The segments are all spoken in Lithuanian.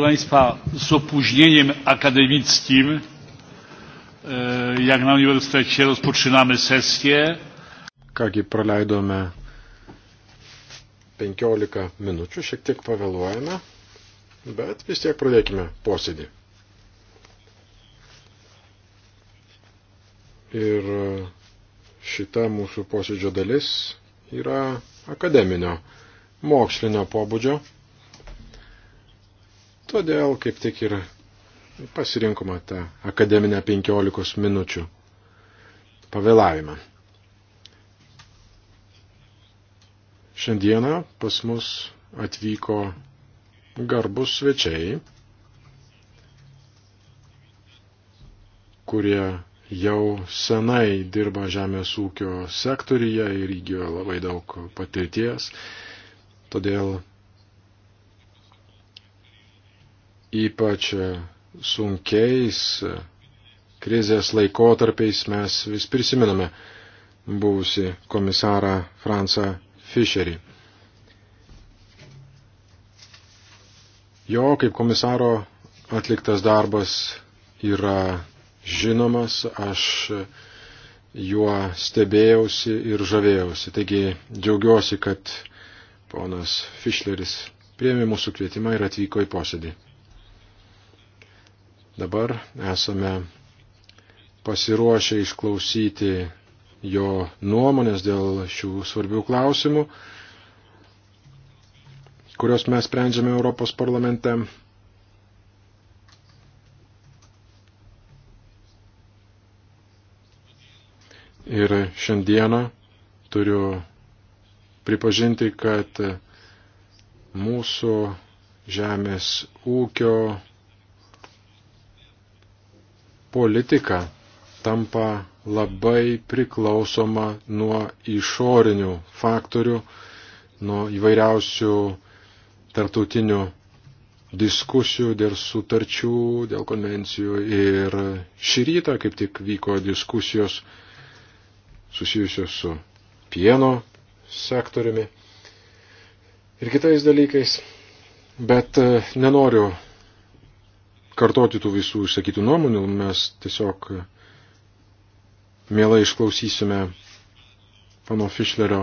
proszę państwa z opóźnieniem akademickim e, jak na uniwersytecie rozpoczynamy sesję. Kągi praleidome 15 minučių, šiek tiek pavėluojame, bet vis tiek pradėkime posėdį. Ir šita mūsų posėdžio dalis yra akademinio, mokslinio pobūdžio Todėl kaip tik ir pasirinkoma tą akademinę 15 minučių pavėlavimą. Šiandieną pas mus atvyko garbus svečiai, kurie jau senai dirba žemės ūkio sektoriuje ir įgijo labai daug patirties. Todėl ypač sunkiais krizės laikotarpiais mes vis prisiminame buvusi komisarą Fransą Fischerį. Jo kaip komisaro atliktas darbas yra žinomas, aš juo stebėjausi ir žavėjausi. Taigi džiaugiuosi, kad ponas Fischleris priėmė mūsų kvietimą ir atvyko į posėdį. Dabar esame pasiruošę išklausyti jo nuomonės dėl šių svarbių klausimų, kuriuos mes sprendžiame Europos parlamente. Ir šiandieną turiu pripažinti, kad mūsų žemės ūkio politika tampa labai priklausoma nuo išorinių faktorių, nuo įvairiausių tartutinių diskusijų dėl sutarčių, dėl konvencijų. Ir šį rytą kaip tik vyko diskusijos susijusios su pieno sektoriumi ir kitais dalykais. Bet e, nenoriu kartoti tų visų išsakytų nuomonių, mes tiesiog mielai išklausysime pano Fischlerio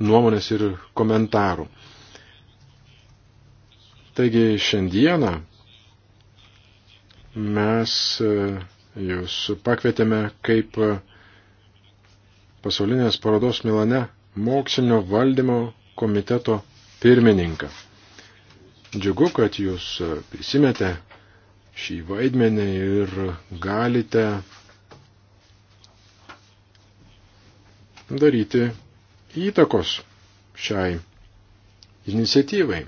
nuomonės ir komentarų. Taigi šiandieną mes e, jūs pakvietėme kaip pasaulinės parodos Milane mokslinio valdymo komiteto pirmininką. Džiugu, kad jūs prisimėte šį vaidmenį ir galite daryti įtakos šiai iniciatyvai.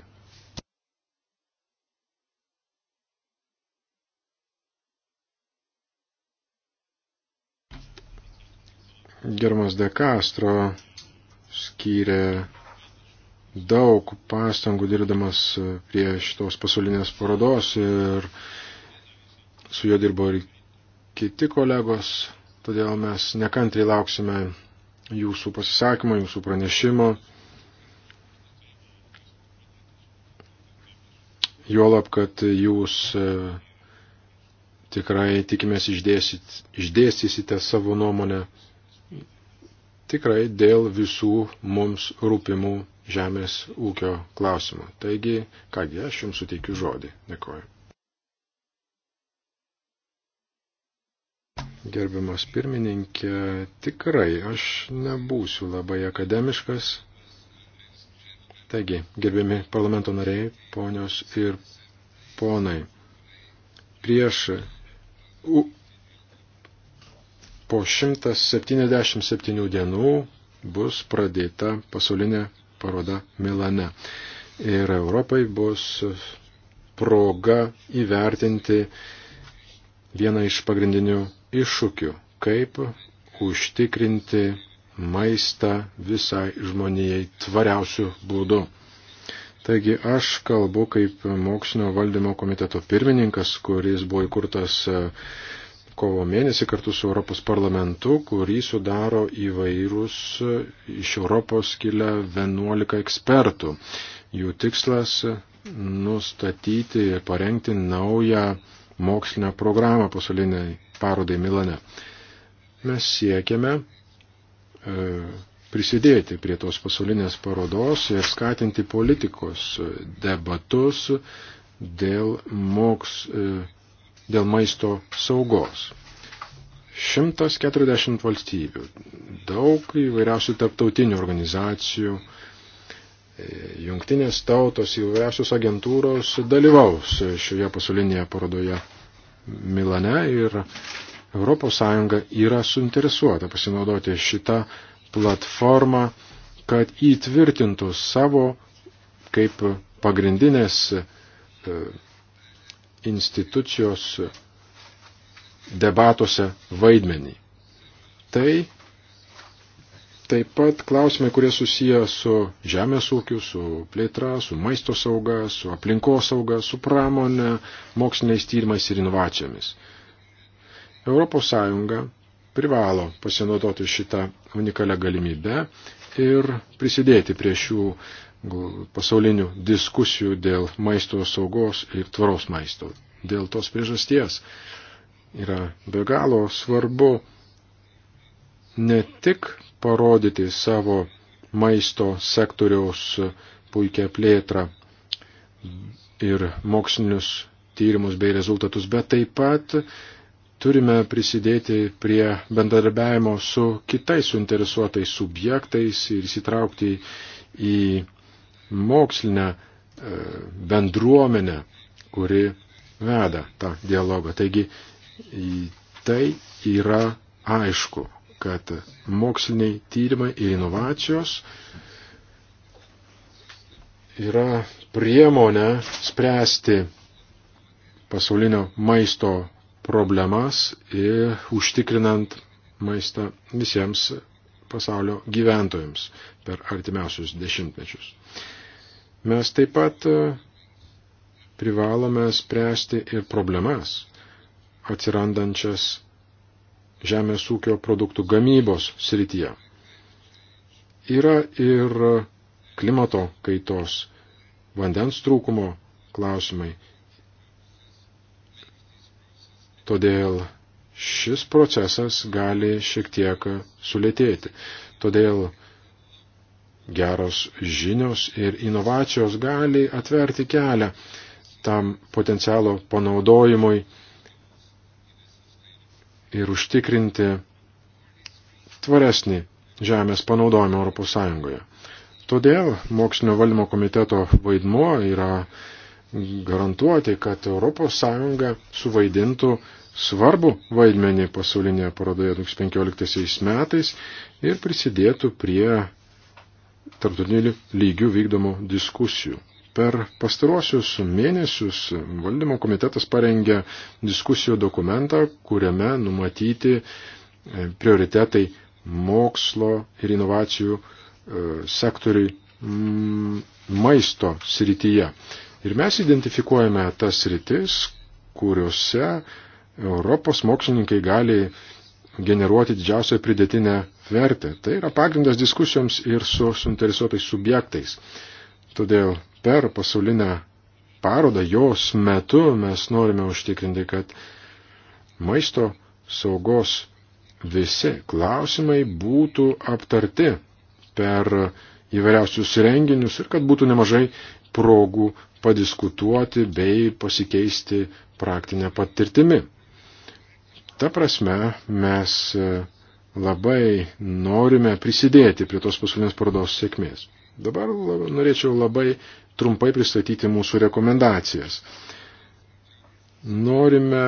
Germas De Castro skyrė daug pastangų dirbdamas prie šitos pasaulinės parodos ir su juo dirbo ir kiti kolegos, todėl mes nekantriai lauksime jūsų pasisakymą, jūsų pranešimo. Juolab, kad jūs e, tikrai tikimės išdėstysite savo nuomonę tikrai dėl visų mums rūpimų žemės ūkio klausimų. Taigi, kągi, aš jums suteikiu žodį. Dėkuoju. Gerbiamas pirmininkė, tikrai aš nebūsiu labai akademiškas. Taigi, gerbiami parlamento nariai, ponios ir ponai, prieš u, po 177 dienų bus pradėta pasaulinė paroda Milane. Ir Europai bus proga įvertinti vieną iš pagrindinių iššūkių, kaip užtikrinti maistą visai žmonijai tvariausių būdų. Taigi aš kalbu kaip mokslinio valdymo komiteto pirmininkas, kuris buvo įkurtas e, kovo mėnesį kartu su Europos parlamentu, kurį sudaro įvairūs e, iš Europos kilę 11 ekspertų. Jų tikslas nustatyti ir parengti naują mokslinę programą pasauliniai parodai Milane. Mes siekiame e, prisidėti prie tos pasaulinės parodos ir skatinti politikos debatus dėl, moks, e, dėl maisto saugos. 140 valstybių, daug įvairiausių tarptautinių organizacijų, e, jungtinės tautos, įvairiausios agentūros dalyvaus šioje pasaulinėje parodoje Milane ir ES yra suinteresuota pasinaudoti šitą platformą, kad įtvirtintų savo kaip pagrindinės e, institucijos debatuose vaidmenį. Tai Taip pat klausimai, kurie susiję su žemės ūkiu, su plėtra, su maisto sauga, su aplinkos sauga, su pramonė, moksliniais tyrimais ir inovacijomis. Europos Sąjunga privalo pasinaudoti šitą unikalią galimybę ir prisidėti prie šių pasaulinių diskusijų dėl maisto saugos ir tvaros maisto. Dėl tos priežasties yra be galo svarbu ne tik parodyti savo maisto sektoriaus puikia plėtrą ir mokslinius tyrimus bei rezultatus, bet taip pat turime prisidėti prie bendradarbiavimo su kitais suinteresuotais subjektais ir įsitraukti į mokslinę e, bendruomenę, kuri veda tą dialogą. Taigi tai yra aišku, kad moksliniai tyrimai ir inovacijos yra priemonė spręsti pasaulinio maisto problemas ir užtikrinant maistą visiems pasaulio gyventojams per artimiausius dešimtmečius. Mes taip pat e, privalome spręsti ir problemas atsirandančias žemės ūkio produktų gamybos srityje. Yra ir klimato kaitos, vandens trūkumo klausimai. Todėl šis procesas gali šiek tiek sulėtėti. Todėl geros žinios ir inovacijos gali atverti kelią tam potencialo panaudojimui ir užtikrinti tvaresnį žemės panaudojimą ES. Todėl mokslinio valdymo komiteto vaidmuo yra garantuoti, kad ES suvaidintų svarbu vaidmenį pasaulinėje parodoje 2015 metais ir prisidėtų prie tarptautinių lygių vykdomų diskusijų. Per pastaruosius mėnesius valdymo komitetas parengė diskusijų dokumentą, kuriame numatyti e, prioritetai mokslo ir inovacijų e, sektoriui maisto srityje. Ir mes identifikuojame tas sritis, kuriuose Europos mokslininkai gali generuoti didžiausią pridėtinę vertę. Tai yra pagrindas diskusijoms ir su suinteresuotais subjektais. Todėl per pasaulinę parodą, jos metu mes norime užtikrinti, kad maisto saugos visi klausimai būtų aptarti per įvairiausius renginius ir kad būtų nemažai progų padiskutuoti bei pasikeisti praktinę patirtimi. Ta prasme, mes labai norime prisidėti prie tos pasaulinės parodos sėkmės. Dabar norėčiau labai trumpai pristatyti mūsų rekomendacijas. Norime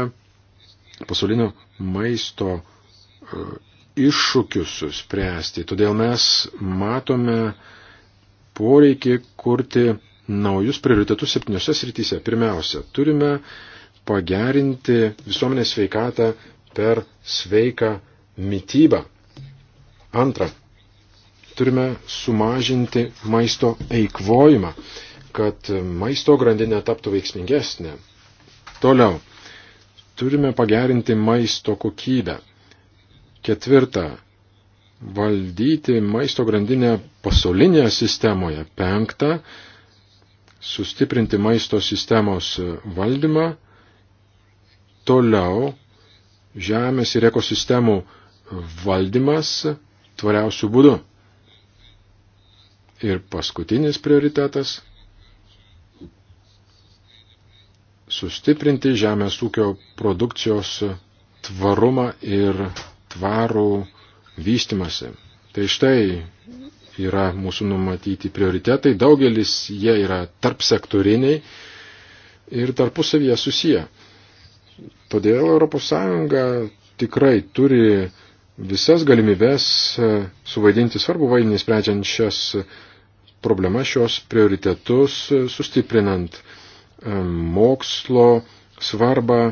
pasaulinio maisto e, iššūkius spręsti, todėl mes matome poreikį kurti naujus prioritetus septyniose srityse. Pirmiausia, turime pagerinti visuomenės sveikatą per sveiką mytybą. Antra, Turime sumažinti maisto eikvojimą, kad maisto grandinė taptų veiksmingesnė. Toliau. Turime pagerinti maisto kokybę. Ketvirta. Valdyti maisto grandinę pasaulinėje sistemoje. Penkta. Sustiprinti maisto sistemos valdymą. Toliau. Žemės ir ekosistemų valdymas tvariausių būdų. Ir paskutinis prioritetas - sustiprinti žemės ūkio produkcijos tvarumą ir tvarų vystimasi. Tai štai yra mūsų numatyti prioritetai, daugelis jie yra tarp sektoriniai ir tarpusavyje susiję. Todėl ES tikrai turi visas galimybės suvaidinti svarbu vaidinį sprendžiant šias problemas šios prioritetus, e, sustiprinant e, mokslo svarbą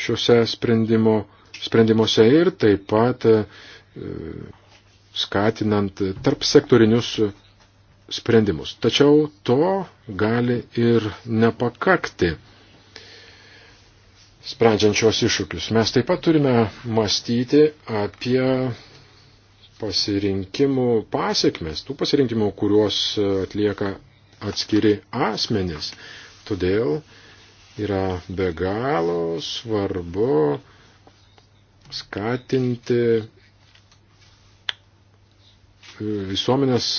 šiuose sprendimo, sprendimuose ir taip pat e, skatinant tarp sektorinius sprendimus. Tačiau to gali ir nepakakti sprendžiančios iššūkius. Mes taip pat turime mąstyti apie pasirinkimų pasiekmes, tų pasirinkimų, kuriuos atlieka atskiri asmenys. Todėl yra be galo svarbu skatinti visuomenės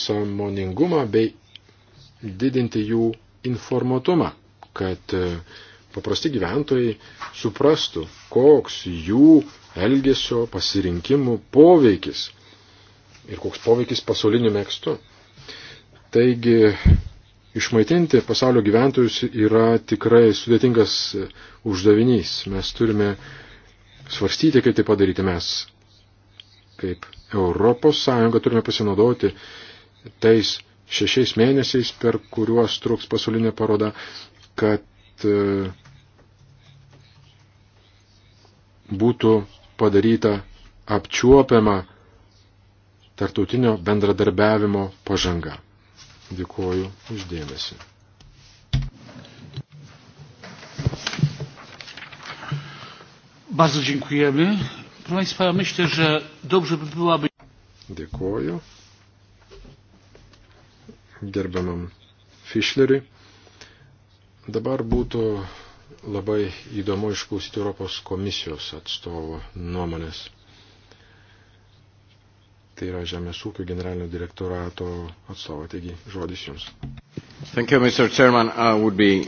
samoningumą bei didinti jų informatumą, kad paprasti gyventojai suprastų, koks jų elgesio, pasirinkimų poveikis ir koks poveikis pasauliniu mėgstu. Taigi, išmaitinti pasaulio gyventojus yra tikrai sudėtingas uždavinys. Mes turime svarstyti, kaip tai padaryti mes. Kaip Europos Sąjunga turime pasinaudoti tais šešiais mėnesiais, per kuriuos truks pasaulinė paroda, kad e, būtų padaryta apčiuopiama tartutinio bendradarbiavimo pažanga. Dėkuoju uždėmesi. Bardzo dziękujemy. Proszę Państwa, myślę, że dobrze by byłaby. Dėkuoju. Gerbiamam Fischleriui. Dabar būtų labai įdomu išklausyti Europos komisijos atstovo nuomonės. Tai yra Žemės ūkio generalinio direktorato atstovo. Taigi, žodis jums. Thank you, Mr. Chairman. I would be...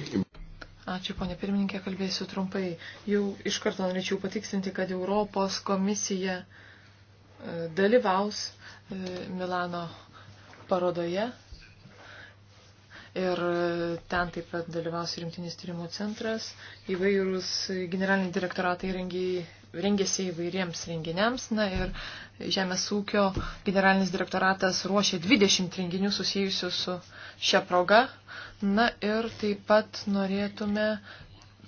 Ačiū, ponė pirmininkė, kalbėsiu trumpai. Jau iš karto norėčiau patikslinti, kad Europos komisija e, dalyvaus e, Milano parodoje ir e, ten taip pat dalyvaus rimtinis tyrimų centras. Įvairūs generaliniai direktoratai rengėsi įvairiems renginiams. Na ir Žemės ūkio generalinis direktoratas ruošė 20 renginių susijusių su šia proga. Na ir taip pat norėtume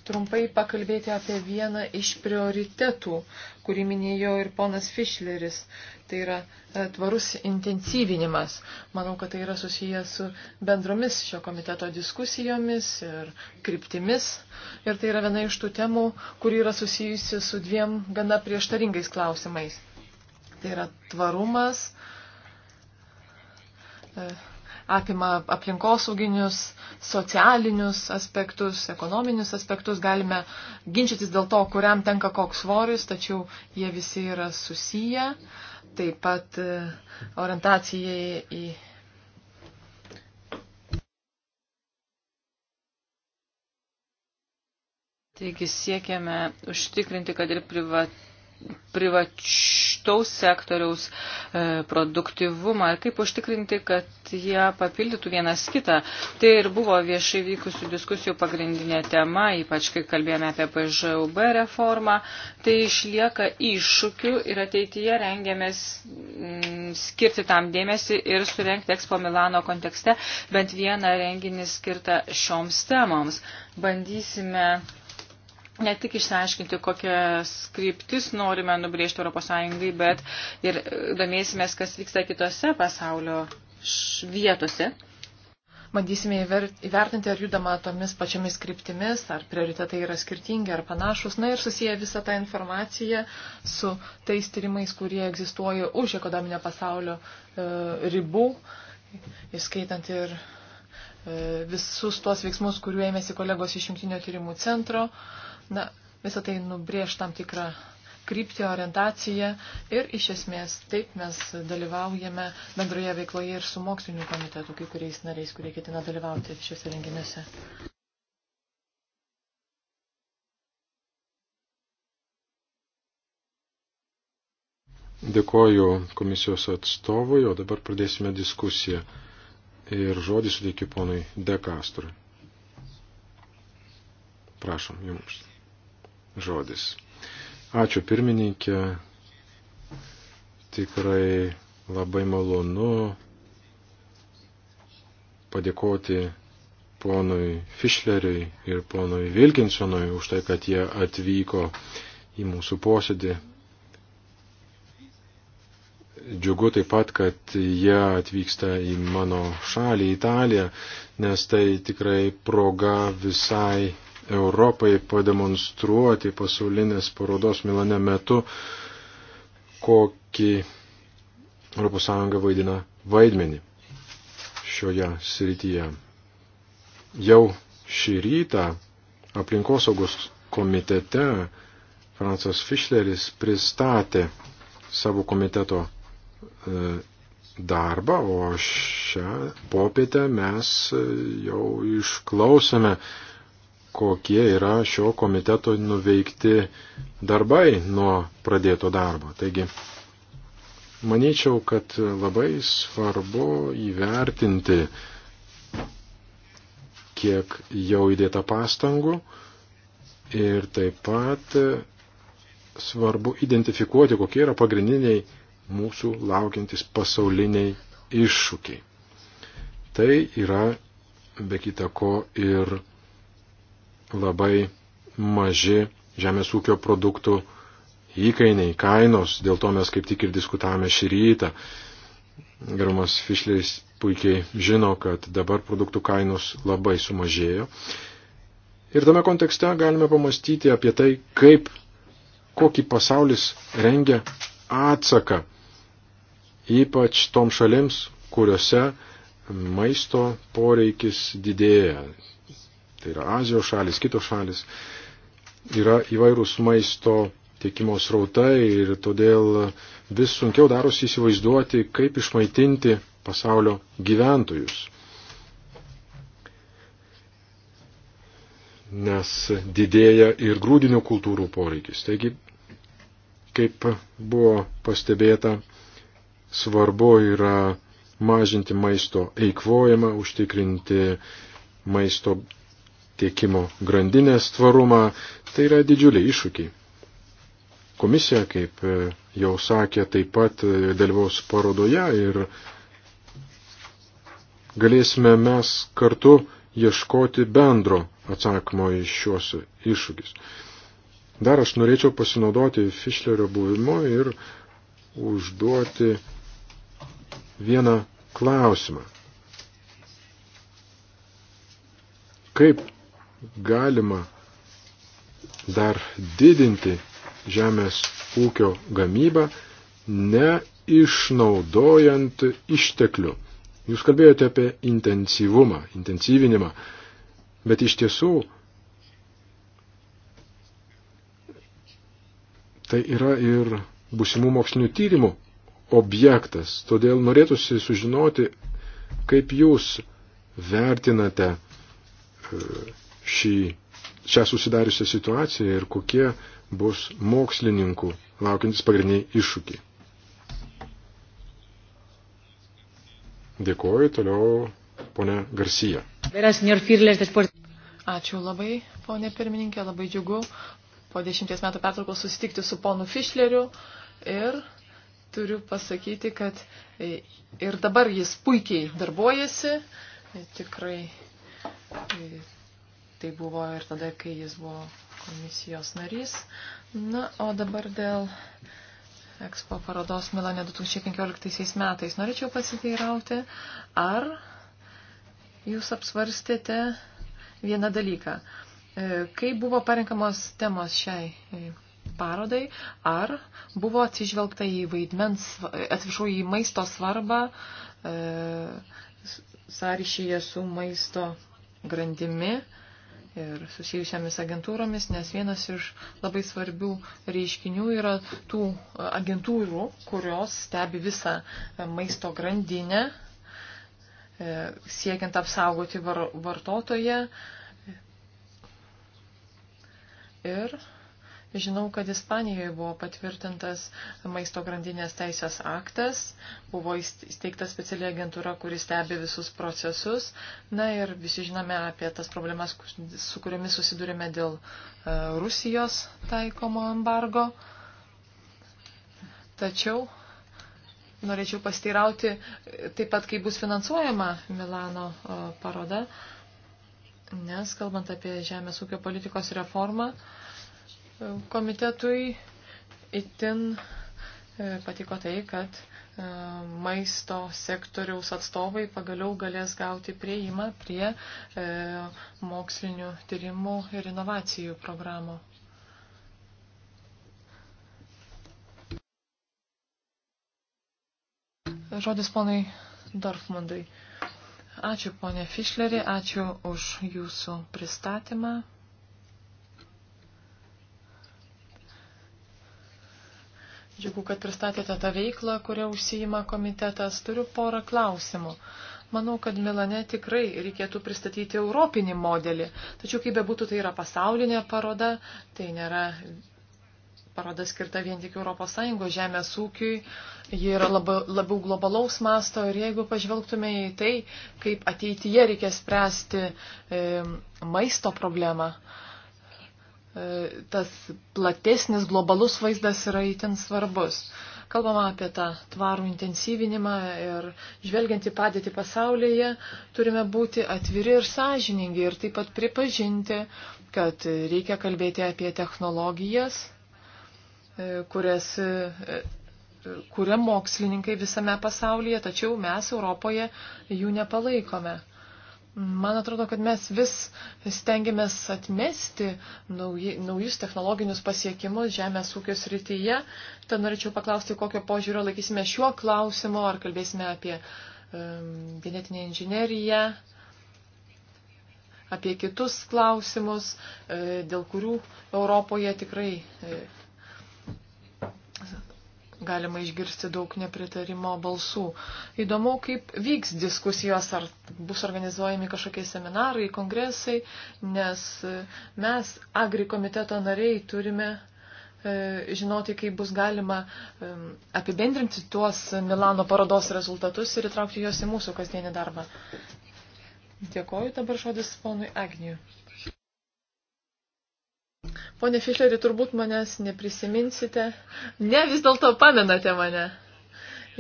trumpai pakalbėti apie vieną iš prioritetų, kurį minėjo ir ponas Fischleris. Tai yra e, tvarus intensyvinimas. Manau, kad tai yra susijęs su bendromis šio komiteto diskusijomis ir kryptimis. Ir tai yra viena iš tų temų, kuri yra susijusi su dviem gana prieštaringais klausimais. Tai yra tvarumas. E, apima aplinkosauginius, socialinius aspektus, ekonominius aspektus. Galime ginčytis dėl to, kuriam tenka koks svoris, tačiau jie visi yra susiję. Taip pat e, orientacijai į. Taigi siekiame užtikrinti, kad ir privatų privačtaus sektoriaus e, produktivumą ir kaip užtikrinti, kad jie papildytų vienas kitą. Tai ir buvo viešai vykusių diskusijų pagrindinė tema, ypač kai kalbėjome apie PŽUB reformą. Tai išlieka iššūkių ir ateityje rengiamės mm, skirti tam dėmesį ir surenkti Expo Milano kontekste bent vieną renginį skirtą šioms temoms. Bandysime ne tik išsiaiškinti, kokias kryptis norime nubrėžti ES, bet ir e, domėsimės, kas vyksta kitose pasaulio vietose. Bandysime įvertinti, ar judama tomis pačiamis kryptimis, ar prioritetai yra skirtingi, ar panašus. Na ir susiję visą tą informaciją su tais tyrimais, kurie egzistuoja už ekonominio pasaulio e, ribų, įskaitant ir e, visus tuos veiksmus, kuriuo ėmėsi kolegos iš Junktinio tyrimų centro. E, Na, visą tai nubrėž tam tikrą kryptį, orientaciją ir iš esmės taip mes dalyvaujame bendroje veikloje ir su moksliniu komitetu, kai kuriais nariais, kurie ketina dalyvauti šiuose renginiuose. Dėkoju komisijos atstovui, o dabar pradėsime diskusiją. Ir žodį suteikiu ponui De Castrui. Prašom, jums žodis. Ačiū pirmininkė, tikrai labai malonu padėkoti ponui Fischleriui ir ponui Vilkinsonui už tai, kad jie atvyko į mūsų posėdį. Džiugu taip pat, kad jie atvyksta į mano šalį, Italiją, nes tai tikrai proga visai Europai pademonstruoti pasaulinės parodos Milane metu, kokį ES vaidina vaidmenį šioje srityje. Jau šį rytą aplinkosaugos komitete Francas Fischleris pristatė savo komiteto e, darbą, o šią popietę mes e, jau išklausome kokie yra šio komiteto nuveikti darbai nuo pradėto darbo. Taigi, manyčiau, kad labai svarbu įvertinti, kiek jau įdėta pastangų ir taip pat svarbu identifikuoti, kokie yra pagrindiniai mūsų laukiantis pasauliniai iššūkiai. Tai yra be kita ko ir labai maži žemės ūkio produktų įkainiai, kainos, dėl to mes kaip tik ir diskutavome šį rytą. Gerbiamas Fišleris puikiai žino, kad dabar produktų kainos labai sumažėjo. Ir tame kontekste galime pamastyti apie tai, kaip, kokį pasaulis rengia atsaką, ypač tom šalims, kuriuose maisto poreikis didėja tai yra Azijos šalis, kitos šalis, yra įvairūs maisto tiekimo srautai ir todėl vis sunkiau darosi įsivaizduoti, kaip išmaitinti pasaulio gyventojus. Nes didėja ir grūdinių kultūrų poreikis. Taigi, kaip buvo pastebėta, svarbu yra mažinti maisto eikvojimą, užtikrinti maisto tiekimo grandinės tvarumą. Tai yra didžiuliai iššūkiai. Komisija, kaip e, jau sakė, taip pat e, dalyvaus parodoje ir galėsime mes kartu ieškoti bendro atsakymo į šiuos iššūkius. Dar aš norėčiau pasinaudoti Fischlerio buvimu ir užduoti vieną klausimą. Kaip galima dar didinti žemės ūkio gamybą, neišnaudojant išteklių. Jūs kalbėjote apie intensyvumą, intensyvinimą, bet iš tiesų tai yra ir busimų mokslinių tyrimų objektas. Todėl norėtųsi sužinoti, kaip jūs vertinate e, šį, šią susidariusią situaciją ir kokie bus mokslininkų laukiantis pagrindiniai iššūkiai. Dėkuoju toliau ponė Garcija. Ačiū labai, ponė pirmininkė, labai džiugu po dešimties metų pertraukos susitikti su ponu Fischleriu ir turiu pasakyti, kad ir dabar jis puikiai darbuojasi, tikrai Tai buvo ir tada, kai jis buvo komisijos narys. Na, o dabar dėl Ekspo parodos Milane 2015 metais norėčiau pasiteirauti, ar jūs apsvarstėte vieną dalyką. E, Kaip buvo parinkamos temos šiai e, parodai, ar buvo atsižvelgta į vaidmens, atsiprašau, į maisto svarbą e, sąryšyje su maisto grandimi. E, ir susijusiamis agentūromis, nes vienas iš labai svarbių reiškinių yra tų agentūrų, kurios stebi visą maisto grandinę, e, siekiant apsaugoti var, vartotoje. Ir Žinau, kad Ispanijoje buvo patvirtintas maisto grandinės teisės aktas, buvo įsteigta speciali agentūra, kuris stebi visus procesus. Na ir visi žinome apie tas problemas, su kuriomis susidurėme dėl e, Rusijos taikomo embargo. Tačiau norėčiau pasteirauti taip pat, kaip bus finansuojama Milano e, paroda, nes kalbant apie žemės ūkio politikos reformą, Komitetui itin e, patiko tai, kad e, maisto sektoriaus atstovai pagaliau galės gauti prieimą prie e, mokslinių tyrimų ir inovacijų programų. Žodis ponai Dorfmundui. Ačiū ponė Fišlerį, ačiū už jūsų pristatymą. Džiugu, kad pristatėte tą veiklą, kurią užsijima komitetas. Turiu porą klausimų. Manau, kad Milane tikrai reikėtų pristatyti europinį modelį. Tačiau, kaip bebūtų, tai yra pasaulinė paroda, tai nėra paroda skirta vien tik ES žemės ūkiui, ji yra labiau, labiau globalaus masto ir jeigu pažvelgtume į tai, kaip ateityje reikia spręsti e, maisto problemą, E, tas platesnis globalus vaizdas yra įtin svarbus. Kalbama apie tą tvarų intensyvinimą ir žvelgiant į padėtį pasaulyje, turime būti atviri ir sąžiningi ir taip pat pripažinti, kad reikia kalbėti apie technologijas, e, kurias e, kuria mokslininkai visame pasaulyje, tačiau mes Europoje jų nepalaikome. Man atrodo, kad mes vis stengiamės atmesti nauji, naujus technologinius pasiekimus žemės ūkio srityje. Tad norėčiau paklausti, kokio požiūrio laikysime šiuo klausimu, ar kalbėsime apie um, genetinę inžineriją, apie kitus klausimus, e, dėl kurių Europoje tikrai e, galima išgirsti daug nepritarimo balsų. Įdomu, kaip vyks diskusijos, ar bus organizuojami kažkokie seminarai, kongresai, nes e, mes, agri komiteto nariai, turime e, žinoti, kaip bus galima e, apibendrinti tuos Milano parodos rezultatus ir įtraukti juos į mūsų kasdienį darbą. Dėkoju dabar žodis ponui Agniui. Pone Fišleri, turbūt manęs neprisiminsite. Ne, vis dėlto pamenate mane.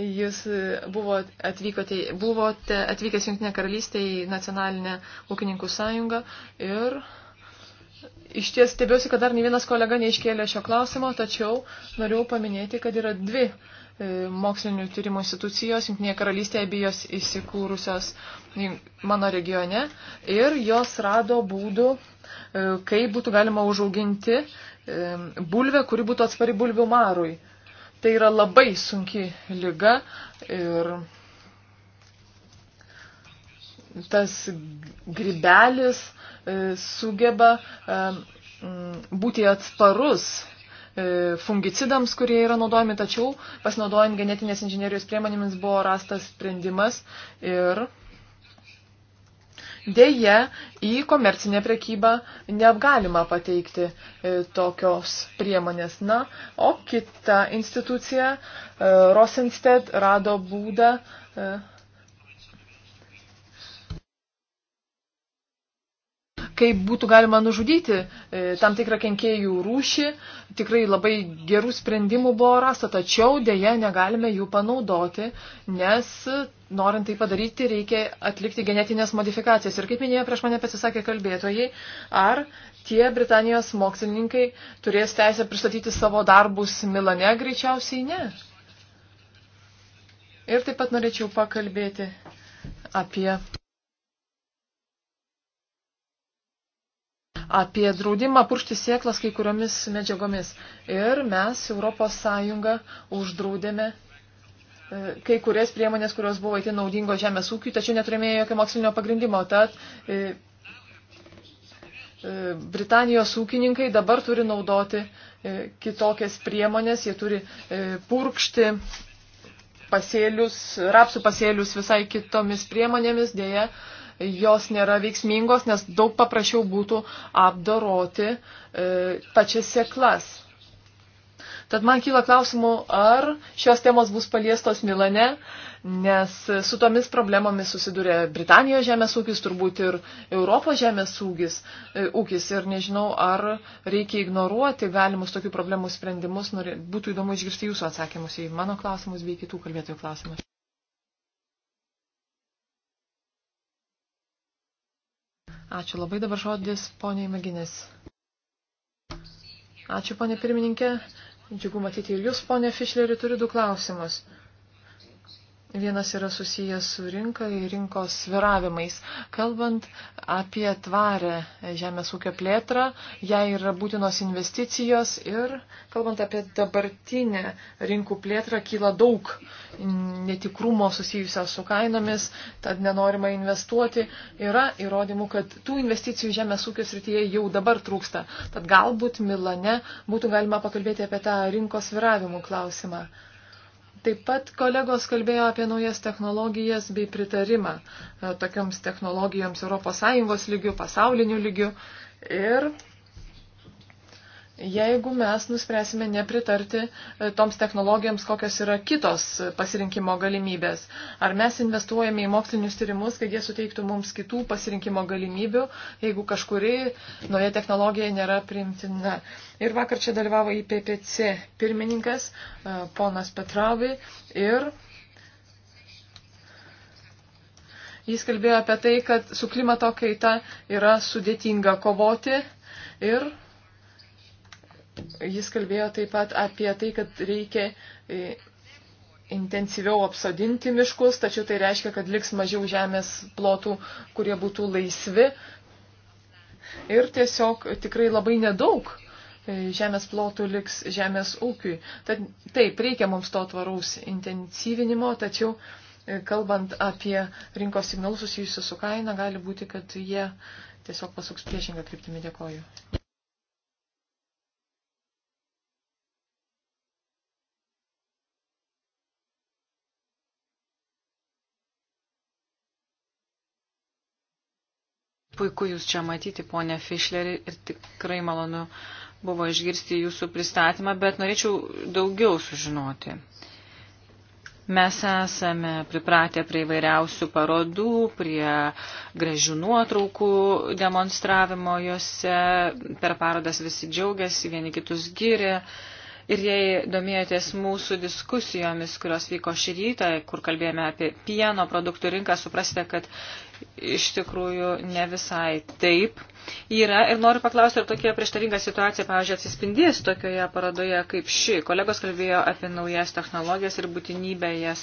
Jūs e, buvo atvykote, buvote atvykęs Junktinė karalystė į nacionalinę ūkininkų sąjungą ir iš ties stebėjusi, kad dar ne vienas kolega neiškėlė šio klausimo, tačiau norėjau paminėti, kad yra dvi E, mokslinių tyrimų institucijos Junktinėje karalystėje abijos įsikūrusios mano regione ir jos rado būdų, e, kaip būtų galima užauginti e, bulvę, kuri būtų atspari bulvių marui. Tai yra labai sunki lyga ir tas grybelis sugeba būti atsparus E, fungicidams, kurie yra naudojami, tačiau pasinaudojant genetinės inžinierijos priemonėmis buvo rastas sprendimas ir Deja, į komercinę prekybą neapgalima pateikti e, tokios priemonės. Na, o kita institucija, e, Rosenstedt, rado būdą kaip būtų galima nužudyti e, tam tikrą kenkėjų rūšį. Tikrai labai gerų sprendimų buvo rasta, tačiau dėje negalime jų panaudoti, nes norint tai padaryti reikia atlikti genetinės modifikacijas. Ir kaip minėjo prieš mane pasisakė kalbėtojai, ar tie Britanijos mokslininkai turės teisę pristatyti savo darbus Milane, greičiausiai ne. Ir taip pat norėčiau pakalbėti apie apie draudimą purkšti sieklas kai kuriomis medžiagomis. Ir mes ES uždraudėme e, kai kurias priemonės, kurios buvo įtin naudingos žemės ūkiui, tačiau neturėjome jokio mokslinio pagrindimo. Tad e, e, Britanijos ūkininkai dabar turi naudoti kitokias priemonės, jie turi purkšti pasėlius, rapsų pasėlius visai kitomis priemonėmis, dėja jos nėra veiksmingos, nes daug paprasčiau būtų apdoroti e, pačias sėklas. Tad man kyla klausimų, ar šios temos bus paliestos Milane, nes su tomis problemomis susiduria Britanijos žemės ūkis, turbūt ir Europos žemės ūkis, e, ūkis ir nežinau, ar reikia ignoruoti galimus tokių problemų sprendimus. Būtų įdomu išgirsti jūsų atsakymus į mano klausimus bei kitų kalbėtojų klausimus. Ačiū labai dabar žodis, poniai Maginis. Ačiū, ponė pirmininkė. Džiugu matyti ir jūs, ponė Fišlerį, turiu du klausimus. Vienas yra susijęs su rinka ir rinkos sviravimais. Kalbant apie tvarę žemės ūkio plėtrą, jai yra būtinos investicijos ir kalbant apie dabartinę rinkų plėtrą, kyla daug netikrumo susijusio su kainomis, tad nenorima investuoti. Yra įrodymų, kad tų investicijų žemės ūkio srityje jau dabar trūksta. Tad galbūt Milane būtų galima pakalbėti apie tą rinkos sviravimų klausimą. Taip pat kolegos kalbėjo apie naujas technologijas bei pritarimą e, tokiams technologijoms ES lygių, pasaulinių lygių. Ir Jeigu mes nuspręsime nepritarti e, toms technologijoms, kokios yra kitos e, pasirinkimo galimybės, ar mes investuojame į mokslinius tyrimus, kad jie suteiktų mums kitų pasirinkimo galimybių, jeigu kažkuri nauja technologija nėra priimtina. Ir vakar čia dalyvavo IPPC pirmininkas, e, ponas Petravi, ir jis kalbėjo apie tai, kad su klimato kaita yra sudėtinga kovoti ir Jis kalbėjo taip pat apie tai, kad reikia e, intensyviau apsodinti miškus, tačiau tai reiškia, kad liks mažiau žemės plotų, kurie būtų laisvi. Ir tiesiog tikrai labai nedaug e, žemės plotų liks žemės ūkiui. Tad, taip, reikia mums to tvaraus intensyvinimo, tačiau e, kalbant apie rinkos signalus susijusius su kaina, gali būti, kad jie tiesiog pasuks priešingą kryptimį. Dėkoju. Puiku Jūs čia matyti, ponė Fischleri, ir tikrai malonu buvo išgirsti Jūsų pristatymą, bet norėčiau daugiau sužinoti. Mes esame pripratę prie įvairiausių parodų, prie gražių nuotraukų demonstravimo juose, per parodas visi džiaugiasi, vieni kitus gyrė. Ir jei domėjotės mūsų diskusijomis, kurios vyko šį rytą, kur kalbėjome apie pieno produktų rinką, suprasite, kad iš tikrųjų ne visai taip yra. Ir noriu paklausti, ar tokia prieštaringa situacija, pavyzdžiui, atsispindės tokioje parodoje kaip ši. Kolegos kalbėjo apie naujas technologijas ir būtinybę jas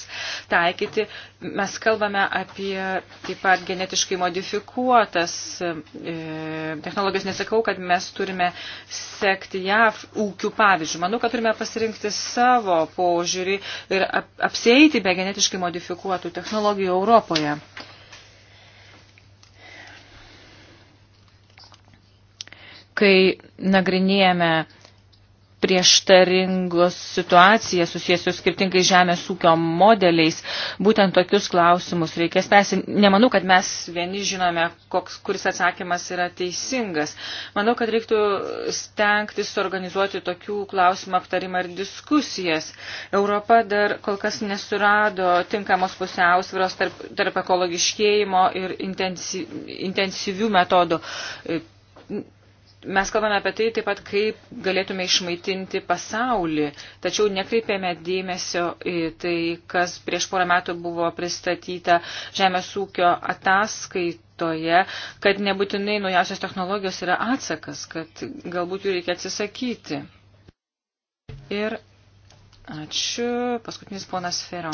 taikyti. Mes kalbame apie taip pat genetiškai modifikuotas e, technologijas. Nesakau, kad mes turime sekti JAV ūkių pavyzdžių. Manau, kad turime pasirinkti savo požiūrį ir ap apsieiti be genetiškai modifikuotų technologijų Europoje. kai nagrinėjame prieštaringos situacijas susijęs su skirtingais žemės ūkio modeliais. Būtent tokius klausimus reikia spręsti. Nemanau, kad mes vieni žinome, koks, kuris atsakymas yra teisingas. Manau, kad reiktų stengtis organizuoti tokių klausimų aptarimą ir diskusijas. Europa dar kol kas nesurado tinkamos pusiausvyros tarp, tarp ekologiškėjimo ir intensyvių metodų Mes kalbame apie tai taip pat, kaip galėtume išmaitinti pasaulį, tačiau nekreipėme dėmesio į tai, kas prieš porą metų buvo pristatyta žemės ūkio ataskaitoje, kad nebūtinai naujausios technologijos yra atsakas, kad galbūt jų reikia atsisakyti. Ir ačiū, paskutinis ponas Fero.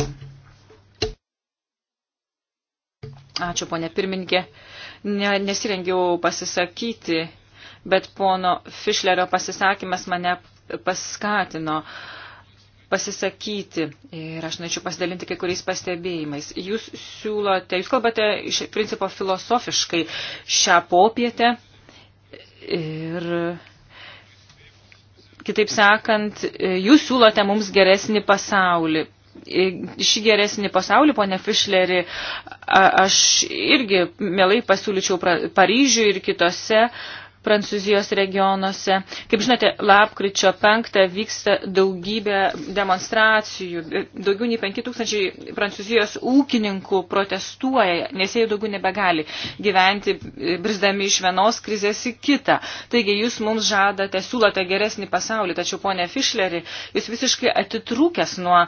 Ačiū, ponė pirmininkė. Ne, nesirengiau pasisakyti bet pono Fischlerio pasisakymas mane paskatino pasisakyti ir aš norėčiau pasidalinti kai kuriais pastebėjimais. Jūs siūlote, jūs kalbate iš principo filosofiškai šią popietę ir kitaip sakant, jūs siūlote mums geresnį pasaulį. Šį geresnį pasaulį, ponė Fischleri, aš irgi mielai pasiūlyčiau Paryžiui ir kitose uh, Prancūzijos regionuose. Kaip žinote, lapkričio 5 vyksta daugybė demonstracijų. Daugiau nei 5000 Prancūzijos ūkininkų protestuoja, nes jie daugiau nebegali gyventi, brisdami iš vienos krizės į kitą. Taigi jūs mums žadate, siūlote geresnį pasaulį, tačiau ponė Fischleri, jūs visiškai atitrūkęs nuo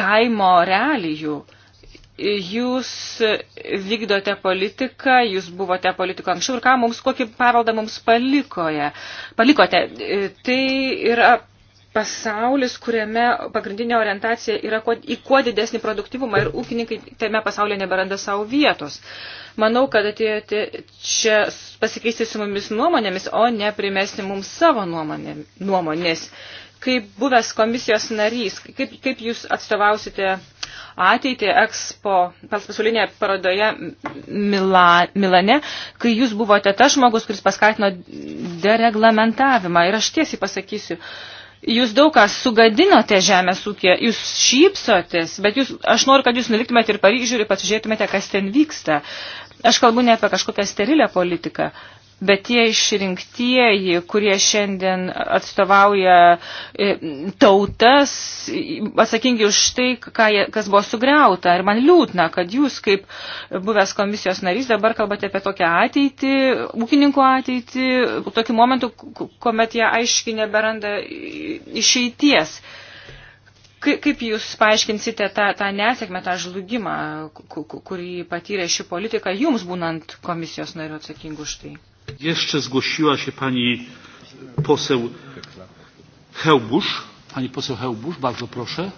kaimo realijų. Jūs vykdote politiką, jūs buvote politiko anksčiau ir ką mums, kokį paveldą mums palikoje, palikote. Tai yra pasaulis, kuriame pagrindinė orientacija yra kuo, į kuo didesnį produktivumą ir ūkininkai tame pasaulyje neberanda savo vietos. Manau, kad atėjote čia pasikeisti su mumis nuomonėmis, o ne primesti mums savo nuomonė, nuomonės. Kaip buvęs komisijos narys, kaip, kaip jūs atstovausite ateitį Expo pasaulinėje parodoje Mila, Milane, kai jūs buvote tas žmogus, kuris paskatino dereglamentavimą. Ir aš tiesiai pasakysiu, jūs daug ką sugadinote žemės ūkė, jūs šypsotės, bet jūs, aš noriu, kad jūs nuvyktumėte ir Paryžių ir pasižiūrėtumėte, kas ten vyksta. Aš kalbu ne apie kažkokią sterilę politiką. Uh, bet tie išrinktieji, kurie šiandien atstovauja e, tautas, atsakingi už tai, jie, kas buvo sugriauta. Ir man liūdna, kad jūs, kaip buvęs komisijos narys, dabar kalbate apie tokią ateitį, ūkininkų ateitį, tokiu momentu, kuomet jie aiškiai neberanda išeities. Kaip Jūs paaiškinsite tą, tą nesėkmę, tą žlugimą, kurį patyrė ši politika, Jums būnant komisijos nariu atsakingu už tai? Jeszcze zgłosiła się pani poseł Hełbusz. Pani poseł Hełbusz, bardzo proszę.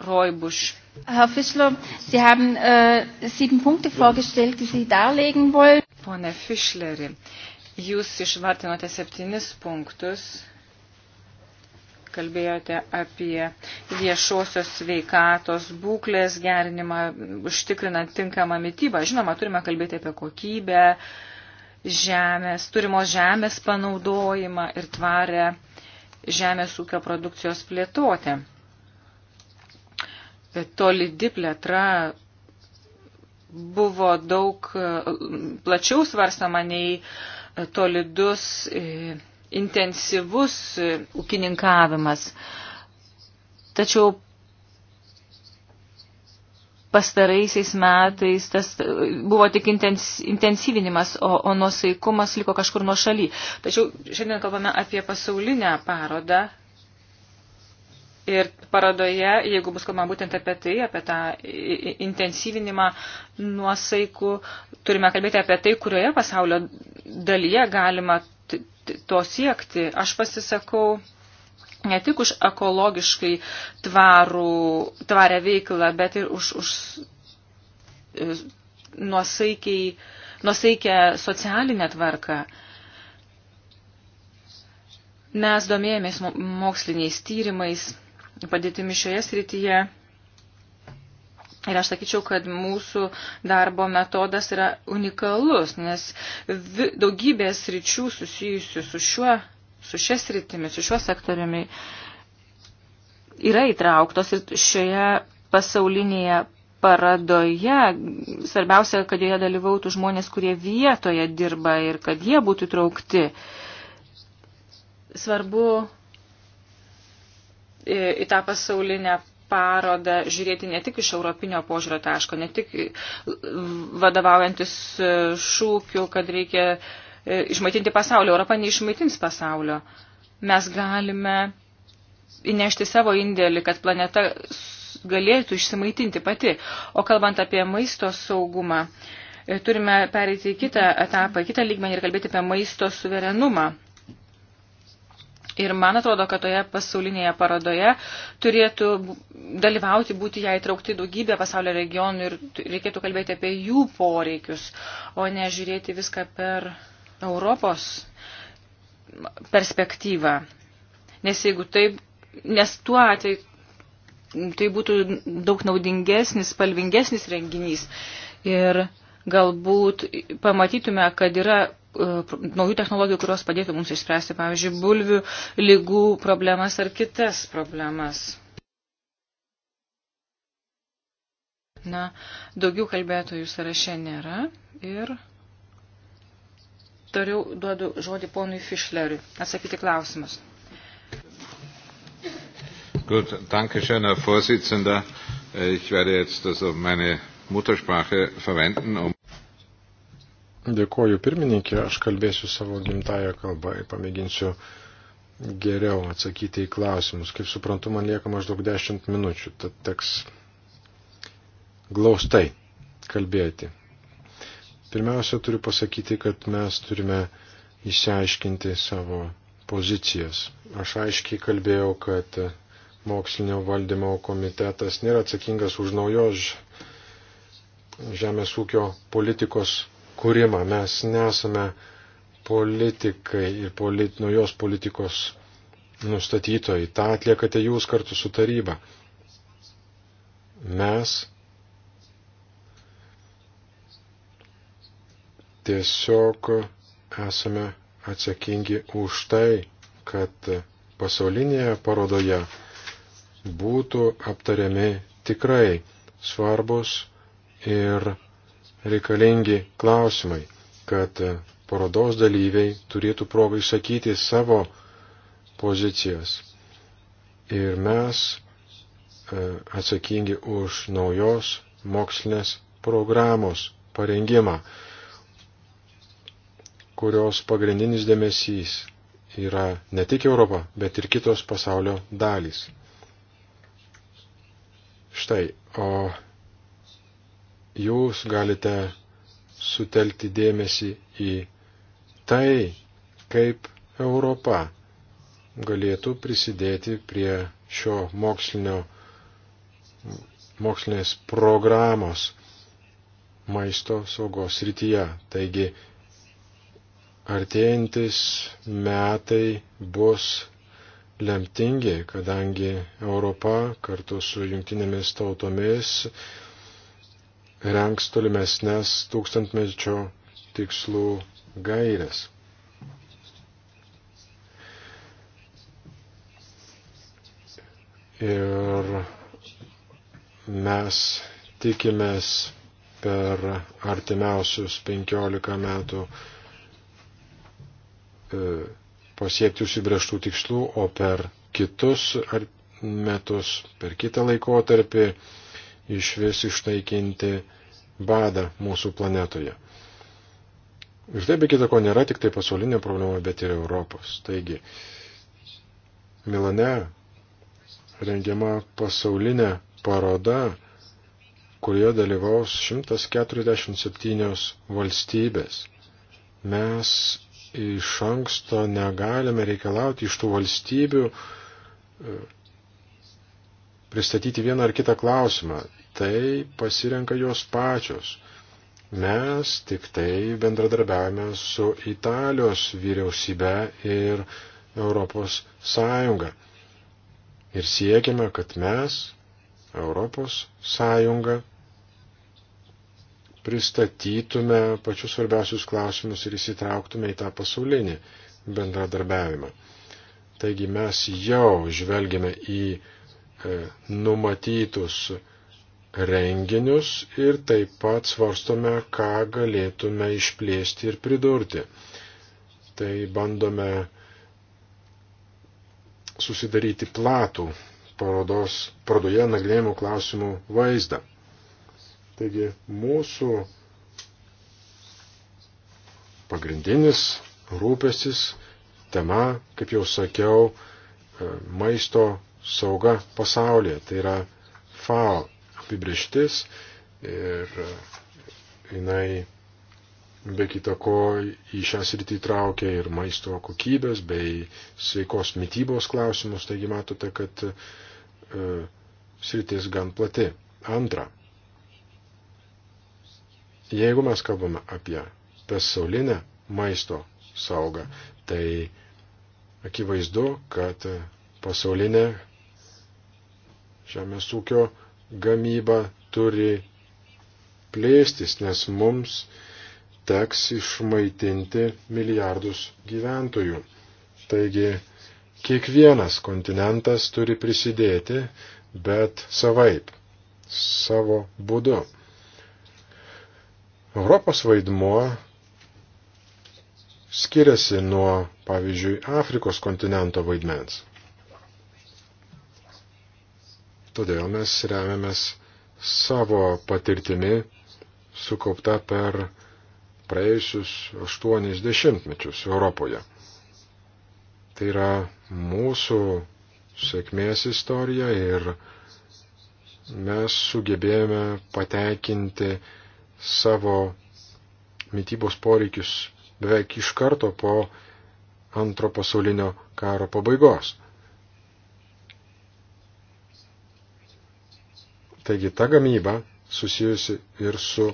Reubusch. Herr Fischler, Sie haben äh, sieben Punkte vorgestellt, die Sie darlegen wollen. Pone Fischleri, Jūs išvartinote septynis punktus kalbėjote apie viešosios sveikatos būklės gerinimą, užtikrinant tinkamą mytybą. Žinoma, turime kalbėti apie kokybę, žemės, turimos žemės panaudojimą ir tvarę žemės ūkio produkcijos plėtotę. Tolidi plėtra buvo daug plačiau svarstama nei tolidus intensyvus ūkininkavimas. Tačiau pastaraisiais metais tas buvo tik intensyvinimas, o, o nuosaikumas liko kažkur nuo šaly. Tačiau šiandien kalbame apie pasaulinę parodą. Ir parodoje, jeigu bus kalbama būtent apie tai, apie tą intensyvinimą nuosaikų, turime kalbėti apie tai, kurioje pasaulio dalyje galima to siekti. Aš pasisakau ne tik už ekologiškai tvarų, tvarę veiklą, bet ir už, už e, nuosaikiai, nuosaikę socialinę tvarką. Mes domėjomės moksliniais tyrimais, padėtimi šioje srityje Ir aš sakyčiau, kad mūsų darbo metodas yra unikalus, nes daugybės ryčių susijusių su šiuo, su šia sritimi, su šiuo sektoriumi yra įtrauktos ir šioje pasaulinėje paradoje svarbiausia, kad joje dalyvautų žmonės, kurie vietoje dirba ir kad jie būtų traukti. Svarbu į tą pasaulinę parodą žiūrėti ne tik iš europinio požiūrio taško, ne tik vadovaujantis šūkiu, kad reikia e, išmaitinti pasaulio. Europa neišmaitins pasaulio. Mes galime įnešti savo indėlį, kad planeta galėtų išsimaitinti pati. O kalbant apie maisto saugumą, e, turime pereiti į kitą etapą, kitą lygmenį ir kalbėti apie maisto suverenumą. Ir man atrodo, kad toje pasaulinėje parodoje turėtų dalyvauti, būti ją įtraukti daugybė pasaulio regionų ir reikėtų kalbėti apie jų poreikius, o ne žiūrėti viską per Europos perspektyvą. Nes jeigu taip, nes tuo atveju tai būtų daug naudingesnis, spalvingesnis renginys ir galbūt pamatytume, kad yra E, naujų technologijų, kurios padėtų mums išspręsti, pavyzdžiui, bulvių lygų problemas ar kitas problemas. Na, daugiau kalbėtojų sąraše nėra ir toliau duodu žodį ponui Fischleriui atsakyti klausimus. Gut, danke schön, Herr Vorsitzender. Ich werde jetzt das auf meine Muttersprache verwenden, um Dėkoju pirmininkė, aš kalbėsiu savo gimtają kalbą ir pamėginsiu geriau atsakyti į klausimus. Kaip suprantu, man lieka maždaug 10 minučių, tad teks glaustai kalbėti. Pirmiausia, turiu pasakyti, kad mes turime įsiaiškinti savo pozicijas. Aš aiškiai kalbėjau, kad mokslinio valdymo komitetas nėra atsakingas už naujos žemės ūkio politikos kūrimą. Mes nesame politikai ir polit, naujos politikos nustatytojai. Ta atliekate jūs kartu su taryba. Mes tiesiog esame atsakingi už tai, kad pasaulinėje parodoje būtų aptariami tikrai svarbus ir reikalingi klausimai, kad parodos dalyviai turėtų progą išsakyti savo pozicijas. Ir mes e, atsakingi už naujos mokslinės programos parengimą, kurios pagrindinis dėmesys yra ne tik Europa, bet ir kitos pasaulio dalys. Štai, o jūs galite sutelkti dėmesį į tai, kaip Europa galėtų prisidėti prie šio mokslinio, mokslinės programos maisto saugos rytyje. Taigi, artėjantis metai bus lemtingi, kadangi Europa kartu su jungtinėmis tautomis renks tolimesnės tūkstantmečio tikslų gairės. Ir mes tikimės per artimiausius 15 metų e, pasiekti užsibrieštų tikslų, o per kitus metus, per kitą laikotarpį iš vis ištaikinti badą mūsų planetoje. Ir tai be kita ko nėra tik tai pasaulinė problema, bet ir Europos. Taigi, Milane rengiama pasaulinė paroda, kurioje dalyvaus 147 valstybės. Mes iš anksto negalime reikalauti iš tų valstybių pristatyti vieną ar kitą klausimą. Tai pasirenka jos pačios. Mes tik tai bendradarbiavame su Italijos vyriausybe ir Europos Sąjunga. Ir siekime, kad mes, Europos Sąjunga, pristatytume pačius svarbiausius klausimus ir įsitrauktume į tą pasaulinį bendradarbiavimą. Taigi mes jau žvelgime į E, numatytus renginius ir taip pat svarstome, ką galėtume išplėsti ir pridurti. Tai bandome susidaryti platų parodos, parodoje nagrinėjimų klausimų vaizdą. Taigi mūsų pagrindinis rūpesis, tema, kaip jau sakiau, e, maisto sauga pasaulyje. Tai yra FAO apibrieštis ir jinai be kita ko į šią sritį traukia ir maisto kokybės bei sveikos mytybos klausimus, taigi matote, kad e, sritis gan plati. Antra, jeigu mes kalbame apie pasaulinę maisto saugą, tai akivaizdu, kad pasaulinė žemės ūkio gamyba turi plėstis, nes mums teks išmaitinti milijardus gyventojų. Taigi kiekvienas kontinentas turi prisidėti, bet savaip, savo būdu. Europos vaidmuo skiriasi nuo, pavyzdžiui, Afrikos kontinento vaidmens. Todėl mes remiamės savo patirtimi sukaupta per praėjusius 80 mečius Europoje. Tai yra mūsų sėkmės istorija ir mes sugebėjome patenkinti savo mytybos poreikius beveik iš karto po antro pasaulinio karo pabaigos. Taigi ta gamyba susijusi ir su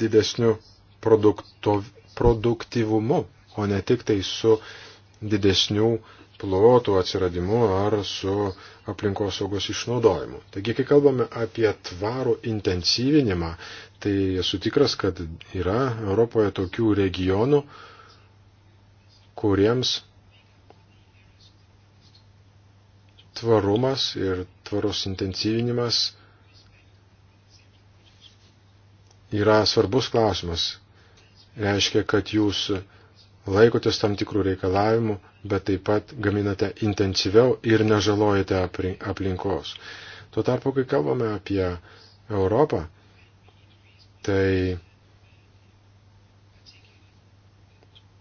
didesniu produkto, produktyvumu, o ne tik tai su didesnių plotų atsiradimu ar su aplinkosaugos išnaudojimu. Taigi, kai kalbame apie tvarų intensyvinimą, tai esu tikras, kad yra Europoje tokių regionų, kuriems tvarumas ir tvarus intensyvinimas yra svarbus klausimas. Reiškia, kad jūs laikotės tam tikrų reikalavimų, bet taip pat gaminate intensyviau ir nežalojate aplinkos. Tuo tarpu, kai kalbame apie Europą, tai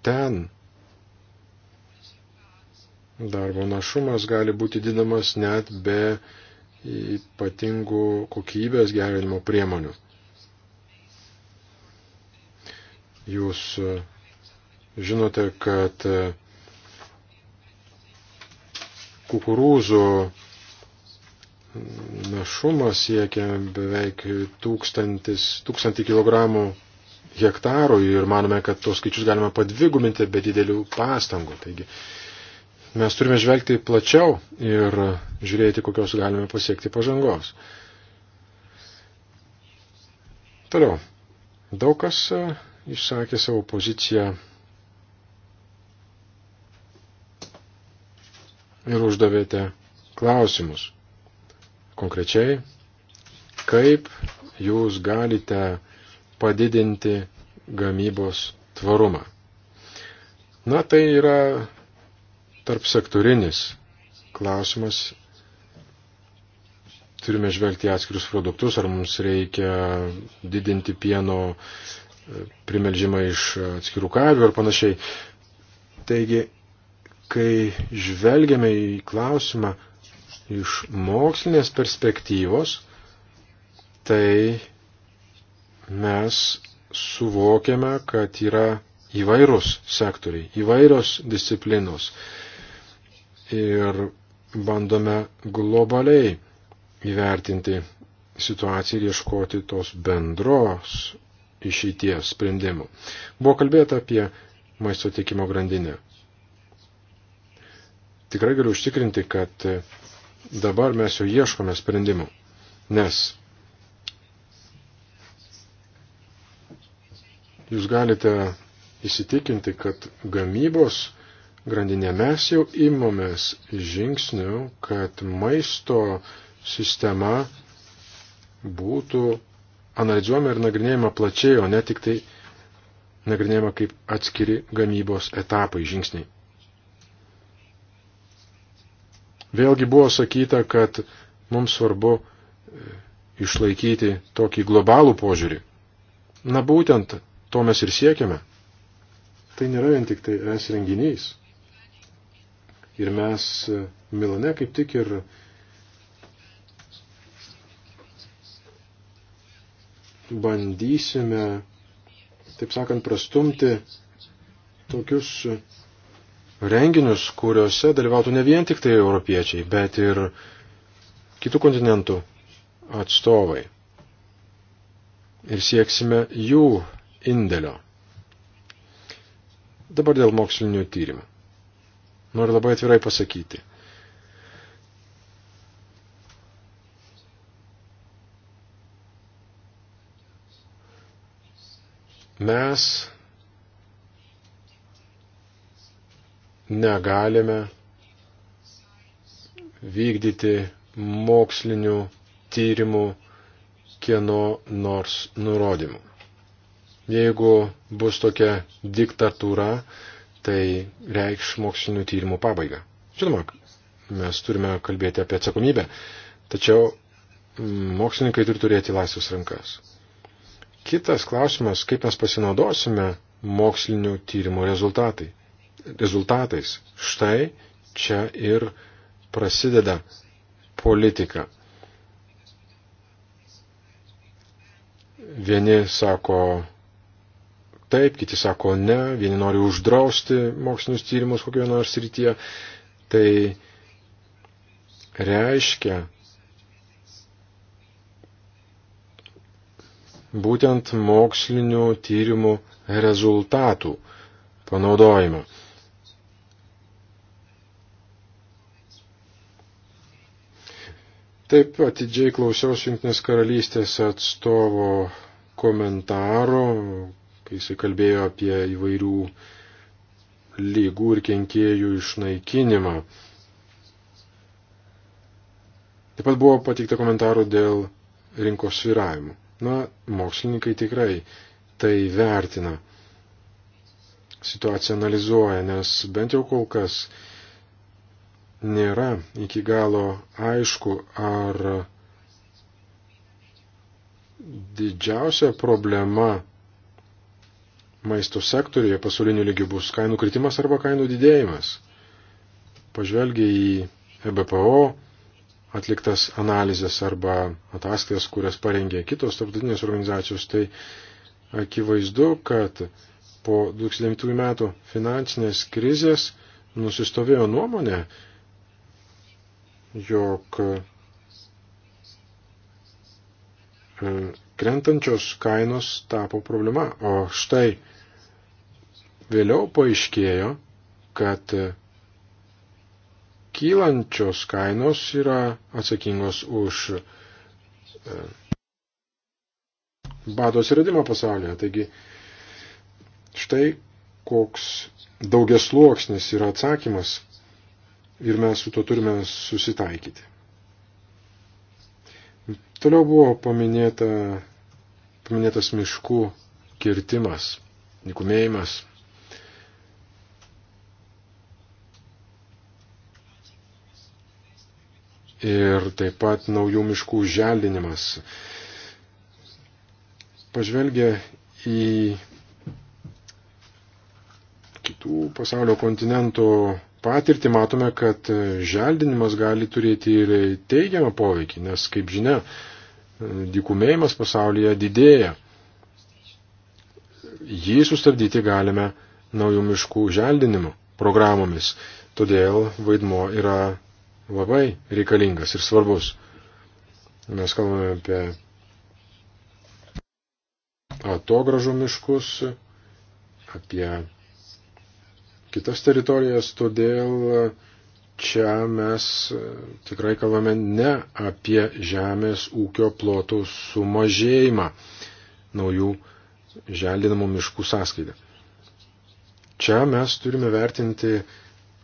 ten darbo našumas gali būti didinamas net be ypatingų kokybės gerinimo priemonių. Jūs e, žinote, kad e, kukurūzų našumas siekia beveik tūkstantis, tūkstantį kilogramų hektarų ir manome, kad tos skaičius galima padviguminti be didelių pastangų. Taigi mes turime žvelgti plačiau ir žiūrėti, kokios galime pasiekti pažangos. Toliau. Daug kas e, išsakė savo poziciją ir uždavėte klausimus. Konkrečiai, kaip jūs galite padidinti gamybos tvarumą. Na, tai yra tarp sektorinis klausimas. Turime žvelgti atskirius produktus, ar mums reikia didinti pieno primeldžiama iš atskirų karvių ar panašiai. Taigi, kai žvelgiame į klausimą iš mokslinės perspektyvos, tai mes suvokiame, kad yra įvairūs sektoriai, įvairios disciplinos ir bandome globaliai įvertinti situaciją ir ieškoti tos bendros išeities sprendimų. Buvo kalbėta apie maisto tiekimo grandinę. Tikrai galiu užtikrinti, kad dabar mes jau ieškome sprendimų, nes jūs galite įsitikinti, kad gamybos grandinė mes jau imamės žingsnių, kad maisto sistema būtų analizuojama ir nagrinėjama plačiai, o ne tik tai nagrinėjama kaip atskiri gamybos etapai žingsniai. Vėlgi buvo sakyta, kad mums svarbu e, išlaikyti tokį globalų požiūrį. Na būtent to mes ir siekiame. Tai nėra vien tik tai es renginys. Ir mes e, Milane kaip tik ir bandysime, taip sakant, prastumti tokius renginius, kuriuose dalyvautų ne vien tik tai europiečiai, bet ir kitų kontinentų atstovai. Ir sieksime jų indėlio. Dabar dėl mokslinių tyrimų. Noriu labai atvirai pasakyti. mes negalime vykdyti mokslinių tyrimų kieno nors nurodymų. Jeigu bus tokia diktatūra, tai reikš mokslinių tyrimų pabaigą. Žinoma, mes turime kalbėti apie atsakomybę, tačiau mm, mokslininkai turi turėti laisvus rankas. Kitas klausimas, kaip mes pasinaudosime mokslinių tyrimų rezultatai. rezultatais. Štai čia ir prasideda politika. Vieni sako taip, kiti sako ne, vieni nori uždrausti mokslinius tyrimus kokioje nors srityje. Tai reiškia, būtent mokslinių tyrimų rezultatų panaudojimą. Taip atidžiai klausiausi Junktinės karalystės atstovo komentaro, kai jisai kalbėjo apie įvairių lygų ir kenkėjų išnaikinimą. Taip pat buvo pateikta komentarų dėl rinkos sviravimų. Na, mokslininkai tikrai tai vertina. Situaciją analizuoja, nes bent jau kol kas nėra iki galo aišku, ar didžiausia problema maisto sektoriuje pasaulinių lygių bus kainų kritimas arba kainų didėjimas. Pažvelgiai į EBPO atliktas analizės arba ataskaitas, kurias parengė kitos tarptautinės organizacijos, tai akivaizdu, kad po 2009 metų finansinės krizės nusistovėjo nuomonė, jog e, krentančios kainos tapo problema. O štai vėliau paaiškėjo, kad kylančios kainos yra atsakingos už e, bado atsiradimą pasaulyje. Taigi štai koks daugias sluoksnis yra atsakymas ir mes su to turime susitaikyti. Toliau buvo paminėta, paminėtas miškų kirtimas, nikumėjimas. ir taip pat naujų miškų želdinimas. Pažvelgia į kitų pasaulio kontinentų patirtį, matome, kad želdinimas gali turėti ir teigiamą poveikį, nes, kaip žinia, dikumėjimas pasaulyje didėja. Jį sustabdyti galime naujų miškų želdinimo programomis. Todėl vaidmo yra labai reikalingas ir svarbus. Mes kalbame apie atogražų miškus, apie kitas teritorijas, todėl čia mes tikrai kalbame ne apie žemės ūkio plotų sumažėjimą naujų želdinamų miškų sąskaitą. Čia mes turime vertinti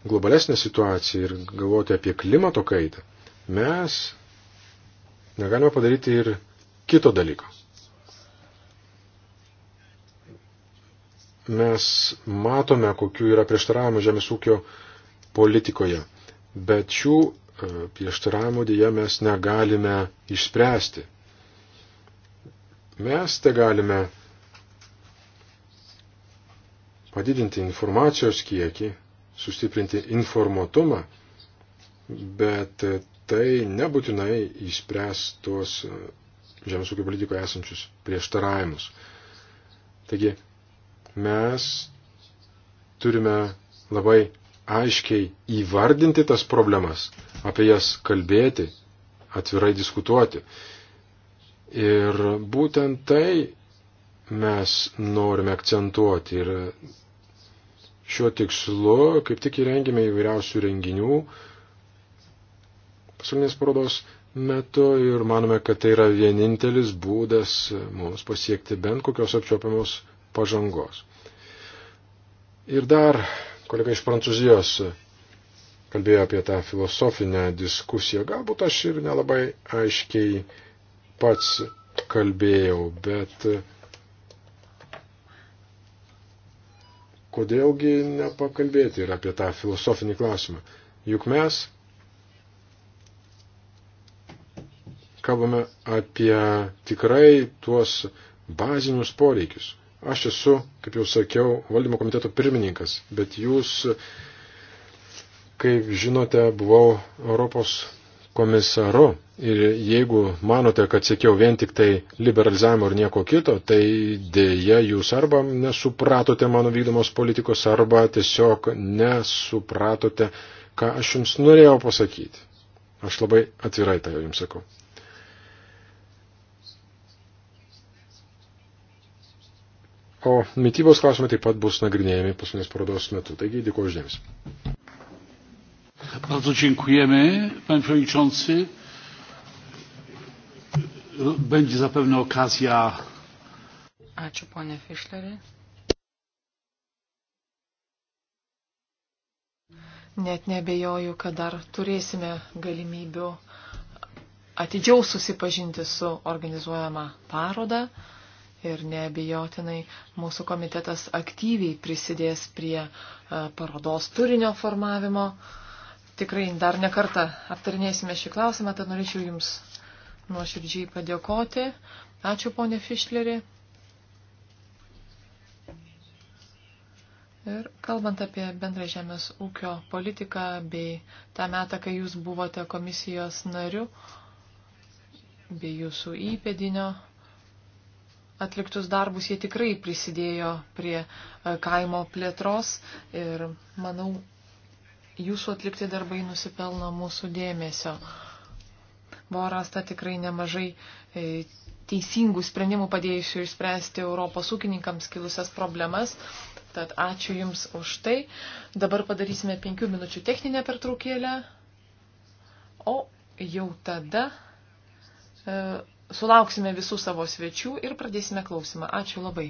globalesnę situaciją ir galvoti apie klimato kaitą, mes negalime padaryti ir kito dalyko. Mes matome, kokiu yra prieštaravimų žemės ūkio politikoje, bet šių e, prieštaravimų dėja mes negalime išspręsti. Mes te galime padidinti informacijos kiekį, sustiprinti informuotumą, bet tai nebūtinai išspręs tuos žemės ūkio politikoje esančius prieštaravimus. Taigi, mes turime labai aiškiai įvardinti tas problemas, apie jas kalbėti, atvirai diskutuoti. Ir būtent tai mes norime akcentuoti ir Šiuo tikslu kaip tik įrengėme įvairiausių renginių pasaulinės parodos metu ir manome, kad tai yra vienintelis būdas mums pasiekti bent kokios apčiopiamos pažangos. Ir dar kolega iš Prancūzijos kalbėjo apie tą filosofinę diskusiją. Galbūt aš ir nelabai aiškiai pats kalbėjau, bet kodėlgi nepakalbėti ir apie tą filosofinį klausimą. Juk mes kalbame apie tikrai tuos bazinius poreikius. Aš esu, kaip jau sakiau, valdymo komiteto pirmininkas, bet jūs, kaip žinote, buvau Europos komisaru ir jeigu manote, kad sėkiau vien tik tai liberalizavimo ir nieko kito, tai dėja jūs arba nesupratote mano vykdomos politikos, arba tiesiog nesupratote, ką aš jums norėjau pasakyti. Aš labai atvirai tai jums sakau. O mytybos klausimai taip pat bus nagrinėjami paskutinės parodos metu. Taigi dėkuoju uždėmesi. Bardzo dziękujemy, panie przewodniczący. Będzie zapewne okazja. Ačiū, ponė Fišlerį. Net nebejoju, kad dar turėsime galimybių atidžiau susipažinti su organizuojama paroda ir neabijotinai mūsų komitetas aktyviai prisidės prie e, parodos turinio formavimo tikrai dar nekartą aptarinėsime šį klausimą, tad norėčiau Jums nuoširdžiai padėkoti. Ačiū, ponė Fišleri. Ir kalbant apie bendrą žemės ūkio politiką bei tą metą, kai jūs buvote komisijos nariu, bei jūsų įpėdinio atliktus darbus, jie tikrai prisidėjo prie e, kaimo plėtros ir manau, jūsų atlikti darbai nusipelno mūsų dėmesio. Buvo rasta tikrai nemažai e, teisingų sprendimų padėjusių išspręsti Europos ūkininkams kilusias problemas. Tad ačiū Jums už tai. Dabar padarysime penkių minučių techninę pertraukėlę. O jau tada e, sulauksime visų savo svečių ir pradėsime klausimą. Ačiū labai.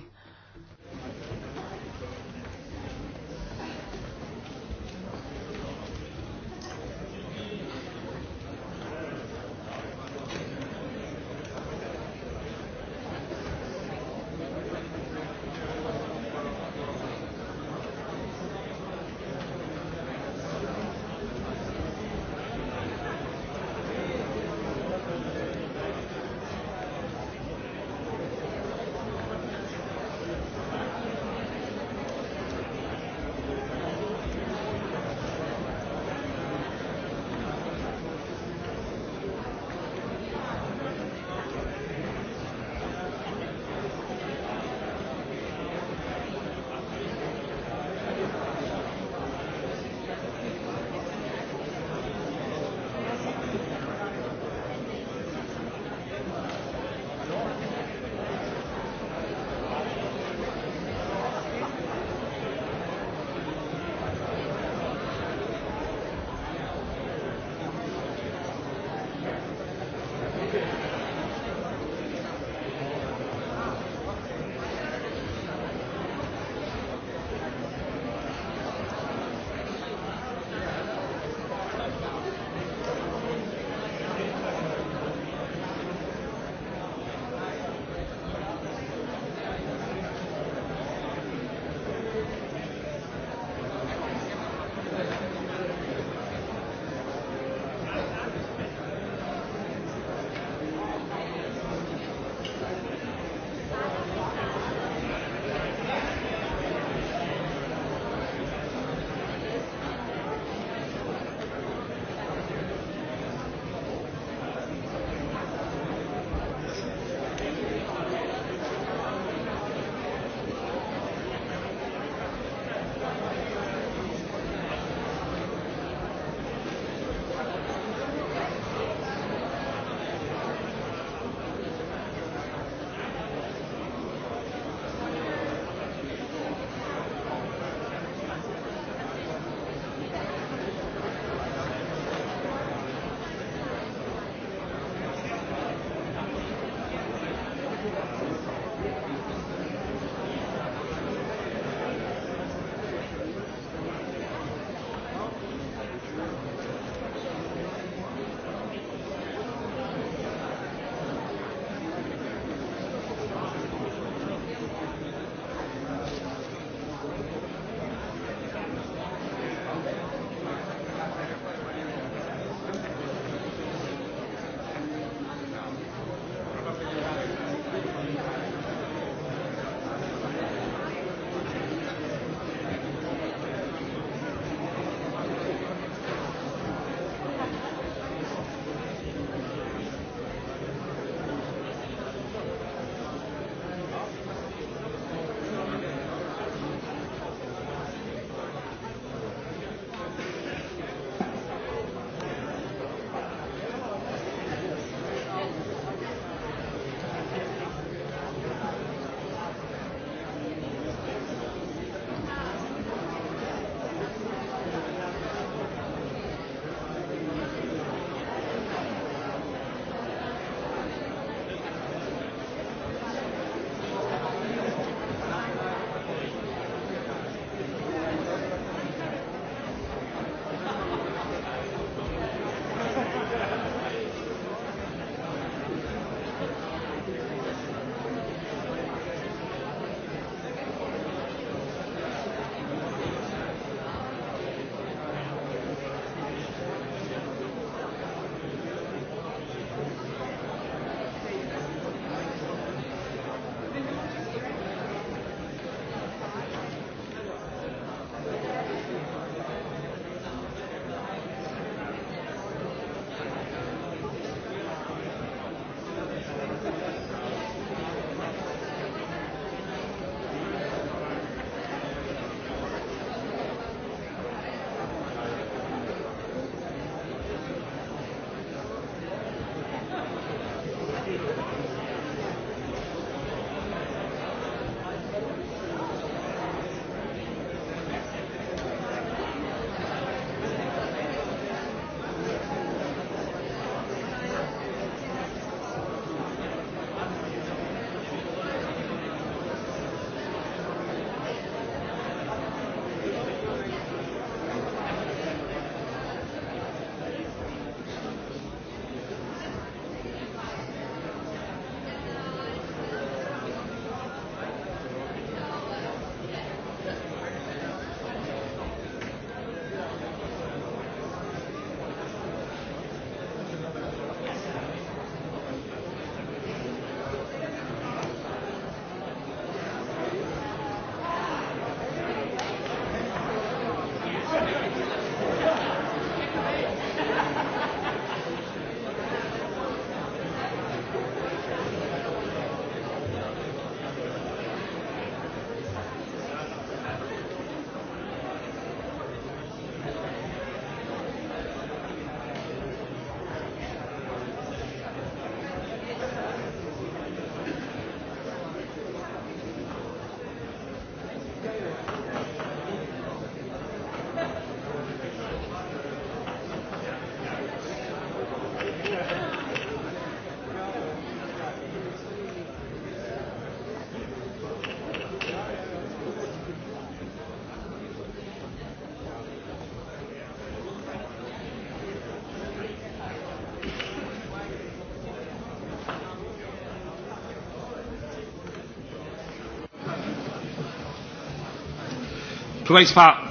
Proszę Państwa,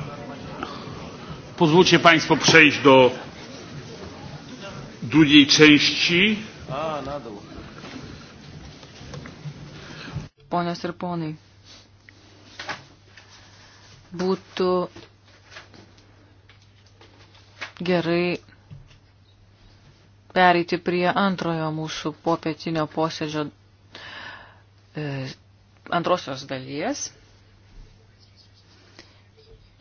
pozwólcie Państwo przejść do drugiej części. Ponios ir ponai, būtų gerai pereiti prie antrojo mūsų popietinio posėdžio e, antrosios dalies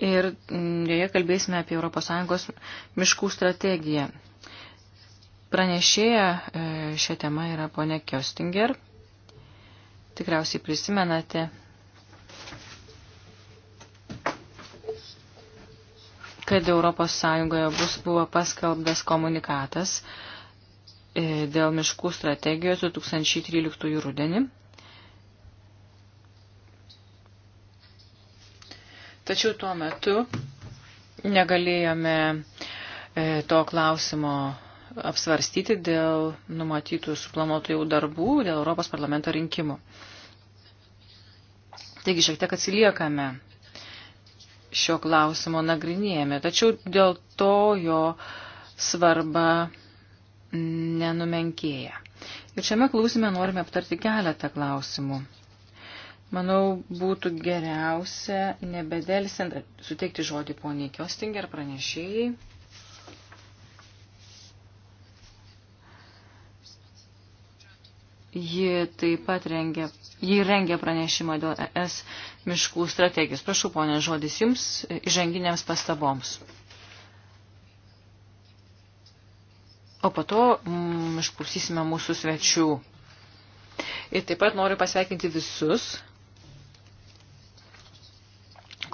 ir mm, joje kalbėsime apie ES miškų strategiją. Pranešėja e, šią temą yra ponė Kjostinger. Tikriausiai prisimenate, kad ES bus buvo paskelbtas komunikatas e, dėl miškų strategijos 2013 rudenį. Tačiau tuo metu negalėjome e, to klausimo apsvarstyti dėl numatytų suplanuotų jau darbų, dėl Europos parlamento rinkimų. Taigi šiek tiek atsiliekame šio klausimo nagrinėjame, tačiau dėl to jo svarba nenumenkėja. Ir šiame klausime norime aptarti keletą klausimų. Manau, būtų geriausia, nebedelsiant, suteikti žodį poniai Kjostinger pranešėjai. Ji taip pat rengia, ji rengia pranešimą dėl ES miškų strategijos. Prašau, ponė, žodis jums įženginiams pastaboms. O po to mm, išklausysime mūsų svečių. Ir taip pat noriu pasveikinti visus,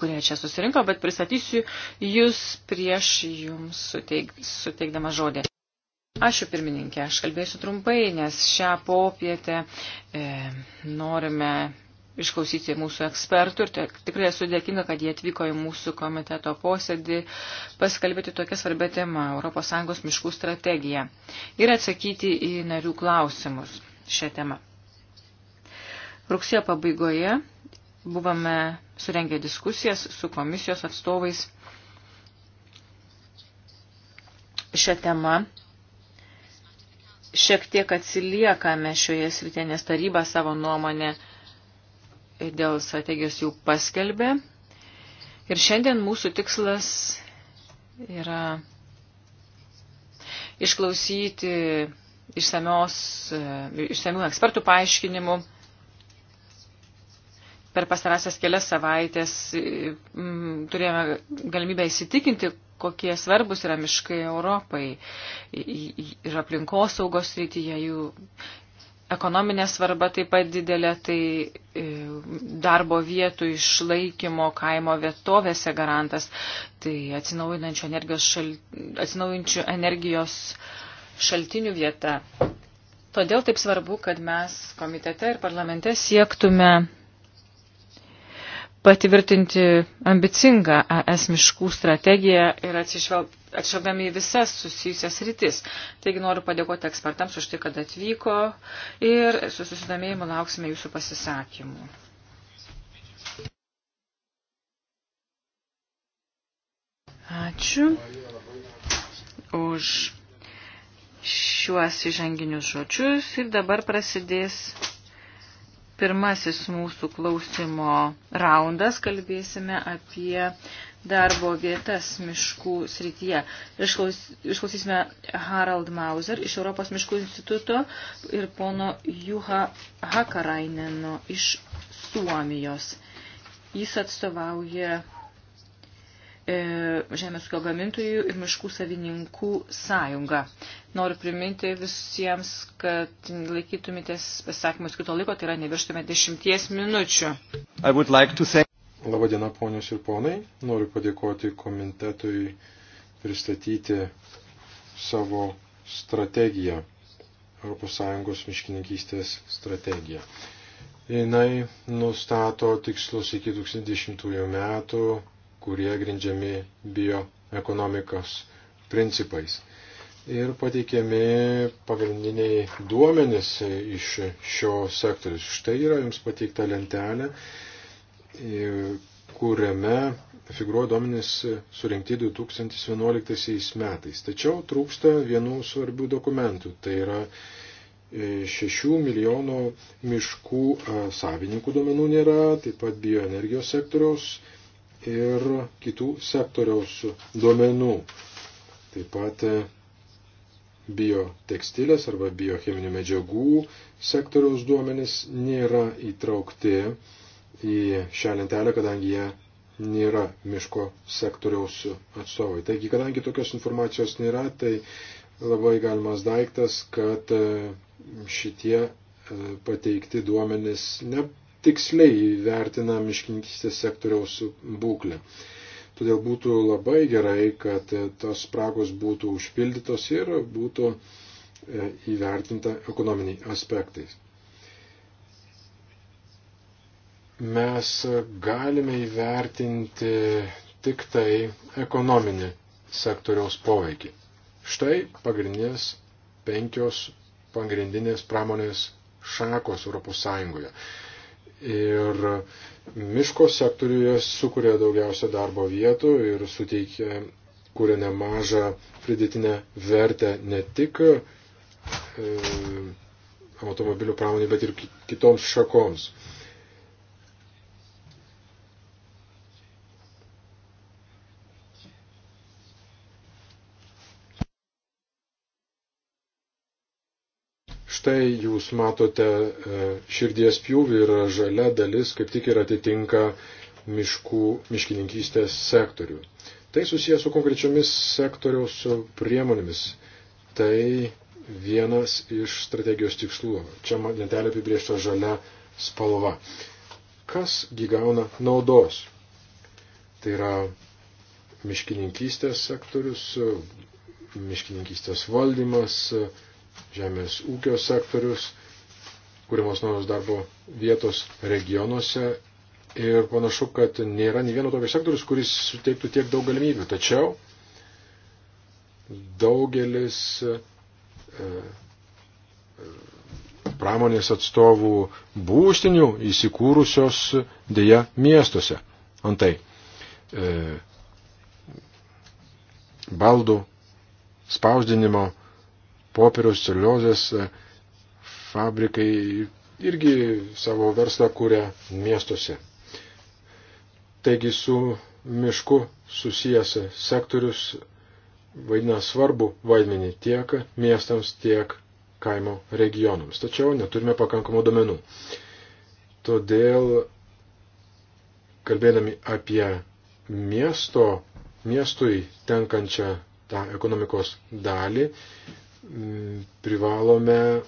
kurie čia susirinko, bet pristatysiu jūs prieš jums suteik, suteikdama žodį. Ačiū pirmininkė, aš kalbėsiu trumpai, nes šią popietę e, norime išklausyti mūsų ekspertų ir tikrai esu dėkinga, kad jie atvyko į mūsų komiteto posėdį pasikalbėti tokią svarbę temą - ES miškų strategiją ir atsakyti į narių klausimus šią temą. Rugsėjo pabaigoje buvome surengė diskusijas su komisijos atstovais šią temą. Šiek tiek atsiliekame šioje srityje, nes taryba savo nuomonę dėl strategijos jau paskelbė. Ir šiandien mūsų tikslas yra išklausyti išsamių ekspertų paaiškinimų per pastarąsias kelias savaitės m, mm, turėjome galimybę įsitikinti, kokie svarbus yra miškai Europai ir aplinkos saugos rytyje, jų ekonominė svarba taip pat didelė, tai e, darbo vietų išlaikymo kaimo vietovėse garantas, tai atsinaujinančių energijos, šal, atsinaujinančių energijos šaltinių vieta. Todėl taip svarbu, kad mes komitete ir parlamente siektume patvirtinti ambicingą ES miškų strategiją ir atsižvelgdami į visas susijusias rytis. Taigi noriu padėkoti ekspertams už tai, kad atvyko ir su susidomėjimu lauksime jūsų pasisakymų. Ačiū už šiuos įžanginius žodžius ir dabar prasidės pirmasis mūsų klausimo raundas. Kalbėsime apie darbo vietas miškų srityje. Išklaus, išklausysime Harald Mauser iš Europos miškų instituto ir pono Juha Hakaraineno iš Suomijos. Jis atstovauja E, žemės ūkio gamintojų ir miškų savininkų sąjunga. Noriu priminti visiems, kad laikytumėtės pasakymus kito laiko, tai yra nevirštume dešimties minučių. Like say... Labadiena, ponios ir ponai. Noriu padėkoti komitetui pristatyti savo strategiją, ES miškininkystės strategiją. Jinai nustato tikslus iki 2010 metų kurie grindžiami bioekonomikos principais. Ir pateikiami pagrindiniai duomenys iš šio sektorius. Štai yra jums pateikta lentelė, kuriame figūruoja duomenys surinkti 2011 metais. Tačiau trūksta vienų svarbių dokumentų. Tai yra 6 milijonų miškų savininkų duomenų nėra, taip pat bioenergijos sektoriaus ir kitų sektoriaus duomenų. Taip pat e, biotekstilės arba biocheminių medžiagų sektoriaus duomenys nėra įtraukti į šią lentelę, kadangi jie nėra miško sektoriaus atstovai. Taigi, kadangi tokios informacijos nėra, tai labai galimas daiktas, kad e, šitie e, pateikti duomenys ne, tiksliai vertina miškininkystės sektoriaus būklę. Todėl būtų labai gerai, kad tos spragos būtų užpildytos ir būtų e, įvertinta ekonominiai aspektais. Mes galime įvertinti tik tai ekonominį sektoriaus poveikį. Štai pagrindinės penkios pagrindinės pramonės šakos Europos Sąjungoje ir miško sektoriuje sukuria daugiausia darbo vietų ir suteikia, kuria nemažą pridėtinę vertę ne tik e, automobilių pramonė, bet ir kitoms šakoms. Štai jūs matote e, širdies pjūvį ir žalia dalis kaip tik ir atitinka miškų, miškininkystės sektorių. Tai susijęs su konkrečiomis sektoriaus priemonėmis. Tai vienas iš strategijos tikslų. Čia netelė apibriešta žalia spalva. Kas gygauna naudos? Tai yra miškininkystės sektorius, miškininkystės valdymas, žemės ūkio sektorius, kūrimos naujos darbo vietos regionuose. Ir panašu, kad nėra nei vieno tokio sektorius, kuris suteiktų tiek daug galimybių. Tačiau daugelis e, e, pramonės atstovų būstinių įsikūrusios dėja miestuose. Antai, e, baldų spausdinimo popieriaus celiozės e, fabrikai irgi savo verslą kūrė miestuose. Taigi su mišku susijęs sektorius vaidina svarbu vaidmenį tiek miestams, tiek kaimo regionams. Tačiau neturime pakankamų domenų. Todėl, kalbėdami apie miesto, miestui tenkančią tą ekonomikos dalį, privalome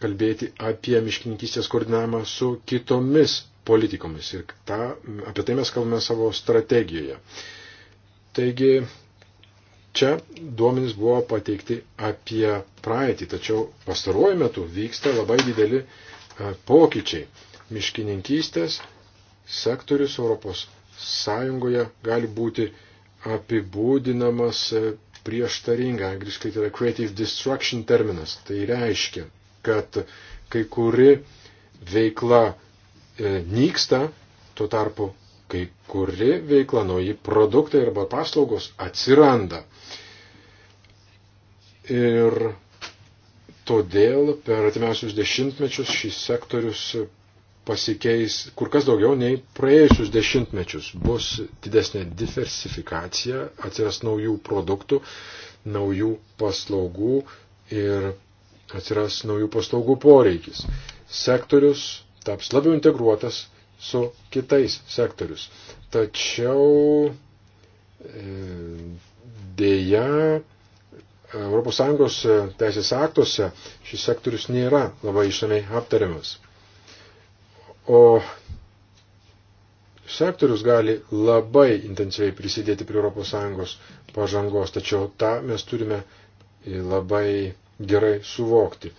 kalbėti apie miškininkystės koordinavimą su kitomis politikomis. Ir ta, apie tai mes kalbame savo strategijoje. Taigi, čia duomenys buvo pateikti apie praeitį, tačiau pastaruoju metu vyksta labai dideli e, pokyčiai. Miškininkystės sektorius Europos Sąjungoje gali būti apibūdinamas e, prieštaringa, angliškai tai yra creative destruction terminas. Tai reiškia, kad kai kuri veikla e, nyksta, tuo tarpu kai kuri veikla, nauji produktai arba paslaugos atsiranda. Ir todėl per atimiausius dešimtmečius šis sektorius pasikeis kur kas daugiau nei praėjusius dešimtmečius. Bus didesnė diversifikacija, atsiras naujų produktų, naujų paslaugų ir atsiras naujų paslaugų poreikis. Sektorius taps labiau integruotas su kitais sektorius. Tačiau e, dėja ES teisės aktuose šis sektorius nėra labai išsamei aptariamas. O sektorius gali labai intensyviai prisidėti prie ES pažangos, tačiau tą mes turime labai gerai suvokti.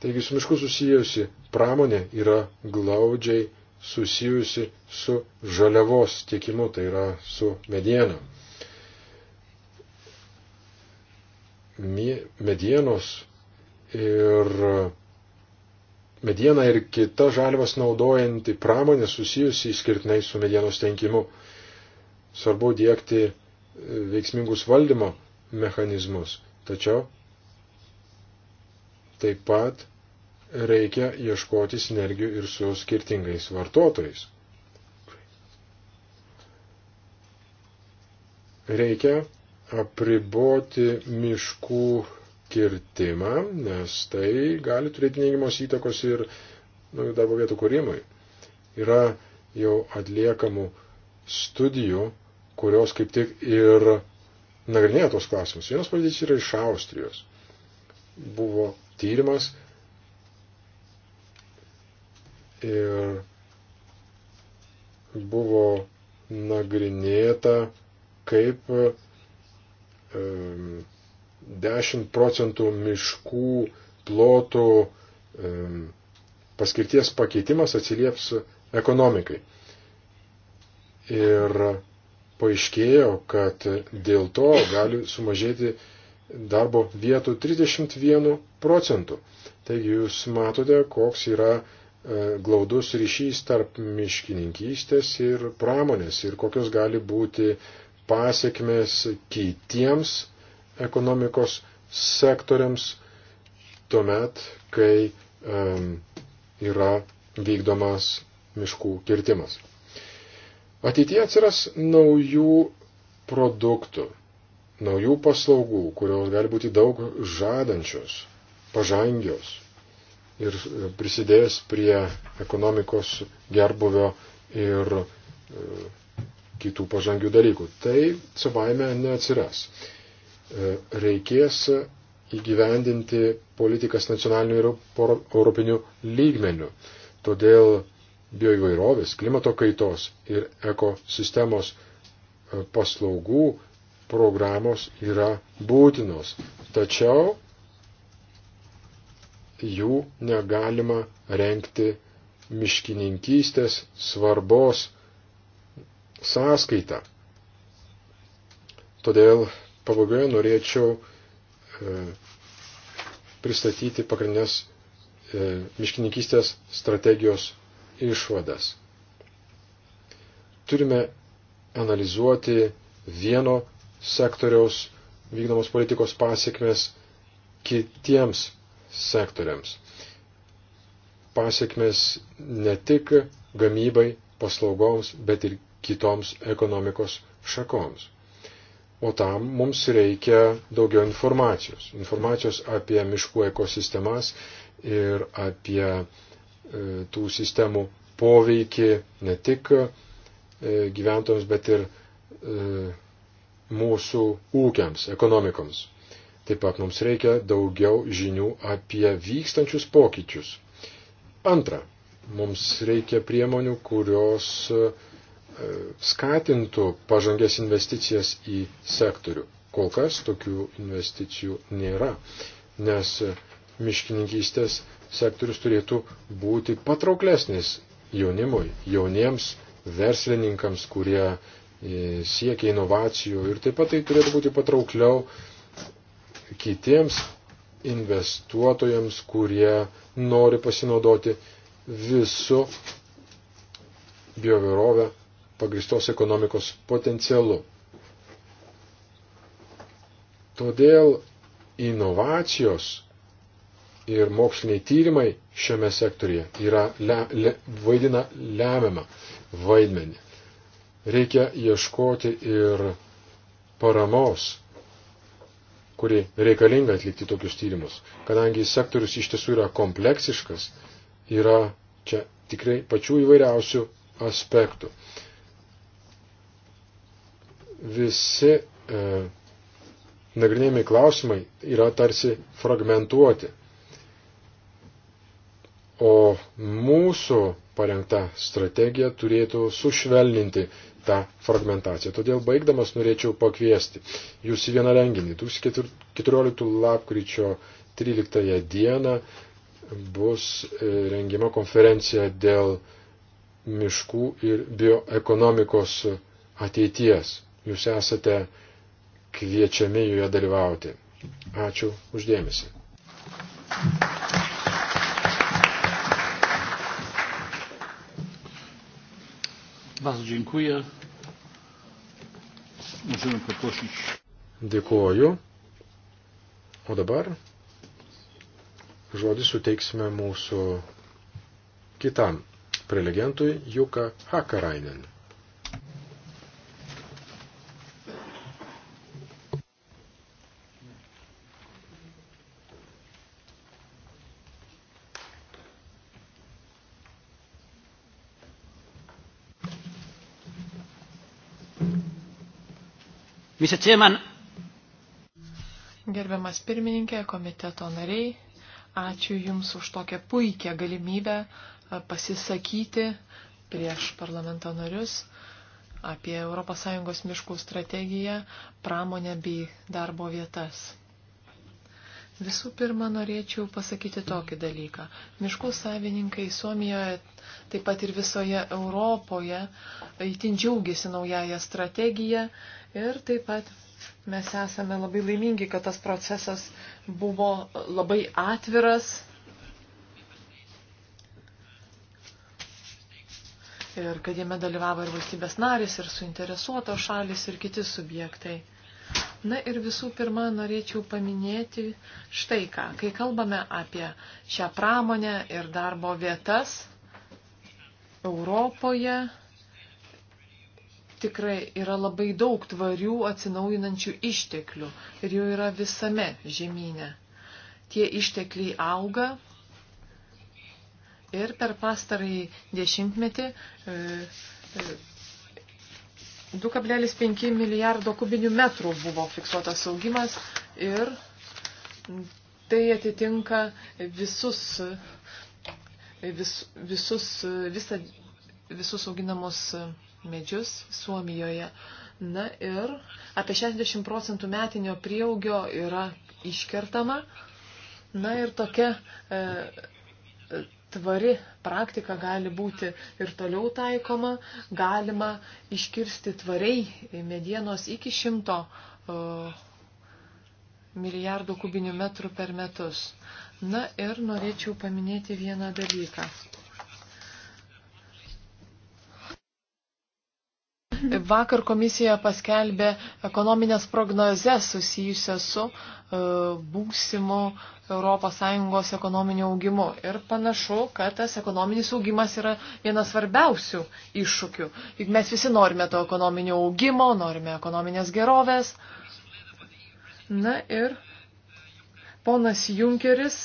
Taigi su mišku susijusi pramonė yra glaudžiai susijusi su žaliavos tiekimu, tai yra su mediena. Medienos ir medieną ir kita žalvas naudojanti pramonė susijusi išskirtinai su medienos tenkimu. Svarbu dėkti e, veiksmingus valdymo mechanizmus. Tačiau taip pat reikia ieškoti sinergijų ir su skirtingais vartotojais. Reikia apriboti miškų kirtimą, nes tai gali turėti neigiamos įtakos ir nu, darbo vietų kūrimui. Yra jau atliekamų studijų, kurios kaip tik ir nagrinėjo tos klausimus. Vienas pavyzdys yra iš Austrijos. Buvo tyrimas ir buvo nagrinėta, kaip um, 10 procentų miškų plotų paskirties pakeitimas atsilieps ekonomikai. Ir paaiškėjo, kad dėl to gali sumažėti darbo vietų 31 procentų. Taigi jūs matote, koks yra e, glaudus ryšys tarp miškininkystės ir pramonės ir kokios gali būti pasiekmes kitiems ekonomikos sektoriams tuomet, kai um, yra vykdomas miškų kirtimas. Ateityje atsiras naujų produktų, naujų paslaugų, kurios gali būti daug žadančios, pažangios ir prisidės prie ekonomikos gerbuvio ir e, kitų pažangių dalykų. Tai savaime neatsiras. E, reikės įgyvendinti politikas nacionaliniu ir europiniu lygmeniu. Todėl bioįvairovės, klimato kaitos ir ekosistemos e, paslaugų programos yra būtinos. Tačiau jų negalima renkti miškininkystės svarbos sąskaita. Todėl pabaigoje norėčiau e, pristatyti pagrindinės e, miškininkystės strategijos išvadas. Turime analizuoti vieno sektoriaus vykdomos politikos pasiekmes kitiems sektoriams. Pasiekmes ne tik gamybai, paslaugoms, bet ir kitoms ekonomikos šakoms. O tam mums reikia daugiau informacijos. Informacijos apie miškų ekosistemas ir apie e, tų sistemų poveikį ne tik e, gyventojams, bet ir e, mūsų ūkiams, ekonomikoms. Taip pat mums reikia daugiau žinių apie vykstančius pokyčius. Antra, mums reikia priemonių, kurios uh, E, skatintų pažangės investicijas į sektorių. Kol kas tokių investicijų nėra, nes miškininkystės sektorius turėtų būti patrauklesnis jaunimui, jauniems verslininkams, kurie e, siekia inovacijų ir taip pat tai turėtų būti patraukliau kitiems investuotojams, kurie nori pasinaudoti visų biovirovę pagristos ekonomikos potencialu. Todėl inovacijos ir moksliniai tyrimai šiame sektorije yra, le, le, vaidina lemiamą vaidmenį. Reikia ieškoti ir paramos, kuri reikalinga atlikti tokius tyrimus, kadangi sektorius iš tiesų yra kompleksiškas, yra čia tikrai pačių įvairiausių aspektų visi e, nagrinėjami klausimai yra tarsi fragmentuoti. O mūsų parengta strategija turėtų sušvelninti tą fragmentaciją. Todėl baigdamas norėčiau pakviesti jūs į vieną renginį. 14 lapkričio 13 dieną bus e, rengiama konferencija dėl miškų ir bioekonomikos ateities jūs esate kviečiami joje dalyvauti. Ačiū uždėmesi. Bardzo dziękuję. Możemy poprosić. Dėkuoju. O dabar žodį suteiksime mūsų kitam prelegentui Juka Hakarainen. Mr. Chairman. Gerbiamas pirmininkė, komiteto nariai, ačiū Jums už tokią puikią galimybę pasisakyti prieš parlamento narius apie ES miškų strategiją, pramonę bei darbo vietas. Visų pirma, norėčiau pasakyti tokį dalyką. Miškų savininkai Suomijoje, taip pat ir visoje Europoje, įtin džiaugiasi naująją strategiją ir taip pat mes esame labai laimingi, kad tas procesas buvo labai atviras. Ir kad jame dalyvavo ir valstybės narys, ir suinteresuotos šalis, ir kiti subjektai. Na ir visų pirma, norėčiau paminėti štai ką. Kai kalbame apie šią pramonę ir darbo vietas Europoje, tikrai yra labai daug tvarių atsinaujinančių išteklių ir jų yra visame žemynė. Tie ištekliai auga ir per pastarąjį dešimtmetį. E, e, 2,5 milijardo kubinių metrų buvo fiksuotas augimas ir tai atitinka visus, vis, visus, visa, visus auginamus medžius Suomijoje. Na ir apie 60 procentų metinio prieaugio yra iškertama. Na ir tokia e, tvari praktika gali būti ir toliau taikoma, galima iškirsti tvariai medienos iki šimto milijardų kubinių metrų per metus. Na ir norėčiau paminėti vieną dalyką. Vakar komisija paskelbė ekonominės prognozes susijusias su e, būsimu ES ekonominiu augimu. Ir panašu, kad tas ekonominis augimas yra vienas svarbiausių iššūkių. Juk mes visi norime to ekonominio augimo, norime ekonominės gerovės. Na ir ponas Junkeris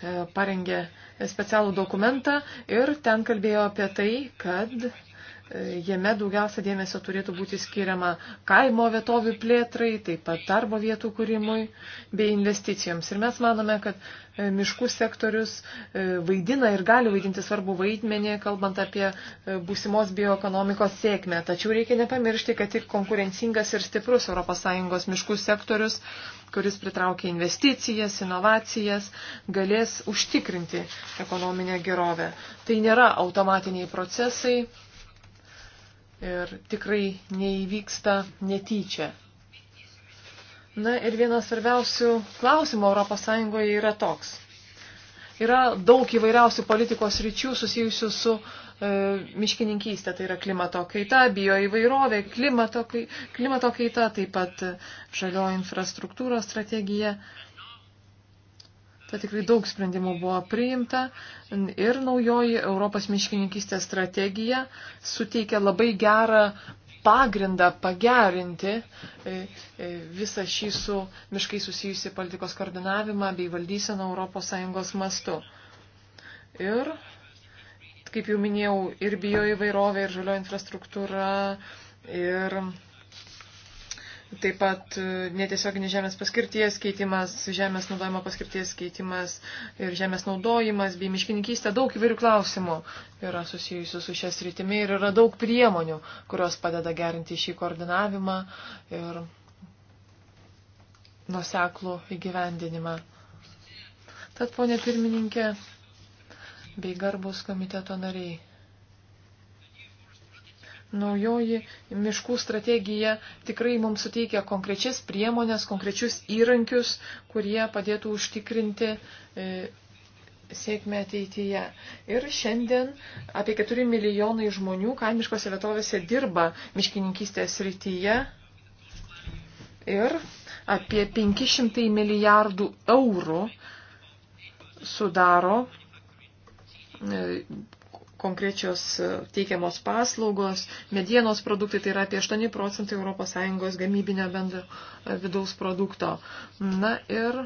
e, parengė specialų dokumentą ir ten kalbėjo apie tai, kad Jame daugiausia dėmesio turėtų būti skiriama kaimo vietovių plėtrai, taip pat darbo vietų kūrimui bei investicijoms. Ir mes manome, kad e, miškų sektorius e, vaidina ir gali vaidinti svarbu vaidmenį, kalbant apie e, būsimos bioekonomikos sėkmę. Tačiau reikia nepamiršti, kad ir konkurencingas ir stiprus ES miškų sektorius, kuris pritraukia investicijas, inovacijas, galės užtikrinti ekonominę gerovę. Tai nėra automatiniai procesai ir tikrai neįvyksta netyčia. Na ir vienas svarbiausių klausimų ES yra toks. Yra daug įvairiausių politikos ryčių susijusių su e, miškininkystė, tai yra klimato kaita, bioįvairovė, klimato, klimato kaita, taip pat žalio infrastruktūros strategija. E, Tai tikrai daug sprendimų buvo priimta ir naujoji Europos miškininkystės strategija suteikia labai gerą pagrindą pagerinti e, e, visą šį su miškai susijusi politikos koordinavimą bei valdyseną ES mastu. Ir, kaip jau minėjau, ir bioįvairovė, ir žalio infrastruktūra, ir Taip pat e, netiesioginis žemės paskirties keitimas, žemės naudojimo paskirties keitimas ir žemės naudojimas bei miškininkystė. Daug įvairių klausimų yra susijusių su šias rytimi ir yra daug priemonių, kurios padeda gerinti šį koordinavimą ir nuseklų įgyvendinimą. Tad, ponė pirmininkė, bei garbus komiteto nariai. Naujoji miškų strategija tikrai mums suteikia konkrečias priemonės, konkrečius įrankius, kurie padėtų užtikrinti e, sėkmę ateityje. Ir šiandien apie 4 milijonai žmonių kaimiškose vietovėse dirba miškininkystės rytyje. Ir apie 500 milijardų eurų sudaro e, konkrečios e, teikiamos paslaugos, medienos produktai, tai yra apie 8 procentai ES gamybinio bendro e, vidaus produkto. Na ir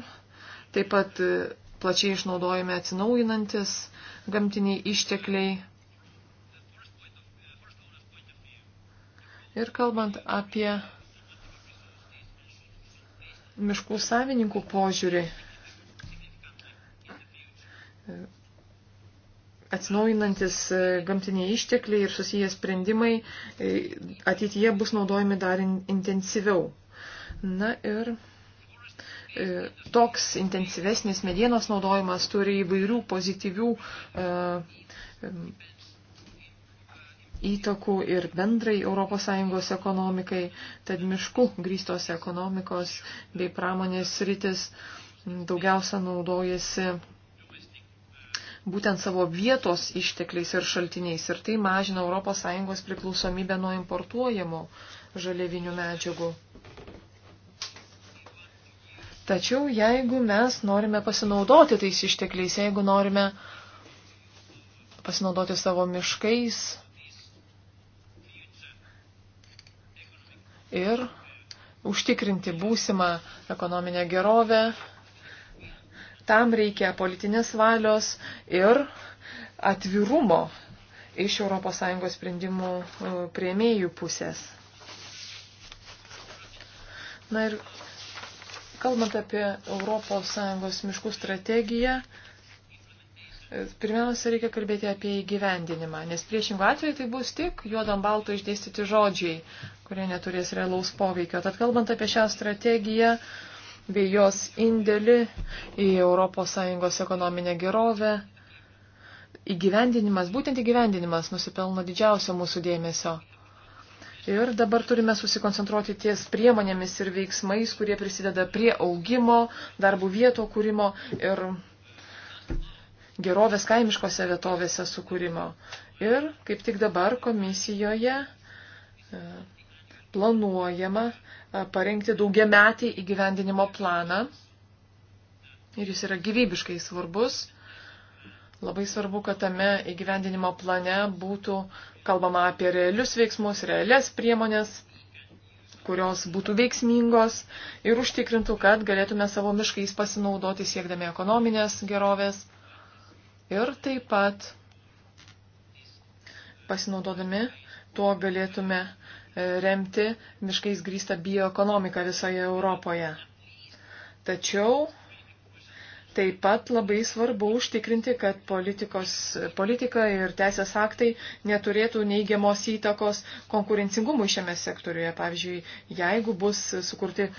taip pat e, plačiai išnaudojame atsinaujinantis gamtiniai ištekliai. Ir kalbant apie miškų savininkų požiūrį, atsinaujinantis e, gamtiniai ištekliai ir susiję sprendimai e, ateityje bus naudojami dar intensyviau. Na ir e, toks intensyvesnis medienos naudojimas turi įvairių pozityvių įtakų ir bendrai ES ekonomikai, tad miškų grįstos ekonomikos bei pramonės rytis daugiausia naudojasi būtent savo vietos ištekliais ir šaltiniais ir tai mažina ES priklausomybę nuo importuojamų žaliavinių medžiagų. Tačiau jeigu mes norime pasinaudoti tais ištekliais, jeigu norime pasinaudoti savo miškais ir užtikrinti būsimą ekonominę gerovę, Tam reikia politinės valios ir atvirumo iš ES sprendimų e, prieimėjų pusės. Na ir kalbant apie ES miškų strategiją, e, pirmiausia, reikia kalbėti apie įgyvendinimą, nes priešingų atveju tai bus tik juodam balto išdėstyti žodžiai, kurie neturės realaus poveikio. Tad kalbant apie šią strategiją, bei jos indėlį į ES ekonominę gerovę. Įgyvendinimas, būtent įgyvendinimas nusipelno didžiausio mūsų dėmesio. Ir dabar turime susikoncentruoti ties priemonėmis ir veiksmais, kurie prisideda prie augimo, darbų vieto kūrimo ir gerovės kaimiškose vietovėse sukūrimo. Ir kaip tik dabar komisijoje planuojama parengti daugiametį įgyvendinimo planą. Ir jis yra gyvybiškai svarbus. Labai svarbu, kad tame įgyvendinimo plane būtų kalbama apie realius veiksmus, realias priemonės, kurios būtų veiksmingos ir užtikrintų, kad galėtume savo miškais pasinaudoti siekdami ekonominės gerovės ir taip pat pasinaudodami tuo galėtume remti miškais grįstą bioekonomiką visoje Europoje. Tačiau taip pat labai svarbu užtikrinti, kad politika ir teisės aktai neturėtų neigiamos įtakos konkurencingumui šiame sektoriuje. Pavyzdžiui, jeigu bus sukurti e,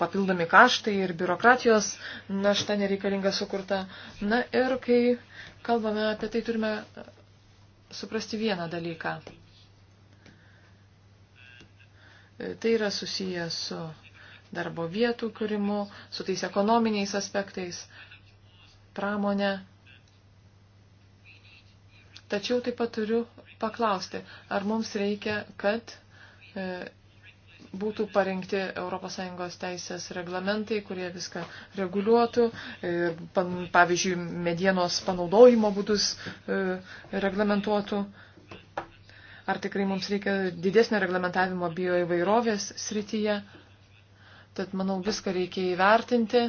papildomi kaštai ir biurokratijos našta nereikalinga sukurta. Na ir kai kalbame apie tai, turime suprasti vieną dalyką. Tai yra susiję su darbo vietų kūrimu, su tais ekonominiais aspektais, pramonė. Tačiau taip pat turiu paklausti, ar mums reikia, kad e, būtų parengti ES teisės reglamentai, kurie viską reguliuotų, e, pan, pavyzdžiui, medienos panaudojimo būdus e, reglamentuotų. E, ar tikrai mums reikia didesnio reglamentavimo bioįvairovės srityje. Tad, manau, viską reikia įvertinti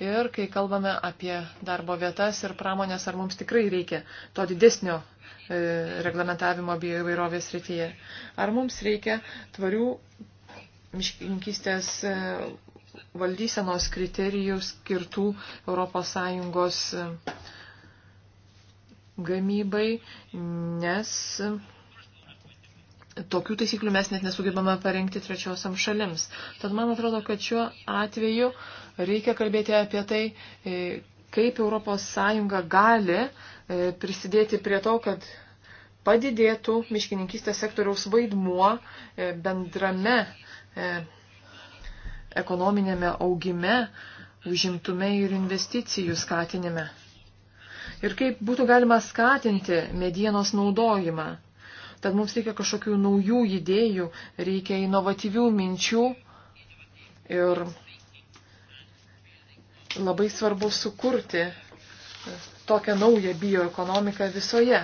ir kai kalbame apie darbo vietas ir pramonės, ar mums tikrai reikia to didesnio e, reglamentavimo bioįvairovės srityje. Ar mums reikia tvarių miškininkystės e, valdysenos kriterijų skirtų ES e, gamybai, nes tokių taisyklių mes net nesugebame parengti trečiosiam šalims. Tad man atrodo, kad šiuo atveju reikia kalbėti apie tai, e, kaip ES gali e, prisidėti prie to, kad padidėtų miškininkystės sektoriaus vaidmuo e, bendrame ekonominėme augime, užimtume ir investicijų skatinime. Ir kaip būtų galima skatinti medienos naudojimą. Tad mums reikia kažkokių naujų idėjų, reikia inovatyvių minčių ir labai svarbu sukurti tokią naują bioekonomiką visoje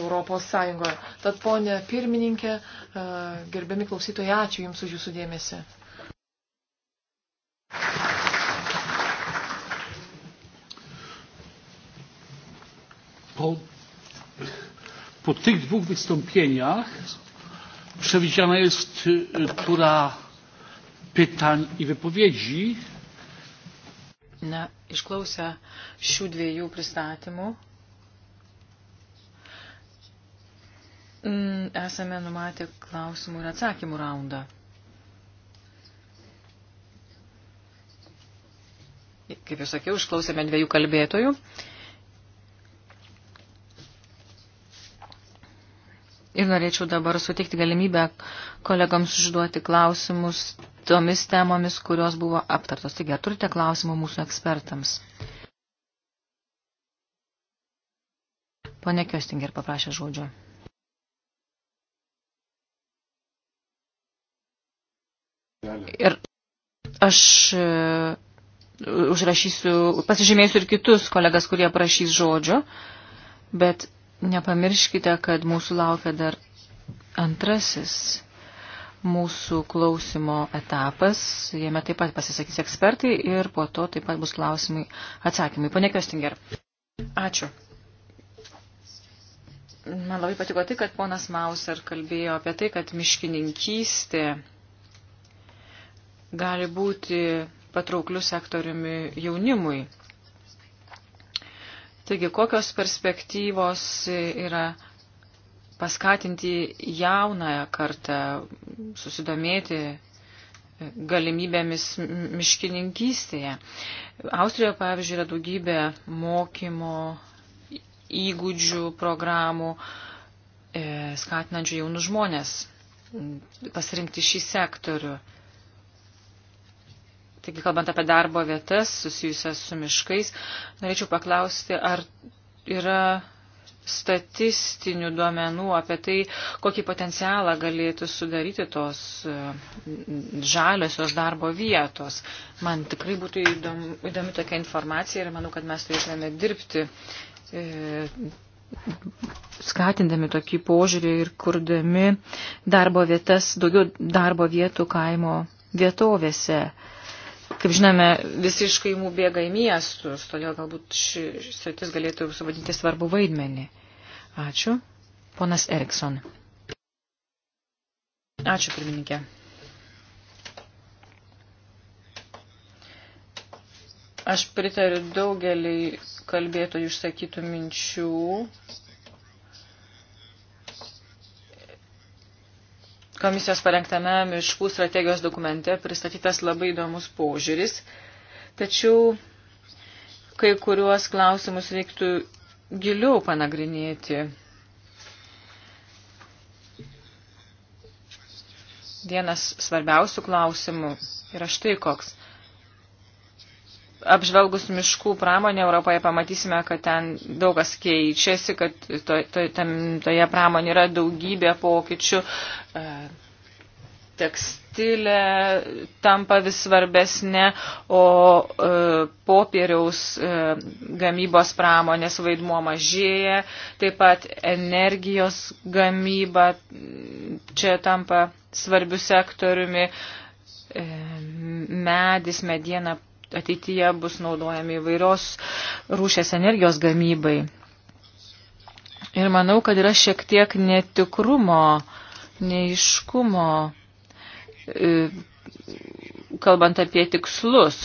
Europos Sąjungoje. Tad, ponė pirmininkė, gerbiami klausytojai, ačiū Jums už Jūsų dėmesį. Po po tych dwóch wystąpieniach przewidziana jest tura pytań i wypowiedzi. Na, išklausę šių dviejų pristatymų. Mm, esame numatę klausimų ir atsakymų raundą. Kaip jau sakiau, išklausėme dviejų kalbėtojų. Ir norėčiau dabar sutikti galimybę kolegams užduoti klausimus tomis temomis, kurios buvo aptartos. Taigi, turite klausimų mūsų ekspertams? Pone Kjostinger paprašė žodžio. Ir aš e, užrašysiu, pasižymėsiu ir kitus kolegas, kurie prašys žodžio, bet Nepamirškite, kad mūsų laukia dar antrasis mūsų klausimo etapas. Jame taip pat pasisakys ekspertai ir po to taip pat bus klausimai atsakymai. Pane Köstinger, ačiū. Man labai patiko tai, kad ponas Mauser kalbėjo apie tai, kad miškininkystė gali būti patraukliu sektoriumi jaunimui. Taigi, kokios perspektyvos yra paskatinti jaunąją kartą susidomėti galimybėmis miškininkystėje. Austrijoje, pavyzdžiui, yra daugybė mokymo įgūdžių programų, e, skatinančių jaunus žmonės pasirinkti šį sektorių. Taigi, kalbant apie darbo vietas susijusias su miškais, norėčiau paklausti, ar yra statistinių duomenų apie tai, kokį potencialą galėtų sudaryti tos e, žaliosios darbo vietos. Man tikrai būtų įdomi, įdomi tokia informacija ir manau, kad mes turėtume dirbti e, skatindami tokį požiūrį ir kurdami darbo vietas, daugiau darbo vietų kaimo vietovėse. Kaip žinome, visi iš kaimų bėga į miestus, todėl galbūt ši, ši sritis galėtų suvadinti svarbu vaidmenį. Ačiū. Ponas Erikson. Ačiū, pirmininkė. Aš pritariu daugelį kalbėtojų išsakytų minčių Komisijos parengtame miškų strategijos dokumente pristatytas labai įdomus požiūris, tačiau kai kuriuos klausimus reiktų giliau panagrinėti. Vienas svarbiausių klausimų yra štai koks apžvelgus miškų pramonę Europoje pamatysime, kad ten daug kas keičiasi, kad to, to, tam, toje pramonė yra daugybė pokyčių. E, tekstilė tampa vis svarbesnė, o e, popieriaus e, gamybos pramonės vaidmuo mažėja, taip pat energijos gamyba čia tampa svarbių sektoriumi, e, medis, mediena ateityje bus naudojami įvairios rūšės energijos gamybai. Ir manau, kad yra šiek tiek netikrumo, neiškumo, e, kalbant apie tikslus.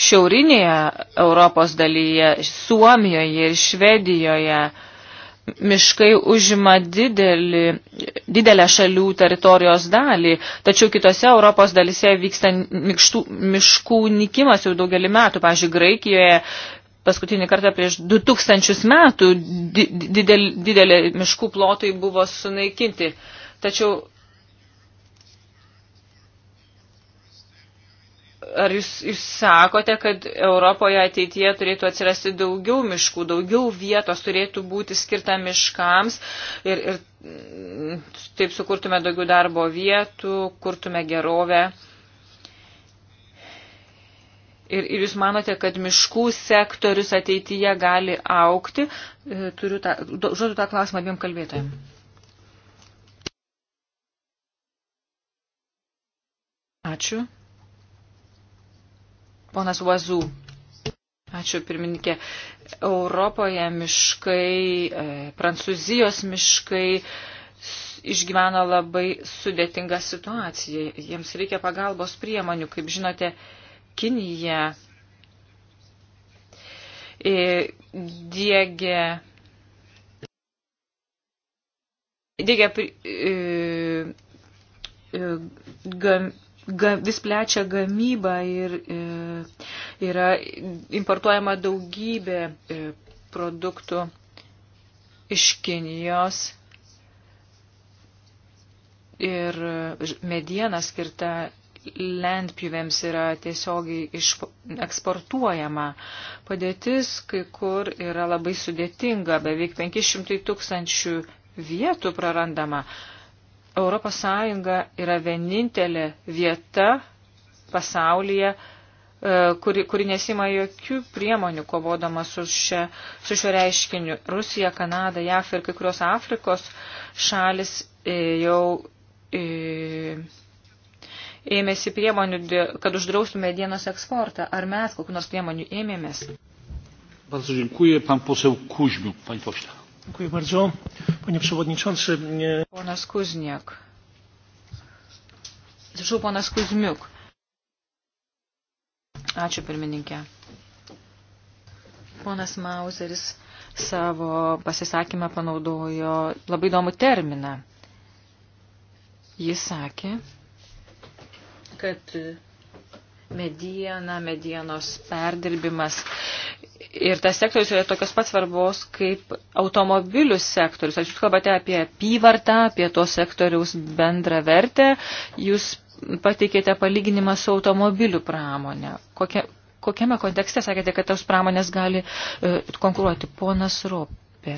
Šiaurinėje Europos dalyje, Suomijoje ir Švedijoje miškai užima didelį, didelę šalių teritorijos dalį, tačiau kitose Europos dalise vyksta mikštų, miškų nikimas jau daugelį metų. Pavyzdžiui, Graikijoje paskutinį kartą prieš 2000 metų didelė, didelė miškų plotai buvo sunaikinti. Tačiau Ar jūs, jūs sakote, kad Europoje ateityje turėtų atsirasti daugiau miškų, daugiau vietos turėtų būti skirta miškams ir, ir mm, taip sukurtume daugiau darbo vietų, kurtume gerovę? Ir, ir jūs manote, kad miškų sektorius ateityje gali aukti? E, turiu tą, žodžiu tą klausimą abiem kalbėtojim. Ačiū. Ponas Uazų. Ačiū pirmininkė. Europoje miškai, e, Prancūzijos miškai išgyvena labai sudėtingą situaciją. Jiems reikia pagalbos priemonių. Kaip žinote, Kinija dėgė. E, dėgia, dėgia e, gam, vis plečia gamybą ir e, yra importuojama daugybė e, produktų iš Kinijos ir mediena skirta lentpjuvėms yra tiesiogiai iš, eksportuojama. Padėtis kai kur yra labai sudėtinga, beveik 500 tūkstančių vietų prarandama. Uh, Europos Sąjunga yra vienintelė vieta pasaulyje, e, kuri, kuri nesima jokių priemonių kovodama su, šia, su šio reiškiniu. Rusija, Kanada, JAF ir kai kurios Afrikos šalis e, jau e, ėmėsi priemonių, kad uždraustų medienos eksportą. Ar mes kokiu nors priemonių ėmėmės? Bardzo dziękuję. Pan poseł Kuźmiuk, pani pośle. Dziękuję bardzo. Panie Przewodniczący. Ponas Kuzniak. Atsiprašau, ponas Kuzmiuk. Ačiū pirmininkė. Ponas Mauseris savo pasisakymą panaudojo labai įdomų terminą. Jis sakė, kad mediena, medienos perdirbimas Ir tas sektorius yra tokios pats svarbos kaip automobilių sektorius. Ar jūs kalbate apie apyvartą, apie to sektoriaus bendrą vertę, jūs pateikėte palyginimą su automobilių pramonė. Kokia, kokiame kontekste sakėte, kad tos pramonės gali e, konkuruoti? Ponas Ropė.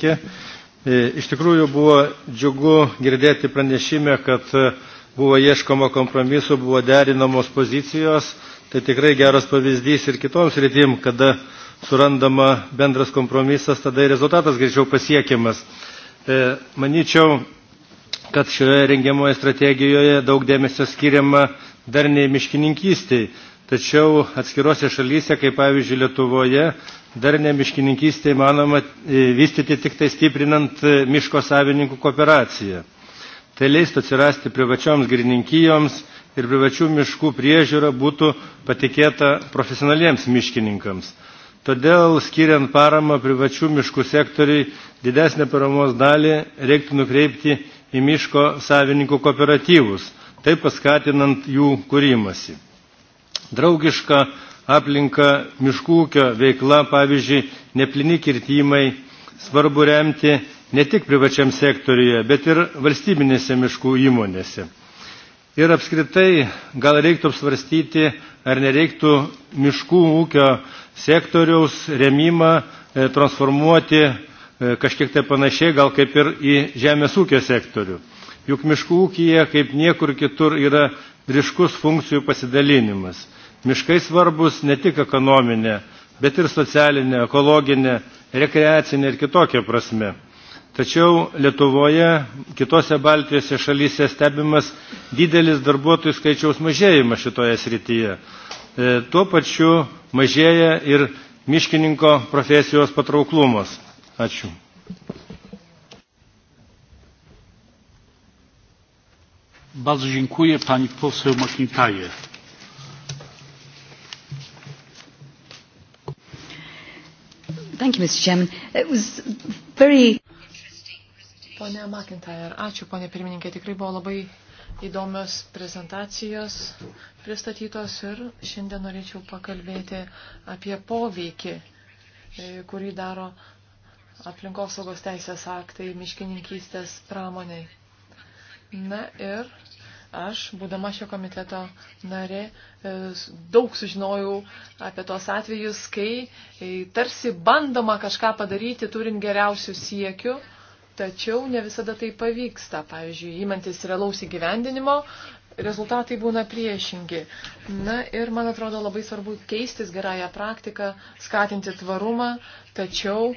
E, iš tikrųjų buvo džiugu girdėti pranešime, kad e, buvo ieškoma kompromisų, buvo derinamos pozicijos, tai tikrai geras pavyzdys ir kitoms rytim, kada surandama bendras kompromisas, tada ir rezultatas greičiau pasiekiamas. E, manyčiau, kad šioje rengiamoje strategijoje daug dėmesio skiriama darniai miškininkystiai. Tačiau atskirose šalyse, kaip pavyzdžiui Lietuvoje, darnė miškininkystė įmanoma e, vystyti tik tai stiprinant miško savininkų kooperaciją. Tai leistų atsirasti privačioms girininkijoms ir privačių miškų priežiūra būtų patikėta profesionaliems miškininkams. Todėl, skiriant paramą privačių miškų sektoriui, didesnę paramos dalį reiktų nukreipti į miško savininkų kooperatyvus, taip paskatinant jų kūrimasi. Draugiška aplinka miškų ūkio veikla, pavyzdžiui, neplini kirtimai, svarbu remti ne tik privačiam sektoriuje, bet ir valstybinėse miškų įmonėse. Ir apskritai gal reiktų apsvarstyti, ar nereiktų miškų ūkio sektoriaus remimą e, transformuoti e, kažkiek tai panašiai, gal kaip ir į žemės ūkio sektorių. Juk miškų ūkija, kaip niekur kitur, yra ryškus funkcijų pasidalinimas. Miškai svarbus ne tik ekonominė, bet ir socialinė, ekologinė, rekreacinė ir kitokia prasme. Tačiau Lietuvoje, kitose Baltijose šalyse stebimas didelis darbuotojų skaičiaus mažėjimas šitoje srityje. E, tuo pačiu mažėja ir miškininko profesijos patrauklumas. Ačiū. Bardzo dziękuję pani poseł McIntyre. Thank you, Mr. Chairman. It was very Pone McIntyre, ačiū, ponė pirmininkė, tikrai buvo labai įdomios prezentacijos pristatytos ir šiandien norėčiau pakalbėti apie poveikį, e, kurį daro aplinkosaugos teisės aktai miškininkystės pramoniai. Na ir aš, būdama šio komiteto narė, e, daug sužinojau apie tos atvejus, kai e, tarsi bandoma kažką padaryti, turint geriausių siekių tačiau ne visada tai pavyksta. Pavyzdžiui, įmantis realaus įgyvendinimo, rezultatai būna priešingi. Na ir man atrodo labai svarbu keistis gerąją praktiką, skatinti tvarumą, tačiau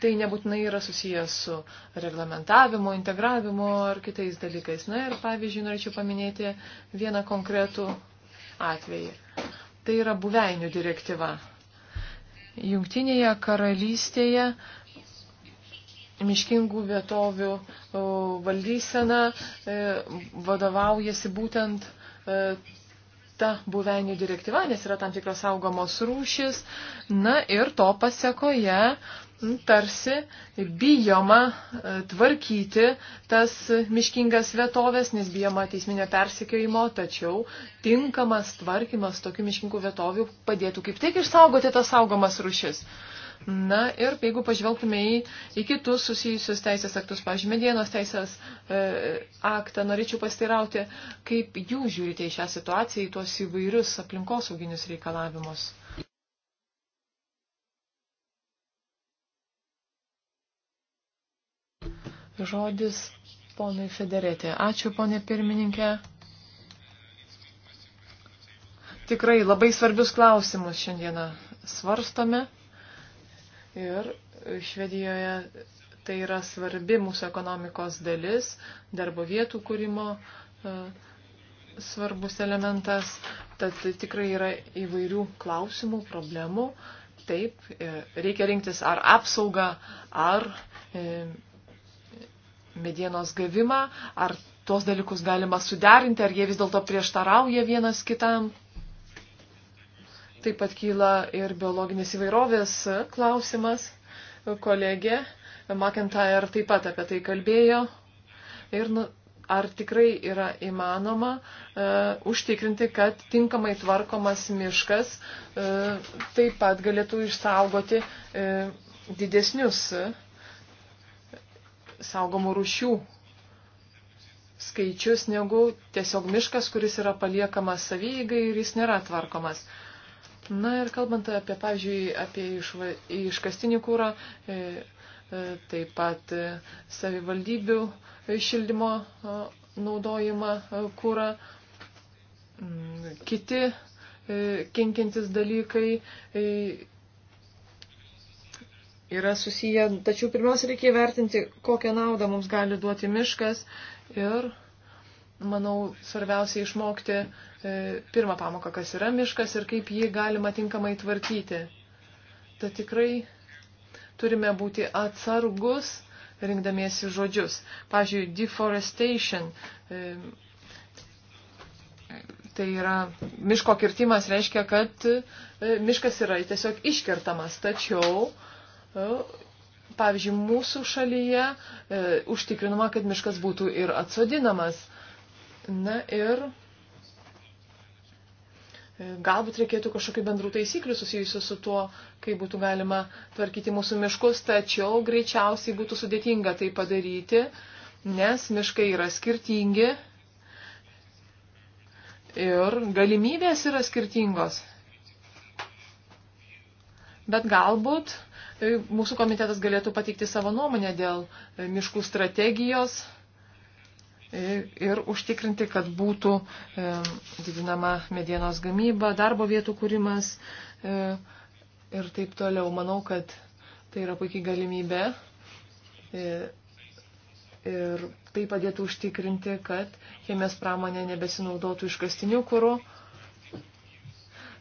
tai nebūtinai yra susijęs su reglamentavimu, integravimu ar kitais dalykais. Na ir pavyzdžiui, norėčiau paminėti vieną konkretų atvejį. Tai yra buveinių direktyva. Jungtinėje karalystėje miškingų vietovių valdysena e, vadovaujasi būtent e, ta buveinių direktyva, nes yra tam tikros saugomos rūšis. Na ir to pasiekoje tarsi bijoma e, tvarkyti tas miškingas vietovės, nes bijoma teisminio persikėjimo, tačiau tinkamas tvarkymas tokių miškingų vietovių padėtų kaip tik išsaugoti tas saugomas rūšis. Na ir jeigu pažvelgtume į, į kitus susijusius teisės aktus, pavyzdžiui, medienos teisės e, aktą, norėčiau pasteirauti, kaip jūs žiūrite į šią situaciją, į tuos įvairius aplinkosauginius reikalavimus. Žodis ponui Federetė. Ačiū, ponė pirmininkė. Tikrai labai svarbius klausimus šiandieną svarstome. Ir Švedijoje tai yra svarbi mūsų ekonomikos dalis, darbo vietų kūrimo e, svarbus elementas. Tad tikrai yra įvairių klausimų, problemų. Taip, e, reikia rinktis ar apsaugą, ar e, medienos gavimą, ar tuos dalykus galima suderinti, ar jie vis dėlto prieštarauja vienas kitam. Taip pat kyla ir biologinės įvairovės klausimas. Kolegė McIntyre taip pat apie tai kalbėjo. Ir nu, ar tikrai yra įmanoma e, užtikrinti, kad tinkamai tvarkomas miškas e, taip pat galėtų išsaugoti e, didesnius saugomų rušių skaičius negu tiesiog miškas, kuris yra paliekamas savygai ir jis nėra tvarkomas. E, Na ir kalbant apie, pavyzdžiui, apie išva, iškastinį kūrą, e, e, taip pat e, savivaldybių e, šildymo e, naudojimą e, kūrą, m, kiti e, kenkiantis dalykai. E, Yra susiję, tačiau pirmiausia reikia įvertinti, kokią naudą mums gali duoti miškas ir manau, svarbiausia išmokti e, pirmą pamoką, kas yra miškas ir kaip jį galima tinkamai tvarkyti. Tad tikrai turime būti atsargus, rinkdamiesi žodžius. Pavyzdžiui, deforestation. E, tai yra miško kirtimas reiškia, kad e, miškas yra tiesiog iškertamas, tačiau e, pavyzdžiui, mūsų šalyje e, užtikrinama, kad miškas būtų ir atsodinamas. Na ir e, galbūt reikėtų kažkokių bendrų taisyklių susijusių su tuo, kaip būtų galima tvarkyti mūsų miškus, tačiau greičiausiai būtų sudėtinga tai padaryti, nes miškai yra skirtingi ir galimybės yra skirtingos. Bet galbūt e, mūsų komitetas galėtų pateikti savo nuomonę dėl e, miškų strategijos ir užtikrinti, kad būtų didinama medienos gamyba, darbo vietų kūrimas e, ir taip toliau. Manau, kad tai yra puikiai galimybė e, ir tai padėtų užtikrinti, kad chemijos pramonė nebesinaudotų iškastinių kūrų.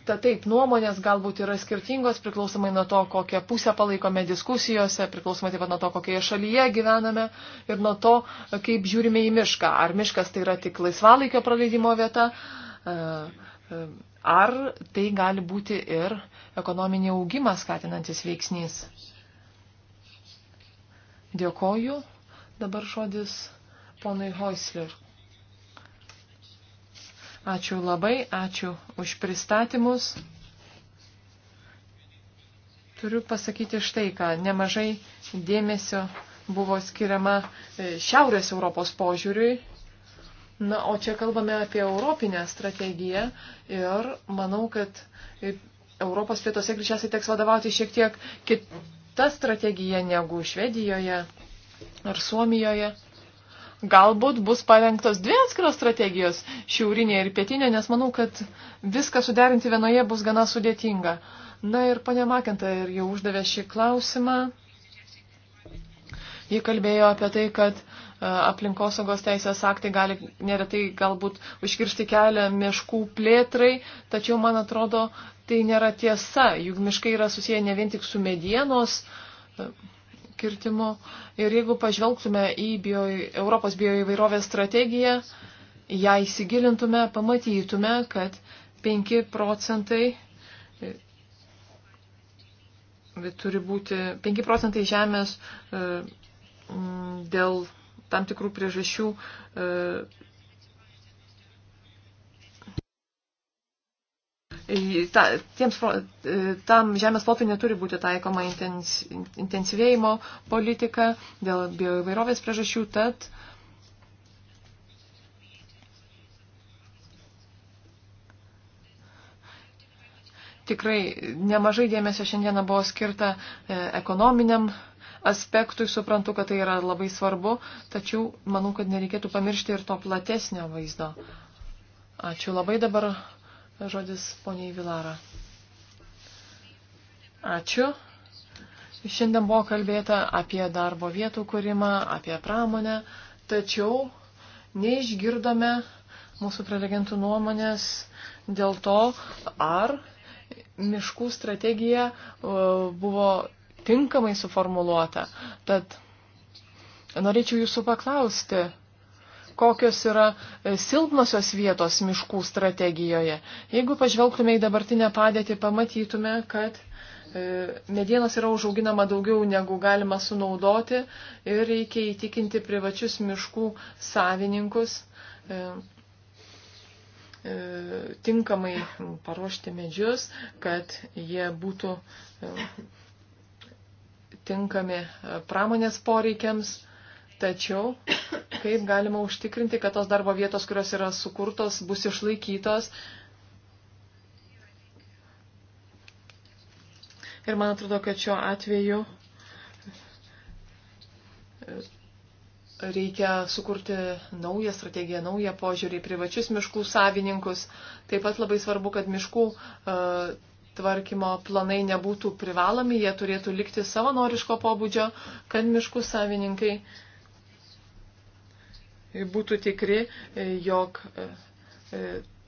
Ta taip, nuomonės galbūt yra skirtingos priklausomai nuo to, kokią pusę palaikome diskusijose, priklausomai taip pat nuo to, kokioje šalyje gyvename ir nuo to, kaip žiūrime į mišką. Ar miškas tai yra tik laisvalaikio praleidimo vieta, e, e, ar tai gali būti ir ekonominį augimą skatinantis veiksnys. Dėkoju. Dabar žodis ponui Hoisler. Ačiū labai, ačiū už pristatymus. Turiu pasakyti štai ką, nemažai dėmesio buvo skiriama e, Šiaurės Europos požiūriui. Na, o čia kalbame apie europinę strategiją ir manau, kad e, Europos pietuose greičiausiai teks vadovauti šiek tiek kita strategija negu Švedijoje ar Suomijoje galbūt bus parengtos dvi atskiros strategijos - šiaurinė ir pietinė, nes manau, kad viską suderinti vienoje bus gana sudėtinga. Na ir ponia Makenta ir jau uždavė šį klausimą. Ji kalbėjo apie tai, kad e, aplinkosaugos teisės aktai gali neretai galbūt užkirsti kelią miškų plėtrai, tačiau man atrodo, tai nėra tiesa, juk miškai yra susiję ne vien tik su medienos e, kirtimu. Ir jeigu pažvelgtume į bio, Europos bioįvairovės strategiją, ją įsigilintume, pamatytume, kad 5 procentai e, turi būti 5 procentai žemės e, dėl tam tikrų priežasčių e, ta, tiems, e, tam žemės plotui neturi būti taikoma intens, intensyvėjimo politika dėl bioįvairovės priežasčių, tad tikrai nemažai dėmesio šiandieną buvo skirta e, ekonominiam aspektui, suprantu, kad tai yra labai svarbu, tačiau manau, kad nereikėtų pamiršti ir to platesnio vaizdo. Ačiū labai dabar Žodis poniai Vilara. Ačiū. Šiandien buvo kalbėta apie darbo vietų kūrimą, apie pramonę, tačiau neišgirdome mūsų prelegentų nuomonės dėl to, ar miškų strategija e, buvo tinkamai suformuoluota. Tad norėčiau jūsų paklausti, kokios yra e, silpnosios vietos miškų strategijoje. Jeigu pažvelgtume į dabartinę padėtį, pamatytume, kad e, medienos yra užauginama daugiau negu galima sunaudoti ir reikia įtikinti privačius miškų savininkus e, tinkamai paruošti medžius, kad jie būtų tinkami pramonės poreikiams. Tačiau kaip galima užtikrinti, kad tos darbo vietos, kurios yra sukurtos, bus išlaikytos. Ir man atrodo, kad šiuo atveju reikia sukurti naują strategiją, naują požiūrį į privačius miškų savininkus. Taip pat labai svarbu, kad miškų uh, tvarkymo planai nebūtų privalomi, jie turėtų likti savanoriško pobūdžio, kad miškų savininkai uh, būtų tikri, e, jog e, e,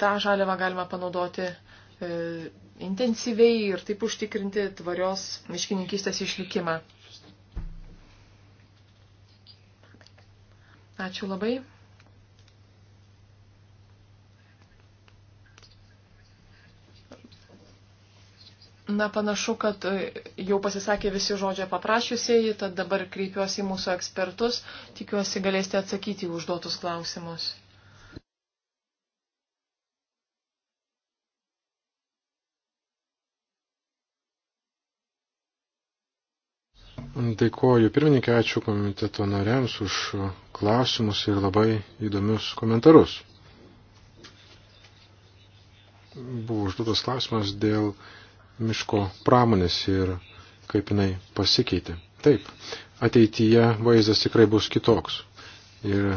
tą žaliavą galima panaudoti intensyviai ir taip užtikrinti tvarios miškininkystės išlikimą. Ačiū labai. Na, panašu, kad e, jau pasisakė visi žodžio paprašiusieji, tad dabar kreipiuosi į mūsų ekspertus. Tikiuosi galėsite atsakyti į užduotus klausimus. Dėkuoju pirmininkė, ačiū komiteto nariams už klausimus ir labai įdomius komentarus. Buvo užduotas klausimas dėl miško pramonės ir kaip jinai pasikeitė. Taip, ateityje vaizdas tikrai bus kitoks. Ir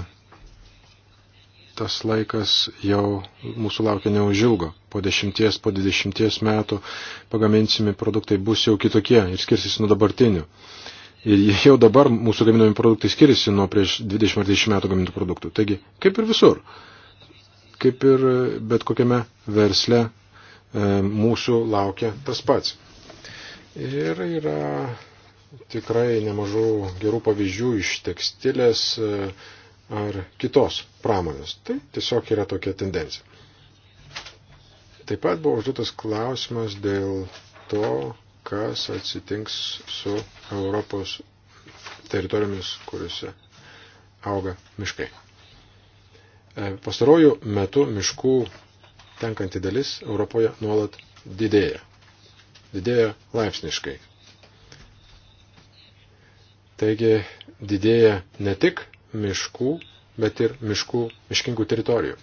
tas laikas jau mūsų laukia neužilgo. Po dešimties, po dvidešimties metų pagaminsimi produktai bus jau kitokie ir skirsis nuo dabartinių. Ir jau dabar mūsų gaminami produktai skiriasi nuo prieš 20 ar 30 metų gamintų produktų. Taigi, kaip ir visur, kaip ir bet kokiame versle E, mūsų laukia tas pats. Ir yra tikrai nemažų gerų pavyzdžių iš tekstilės e, ar kitos pramonės. Tai tiesiog yra tokia tendencija. Taip pat buvo užduotas klausimas dėl to, kas atsitinks su Europos teritorijomis, kuriuose auga miškai. E, pastarojų metų miškų tenkanti dalis Europoje nuolat didėja. Didėja laipsniškai. Taigi didėja ne tik miškų, bet ir miškų, miškingų teritorijų.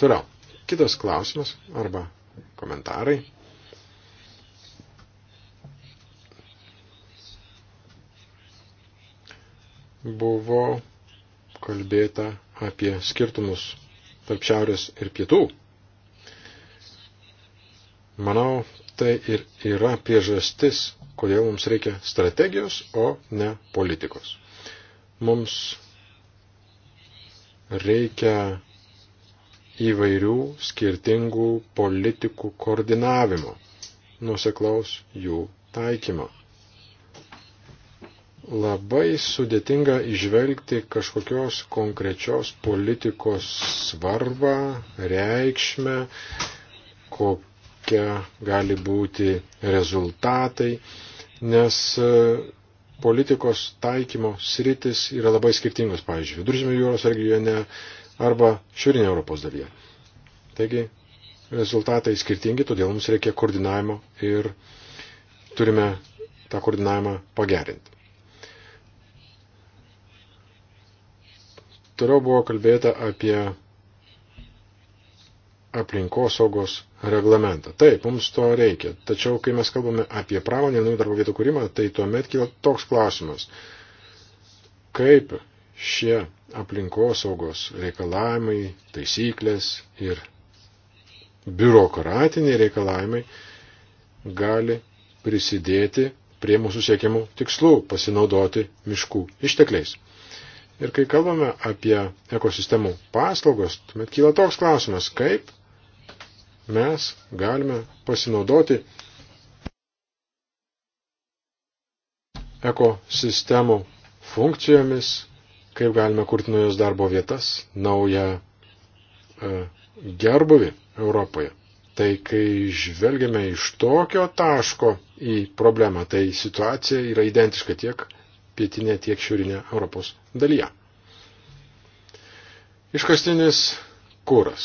Toliau, kitas klausimas arba komentarai. Buvo kalbėta apie skirtumus tarp šiaurės ir pietų. Manau, tai ir yra priežastis, kodėl mums reikia strategijos, o ne politikos. Mums reikia įvairių skirtingų politikų koordinavimo, nuseklaus jų taikymo labai sudėtinga išvelgti kažkokios konkrečios politikos svarbą, reikšmę, kokie gali būti rezultatai, nes e, politikos taikymo sritis yra labai skirtingos, pavyzdžiui, Viduržymio jūros regione arba Šiaurinė Europos dalyje. Taigi, rezultatai skirtingi, todėl mums reikia koordinavimo ir turime tą koordinavimą pagerinti. Toliau buvo kalbėta apie aplinkosaugos reglamentą. Taip, mums to reikia. Tačiau, kai mes kalbame apie pramonę ir darbo vietų kūrimą, tai tuomet kyla toks klausimas. Kaip šie aplinkosaugos reikalavimai, taisyklės ir biurokratiniai reikalavimai gali prisidėti prie mūsų siekiamų tikslų pasinaudoti miškų ištekliais. Ir kai kalbame apie ekosistemų paslaugos, tuomet kyla toks klausimas, kaip mes galime pasinaudoti ekosistemų funkcijomis, kaip galime kurti naujas darbo vietas, naują e, gerbuvi Europoje. Tai kai žvelgiame iš tokio taško į problemą, tai situacija yra identiška tiek pietinė tiek šiaurinė Europos dalyje. Iškastinis kūras.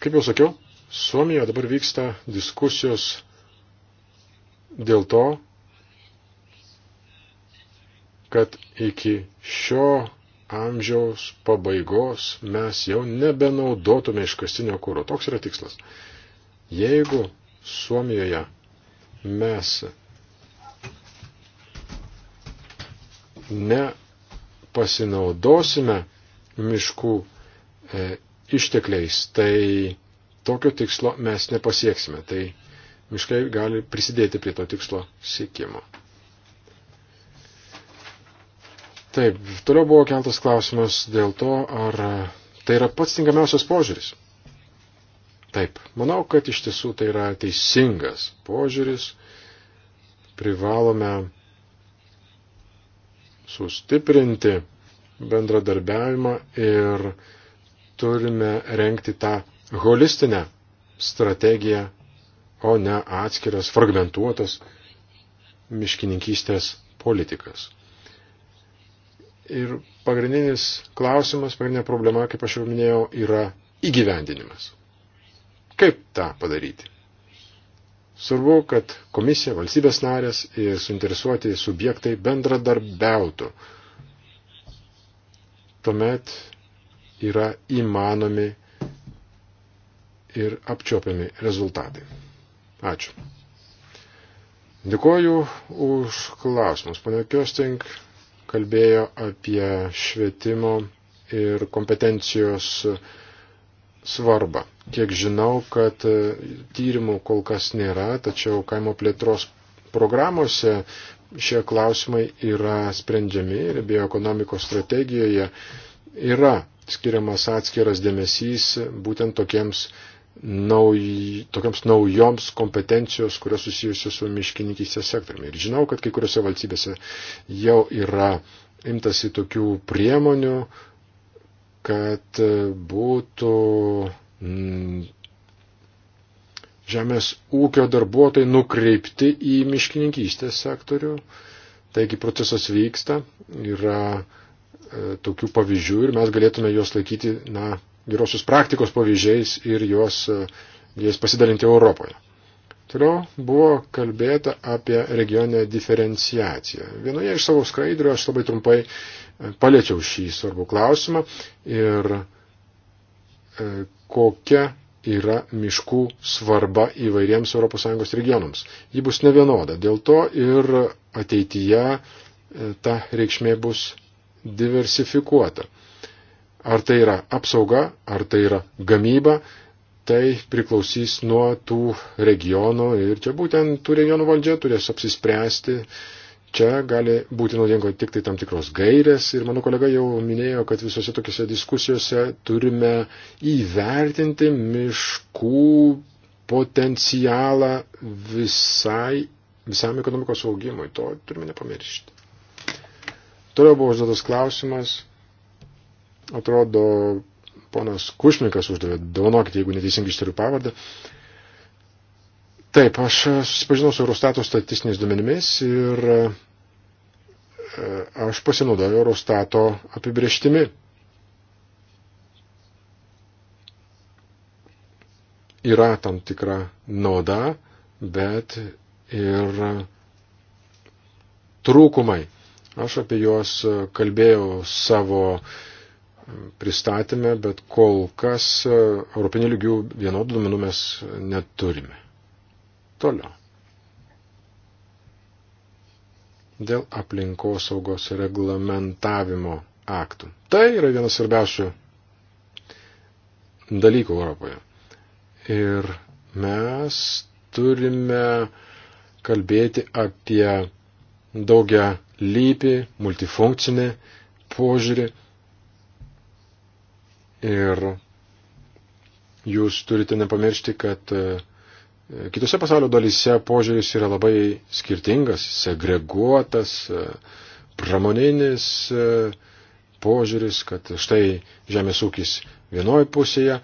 Kaip jau sakiau, Suomijoje dabar vyksta diskusijos dėl to, kad iki šio amžiaus pabaigos mes jau nebenaudotume iškastinio kūro. Toks yra tikslas. Jeigu Suomijoje mes nepasinaudosime miškų e, ištekliais, tai tokio tikslo mes nepasieksime. Tai miškai gali prisidėti prie to tikslo siekimo. Taip, toliau buvo keltas klausimas dėl to, ar tai yra pats tinkamiausias požiūris. Taip, manau, kad iš tiesų tai yra teisingas požiūris. Privalome sustiprinti bendradarbiavimą ir turime renkti tą holistinę strategiją, o ne atskiras fragmentuotas miškininkystės politikas. Ir pagrindinis klausimas, pagrindinė problema, kaip aš jau minėjau, yra įgyvendinimas. Kaip tą padaryti? Svarbu, kad komisija, valstybės narės ir suinteresuoti subjektai bendradarbiautų. Tuomet yra įmanomi ir apčiopiami rezultatai. Ačiū. Dėkoju už klausimus. Pane Kiostink kalbėjo apie švietimo ir kompetencijos svarbą. Kiek žinau, kad e, tyrimų kol kas nėra, tačiau kaimo plėtros programuose šie klausimai yra sprendžiami ir bioekonomikos strategijoje yra skiriamas atskiras dėmesys būtent tokiems, nauj, tokiams naujoms kompetencijos, kurios susijusios su miškininkystės sektoriumi. Ir žinau, kad kai kuriuose valstybėse jau yra imtasi tokių priemonių, kad būtų mm, žemės ūkio darbuotojai nukreipti į miškininkystės sektorių. Taigi procesas vyksta, yra e, tokių pavyzdžių ir mes galėtume juos laikyti na, gerosios praktikos pavyzdžiais ir juos, e, jais pasidalinti Europoje. Toliau buvo kalbėta apie regioninę diferenciaciją. Vienoje iš savo skaidrių aš labai trumpai paliečiau šį svarbų klausimą ir e, kokia yra miškų svarba įvairiems ES regionams. Ji bus nevienoda, dėl to ir ateityje e, ta reikšmė bus diversifikuota. Ar tai yra apsauga, ar tai yra gamyba, tai priklausys nuo tų regionų ir čia būtent tų regionų valdžia turės apsispręsti, čia gali būti naudingo tik tai tam tikros gairės ir mano kolega jau minėjo, kad visose tokiose diskusijose turime įvertinti miškų potencialą visai, visam ekonomikos augimui. To turime nepamiršti. Toliau buvo užduotas klausimas. Atrodo, ponas Kušnikas uždavė, dovanokit, jeigu neteisingai ištariu pavardą. Uh, Taip, aš susipažinau su Eurostato statistiniais duomenimis ir e, aš pasinaudojau Eurostato apibrieštimi. Yra tam tikra nauda, bet ir trūkumai. Aš apie juos kalbėjau savo pristatymę, bet kol kas e, Europinių lygių vienodų duomenų mes neturime. Toliau. Dėl aplinkosaugos reglamentavimo aktų. Tai yra vienas svarbiausių dalykų Europoje. Ir mes turime kalbėti apie daugia lypį, multifunkcinį požiūrį. Ir jūs turite nepamiršti, kad uh, Kitose pasaulio dalyse požiūris yra labai skirtingas, segreguotas, pramoninis e, požiūris, kad štai žemės ūkis vienoje pusėje,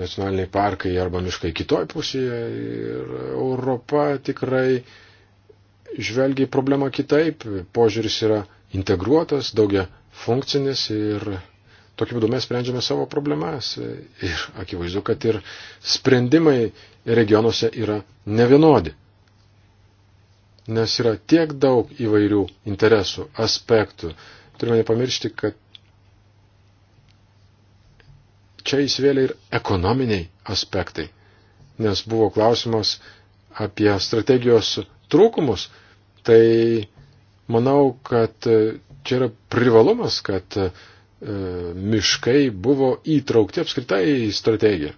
nacionaliniai parkai arba miškai kitoje pusėje ir Europa tikrai žvelgia į problemą kitaip, požiūris yra integruotas, daugia funkcinis ir Tokiu būdu mes sprendžiame savo problemas ir akivaizdu, kad ir sprendimai regionuose yra nevienodi. Nes yra tiek daug įvairių interesų, aspektų. Turime nepamiršti, kad čia įsivėlė ir ekonominiai aspektai. Nes buvo klausimas apie strategijos trūkumus. Tai manau, kad čia yra privalumas, kad E, miškai buvo įtraukti apskritai į strategiją.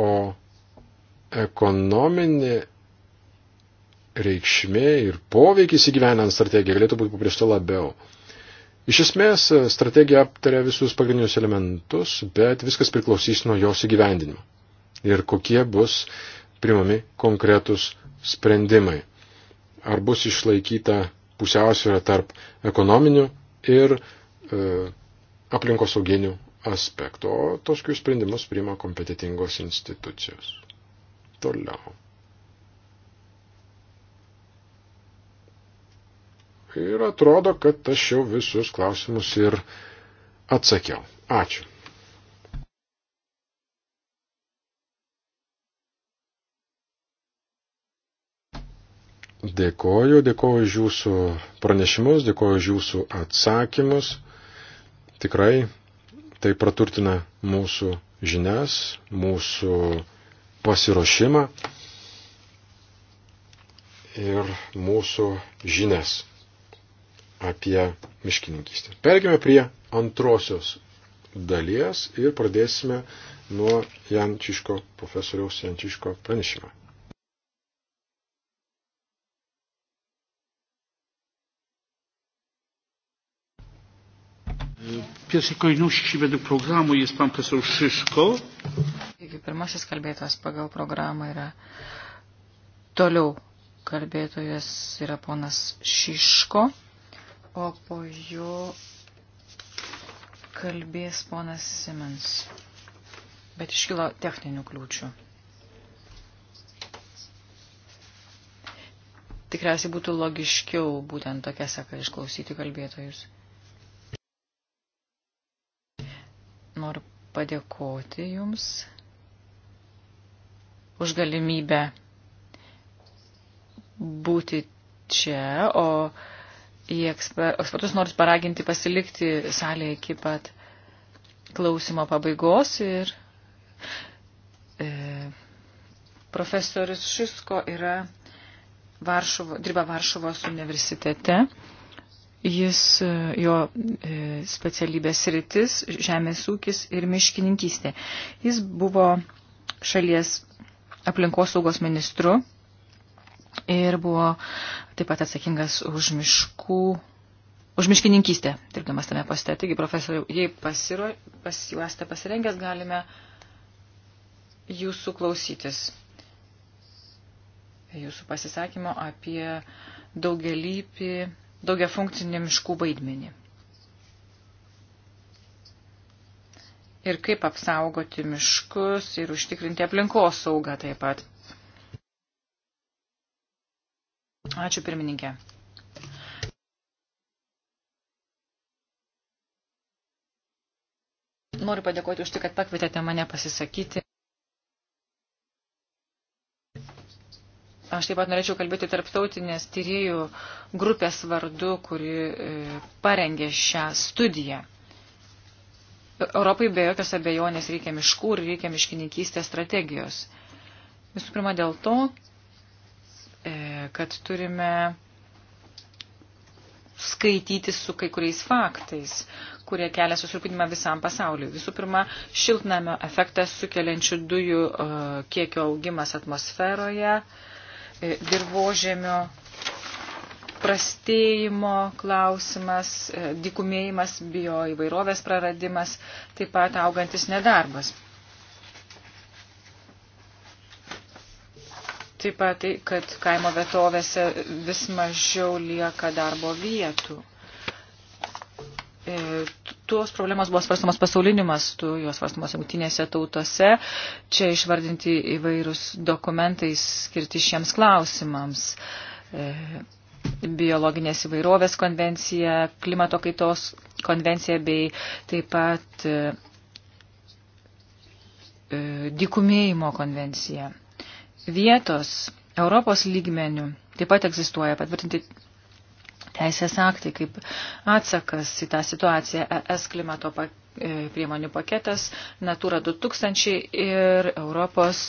O ekonominė reikšmė ir poveikis įgyvenant strategiją galėtų būti pabrėžta labiau. Iš esmės, strategija aptaria visus pagrindinius elementus, bet viskas priklausys nuo jos įgyvendinimo ir kokie bus primami konkretus sprendimai. Ar bus išlaikyta pusiausvėra tarp ekonominių ir e, aplinkosauginių aspektų, o tokius sprendimus priima kompetitingos institucijos. Toliau. Ir atrodo, kad aš jau visus klausimus ir atsakiau. Ačiū. Dėkoju, dėkoju už jūsų pranešimus, dėkoju už jūsų atsakymus. Tikrai tai praturtina mūsų žinias, mūsų pasiruošimą ir mūsų žinias apie miškininkystę. Pergime prie antrosios dalies ir pradėsime nuo Jančiško, profesoriaus Jančiško pranešimą. pierwszej kolejności według programu jest pan profesor Szyszko. Taigi, pirmasis kalbėtojas pagal programą yra toliau kalbėtojas yra ponas Šiško, o po jo kalbės ponas Simens. Bet iškilo techninių kliūčių. Tikriausiai būtų logiškiau būtent tokia seka išklausyti kalbėtojus. padėkoti Jums už galimybę būti čia, o į ekspertus noriu paraginti pasilikti salėje iki pat klausimo pabaigos ir e, profesorius Šisko yra Varšuvo, dirba Varšuvos universitete. Jis, e, jo e, specialybės rytis, žemės ūkis ir miškininkystė. Jis buvo šalies aplinkosaugos ministru ir buvo taip pat atsakingas už miškų. Už miškininkystę, dirbdamas tame poste. Taigi, profesoriau, jei pasiro, pas, jau esate pasirengęs, galime jūsų klausytis. Jūsų pasisakymo apie daugelįpį daugia funkcinį miškų vaidmenį. Ir kaip apsaugoti miškus ir užtikrinti aplinkos saugą taip pat. Ačiū pirmininkė. Noriu padėkoti už tai, kad pakvietėte mane pasisakyti. Aš taip pat norėčiau kalbėti tarptautinės tyriejų grupės vardu, kuri e, parengė šią studiją. Europai be jokios abejonės reikia miškų ir reikia miškininkystės strategijos. Visų pirma dėl to, e, kad turime skaityti su kai kuriais faktais, kurie kelia susirūpinimą visam pasauliu. Visų pirma, šiltnamio efektas sukeliančių dujų e, kiekio augimas atmosferoje. Uh, E, dirbožėmio prastėjimo klausimas, e, dikumėjimas, bio įvairovės praradimas, taip pat augantis nedarbas. Taip pat tai, kad kaimo vietovėse vis mažiau lieka darbo vietų. E, tuos problemas buvo svarstamas pasauliniu mastu, juos svarstamas jungtinėse tautose. Čia išvardinti įvairūs dokumentai skirti šiems klausimams. E, biologinės įvairovės konvencija, klimato kaitos konvencija bei taip pat e, dykumėjimo konvencija. Vietos Europos lygmenių taip pat egzistuoja patvirtinti teisės aktai kaip atsakas į tą situaciją ES klimato e, priemonių paketas, Natura 2000 ir Europos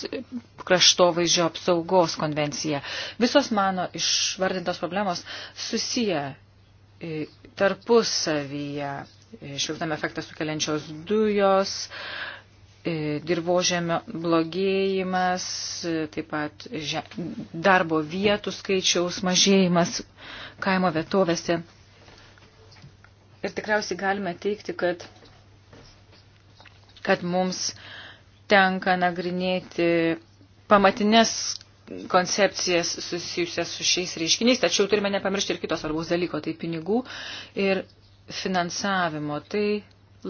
kraštovaizdžio apsaugos konvencija. Visos mano išvardintos problemos susiję e, tarpusavyje e, šiltame efektą sukeliančios dujos, E, dirbožėmio blogėjimas, e, taip pat darbo vietų skaičiaus mažėjimas kaimo vietovėse. Ir tikriausiai galime teikti, kad, kad mums tenka nagrinėti pamatinės koncepcijas susijusias su šiais reiškiniais, tačiau turime nepamiršti ir kitos svarbus dalyko, tai pinigų ir finansavimo. Tai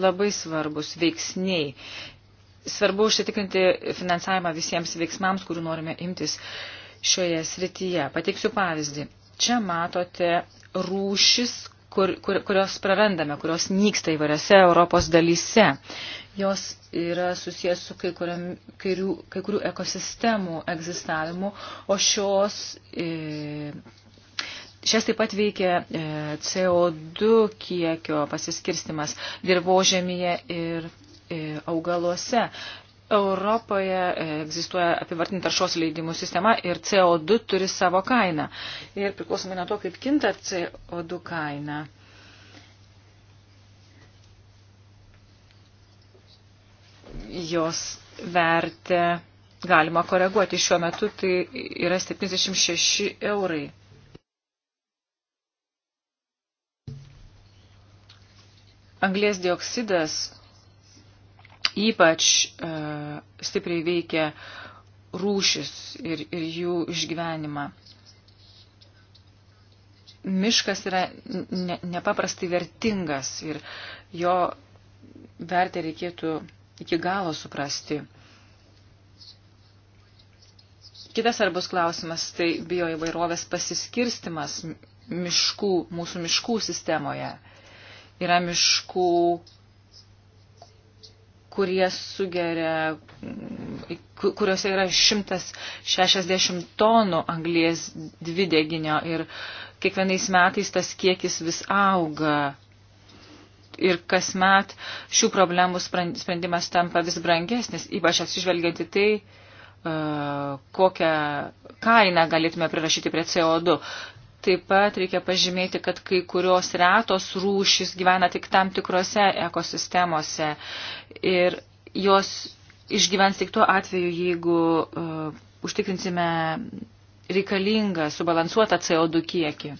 labai svarbus veiksniai svarbu užsitikrinti finansavimą visiems veiksmams, kurių norime imtis šioje srityje. Pateiksiu pavyzdį. Čia matote rūšis, kur, kur, kurios prarandame, kurios nyksta įvairiose Europos dalyse. Jos yra susijęs su kai, kuriam, kai, kurių, kai kurių ekosistemų egzistavimu, o šios. E, Šias taip pat veikia e, CO2 kiekio pasiskirstimas dirbožėmėje ir E, augaluose. Europoje e, egzistuoja apivartinė taršos leidimų sistema ir CO2 turi savo kainą. Ir priklausomai nuo to, kaip kinta CO2 kaina. Jos vertė galima koreguoti. Šiuo metu tai yra 76 eurai. Anglės dioksidas Ypač uh, stipriai veikia rūšis ir, ir jų išgyvenimą. Miškas yra ne, nepaprastai vertingas ir jo vertę reikėtų iki galo suprasti. Kitas svarbus klausimas - tai bioįvairovės pasiskirstimas miškų, mūsų miškų sistemoje. Yra miškų, kurie sugeria, kuriuose yra 160 tonų anglies dvideginio ir kiekvienais metais tas kiekis vis auga. Ir kasmet šių problemų sprendimas tampa vis brangesnis, ypač atsižvelgiant į tai, e, kokią kainą galėtume prirašyti prie CO2. Taip pat reikia pažymėti, kad kai kurios retos rūšys gyvena tik tam tikrose ekosistemose ir jos išgyvens tik tuo atveju, jeigu uh, užtikrinsime reikalingą subalansuotą CO2 kiekį.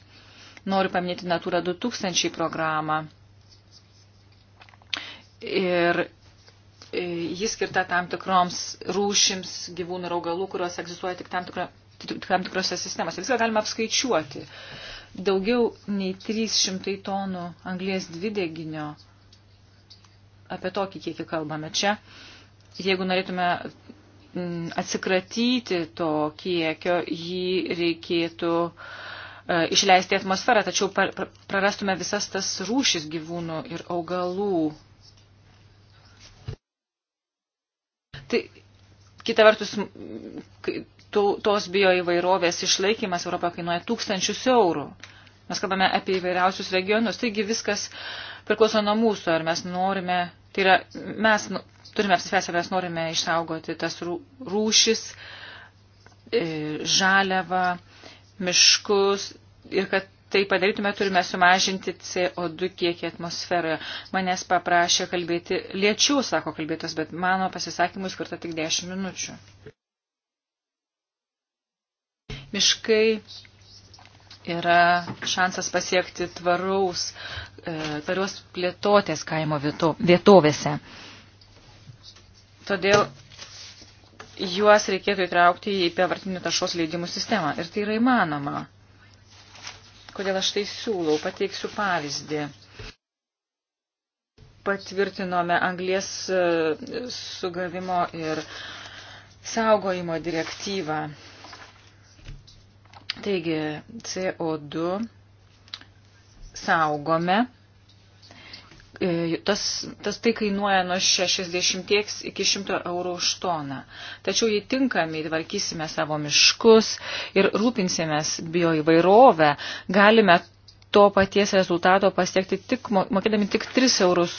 Noriu paminėti Natura 2000 programą. Ir e, jis skirta tam tikroms rūšims gyvūnų ir augalų, kurios egzistuoja tik tam tikro, tam tikrose sistemose. Viską galima apskaičiuoti. Daugiau nei 300 tonų anglės dvideginio, apie tokį kiekį kalbame čia. Jeigu norėtume mm, atsikratyti to kiekio, jį reikėtų e, išleisti atmosferą, tačiau prarastume visas tas rūšis gyvūnų ir augalų. Tai kita vertus, tos bioįvairovės išlaikymas Europoje kainuoja tūkstančius eurų. Mes kalbame apie įvairiausius regionus, taigi viskas priklauso nuo mūsų, ar mes norime, tai yra, mes nu, turime apsispręsti, ar mes norime išsaugoti tas rūšis, e, žaliavą, miškus ir kad tai padarytume, turime sumažinti CO2 kiekį atmosferoje. Manęs paprašė kalbėti lėčiau, sako kalbėtas, bet mano pasisakymui skirta tik 10 minučių. Miškai yra šansas pasiekti tvaraus, e, tvarios plėtotės kaimo vieto, vietovėse. Todėl juos reikėtų įtraukti į piavartinių taršos leidimų sistemą. Ir tai yra įmanoma. Kodėl aš tai siūlau? Pateiksiu pavyzdį. Patvirtinome anglės e, sugavimo ir saugojimo direktyvą. Taigi, CO2 saugome. E, tas, tas tai kainuoja nuo 60 iki 100 eurų už toną. Tačiau jei tinkamai tvarkysime savo miškus ir rūpinsimės bioįvairovę, galime to paties rezultato pasiekti tik, mokėdami tik 3 eurus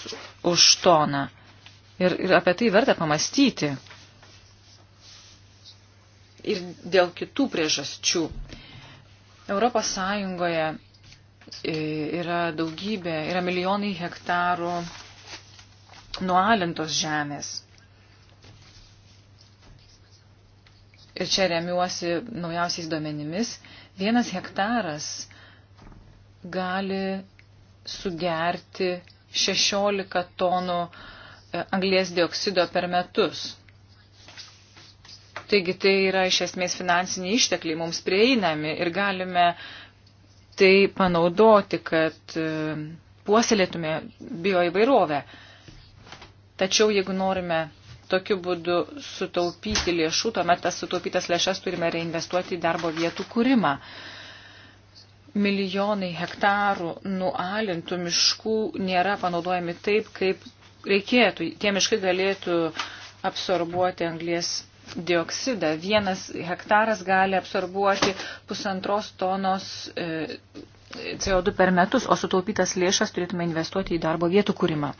už toną. Ir, ir apie tai verta pamastyti. Ir dėl kitų priežasčių Europos Sąjungoje e, yra daugybė, yra milijonai hektarų nualintos žemės. Ir čia remiuosi naujausiais duomenimis, vienas hektaras gali sugerti 16 tonų e, anglės dioksido per metus. Taigi tai yra iš esmės finansiniai ištekliai mums prieinami ir galime tai panaudoti, kad e, puoselėtume bioįvairovę. Tačiau jeigu norime tokiu būdu sutaupyti lėšų, tuomet tas sutaupytas lėšas turime reinvestuoti į darbo vietų kūrimą. Milijonai hektarų nualintų miškų nėra panaudojami taip, kaip reikėtų. Tie miškai galėtų absorbuoti anglės dioksidą. Vienas hektaras gali absorbuoti pusantros tonos e, CO2 per metus, o sutaupytas lėšas turėtume investuoti į darbo vietų kūrimą.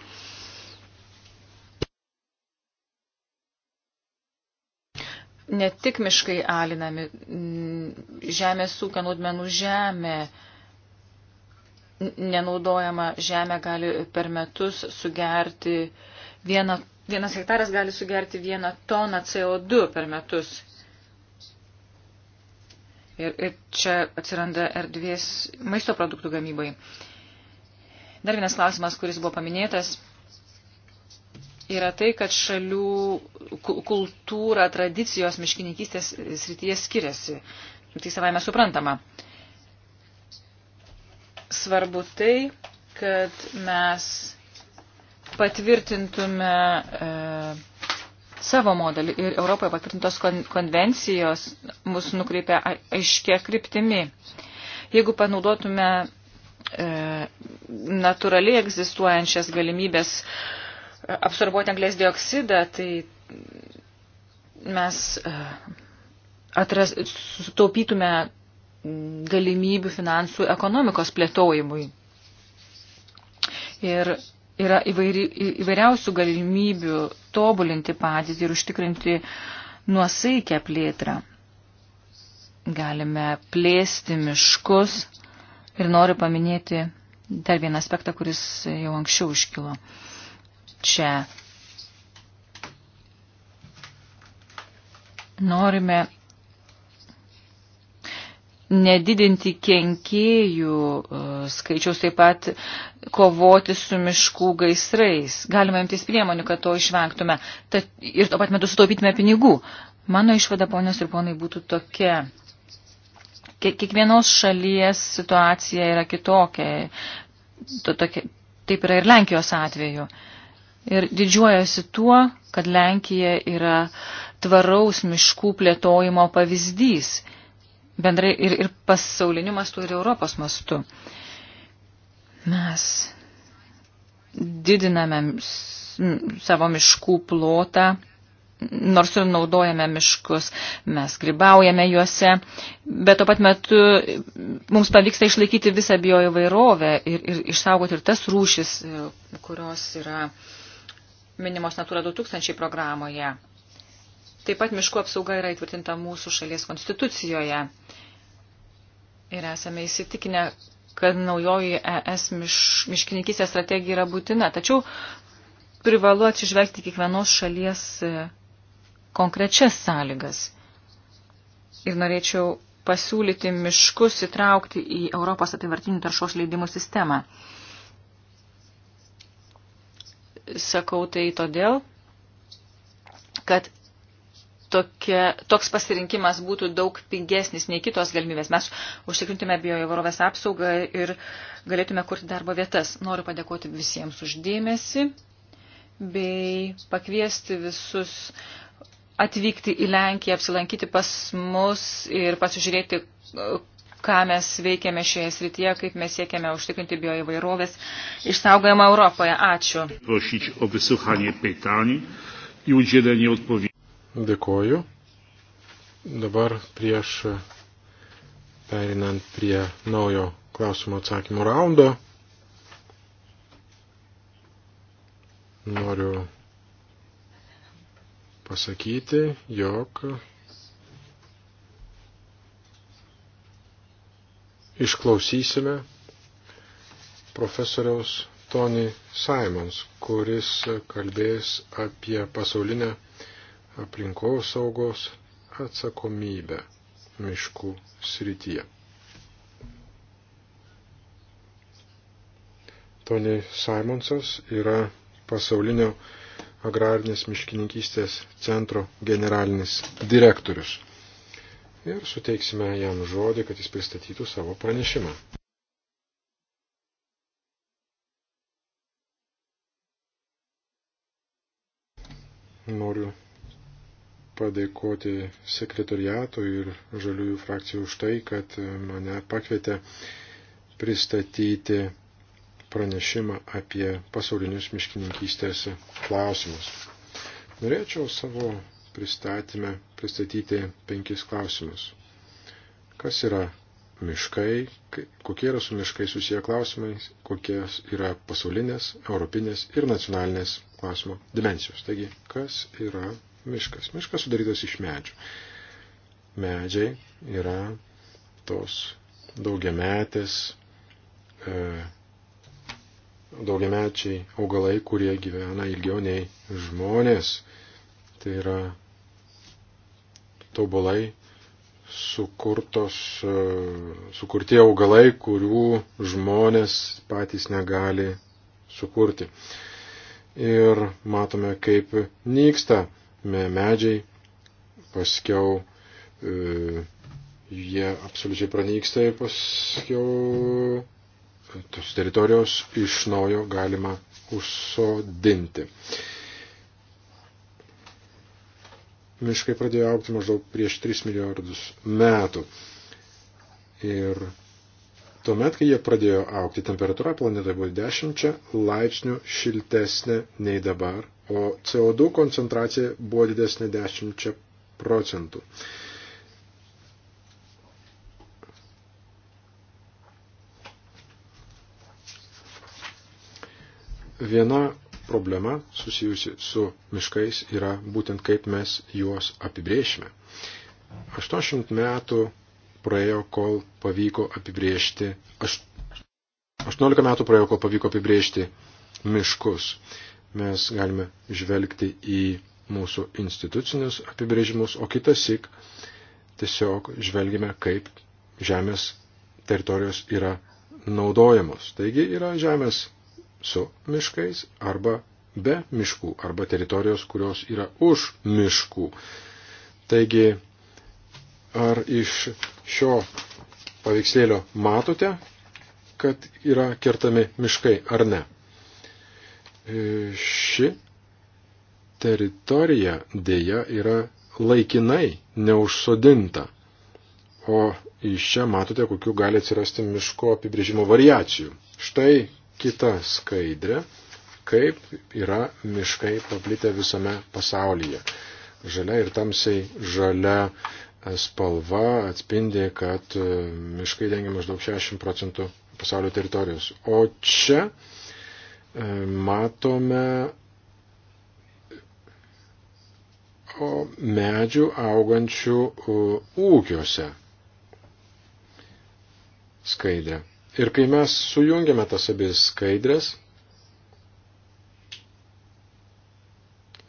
Ne tik miškai alinami, žemės ūkio naudmenų žemė, nenaudojama žemė gali per metus sugerti vieną vienas hektaras gali sugerti vieną toną CO2 per metus. Ir, ir čia atsiranda erdvės maisto produktų gamybai. Dar vienas klausimas, kuris buvo paminėtas, yra tai, kad šalių kultūra, tradicijos miškininkystės srityje skiriasi. Tai savai mes suprantama. Svarbu tai, kad mes patvirtintume e, savo modelį ir Europoje patvirtintos kon, konvencijos mus nukreipia aiškia kryptimi. Jeigu panaudotume e, natūraliai egzistuojančias galimybės e, absorbuoti anglės dioksidą, tai mes e, atras, sutaupytume galimybių finansų ekonomikos plėtojimui. Ir yra įvairi, įvairiausių galimybių tobulinti padėtį ir užtikrinti nuosaikę plėtrą. Galime plėsti miškus ir noriu paminėti dar vieną aspektą, kuris jau anksčiau iškilo. Čia norime nedidinti kenkėjų e, skaičiaus, taip pat kovoti su miškų gaisrais. Galime imtis priemonių, kad to išvengtume Tad, ir tuo pat metu sutaupytume pinigų. Mano išvada, ponios ir ponai, būtų tokia. Kiekvienos šalies situacija yra kitokia. Tokia, taip yra ir Lenkijos atveju. Ir didžiuojasi tuo, kad Lenkija yra tvaraus miškų plėtojimo pavyzdys bendrai ir, ir pasauliniu mastu, ir Europos mastu. Mes didiname savo miškų plotą, nors ir naudojame miškus, mes gribaujame juose, bet tuo pat metu mums pavyksta išlaikyti visą bioįvairovę ir, ir išsaugoti ir tas rūšis, e, kurios yra minimos Natura 2000 programoje. Taip pat miškų apsauga yra įtvirtinta mūsų šalies konstitucijoje. Ir esame įsitikinę, kad naujoji ES miš, miškininkystės strategija yra būtina. Tačiau privalu atsižvelgti kiekvienos šalies e, konkrečias sąlygas. Ir norėčiau pasiūlyti miškus įtraukti į Europos apivartinių taršos leidimų sistemą. Sakau tai todėl, kad tokia, toks pasirinkimas būtų daug pigesnis nei kitos galimybės. Mes užtikrintume bioįvarovės apsaugą ir galėtume kurti darbo vietas. Noriu padėkoti visiems uždėmesi bei pakviesti visus atvykti į Lenkiją, apsilankyti pas mus ir pasižiūrėti, ką mes veikiame šioje srityje, kaip mes siekiame užtikrinti bioįvairovės išsaugojimą Europoje. Ačiū. Prosič o vysłuchanie pytań i udzielenie odpowiedzi. Dėkoju. Dabar prieš perinant prie naujo klausimo atsakymų raundo, noriu pasakyti, jog išklausysime profesoriaus Tony Simons, kuris kalbės apie pasaulinę aplinkos saugos atsakomybę miškų srityje. Tony Simonsas yra pasaulinio agrarinės miškininkystės centro generalinis direktorius. Ir suteiksime jam žodį, kad jis pristatytų savo pranešimą. Noriu padėkoti sekretoriato ir žaliųjų frakcijų už tai, kad mane pakvietė pristatyti pranešimą apie pasaulinius miškininkystės klausimus. Norėčiau savo pristatymę pristatyti penkis klausimus. Kas yra miškai, kokie yra su miškai susiję klausimai, kokie yra pasaulinės, europinės ir nacionalinės klausimo dimensijos. Taigi, kas yra miškas. Miškas sudarytas iš medžių. Medžiai yra tos daugiametės, e, daugiamečiai augalai, kurie gyvena ilgiau nei žmonės. Tai yra tobulai sukurtos, e, sukurti augalai, kurių žmonės patys negali sukurti. Ir matome, kaip nyksta medžiai, paskiau e, jie absoliučiai pranyksta ir paskiau tos teritorijos iš naujo galima užsodinti. Miškai pradėjo aukti maždaug prieš 3 milijardus metų. Ir Tuomet, kai jie pradėjo aukti, temperatūra planetoje buvo 10 laipsnių šiltesnė nei dabar o CO2 koncentracija buvo didesnė 10 procentų. Viena problema susijusi su miškais yra būtent kaip mes juos apibrėšime. 80 metų praėjo, kol pavyko apibrėžti, aš, 18 metų praėjo, kol pavyko apibrėžti miškus mes galime žvelgti į mūsų institucinius apibrėžimus, o kitas sik tiesiog žvelgime, kaip žemės teritorijos yra naudojamos. Taigi yra žemės su miškais arba be miškų arba teritorijos, kurios yra už miškų. Taigi, ar iš šio paveikslėlio matote, kad yra kertami miškai ar ne? ši teritorija dėja yra laikinai neužsodinta. O iš čia matote, kokiu gali atsirasti miško apibrėžimo variacijų. Štai kita skaidrė, kaip yra miškai paplitę visame pasaulyje. Žalia ir tamsiai žalia spalva atspindi, kad miškai dengia maždaug 60 procentų pasaulio teritorijos. O čia E, matome medžių augančių ūkiuose skaidrę. Ir kai mes sujungiame tas abi skaidrės,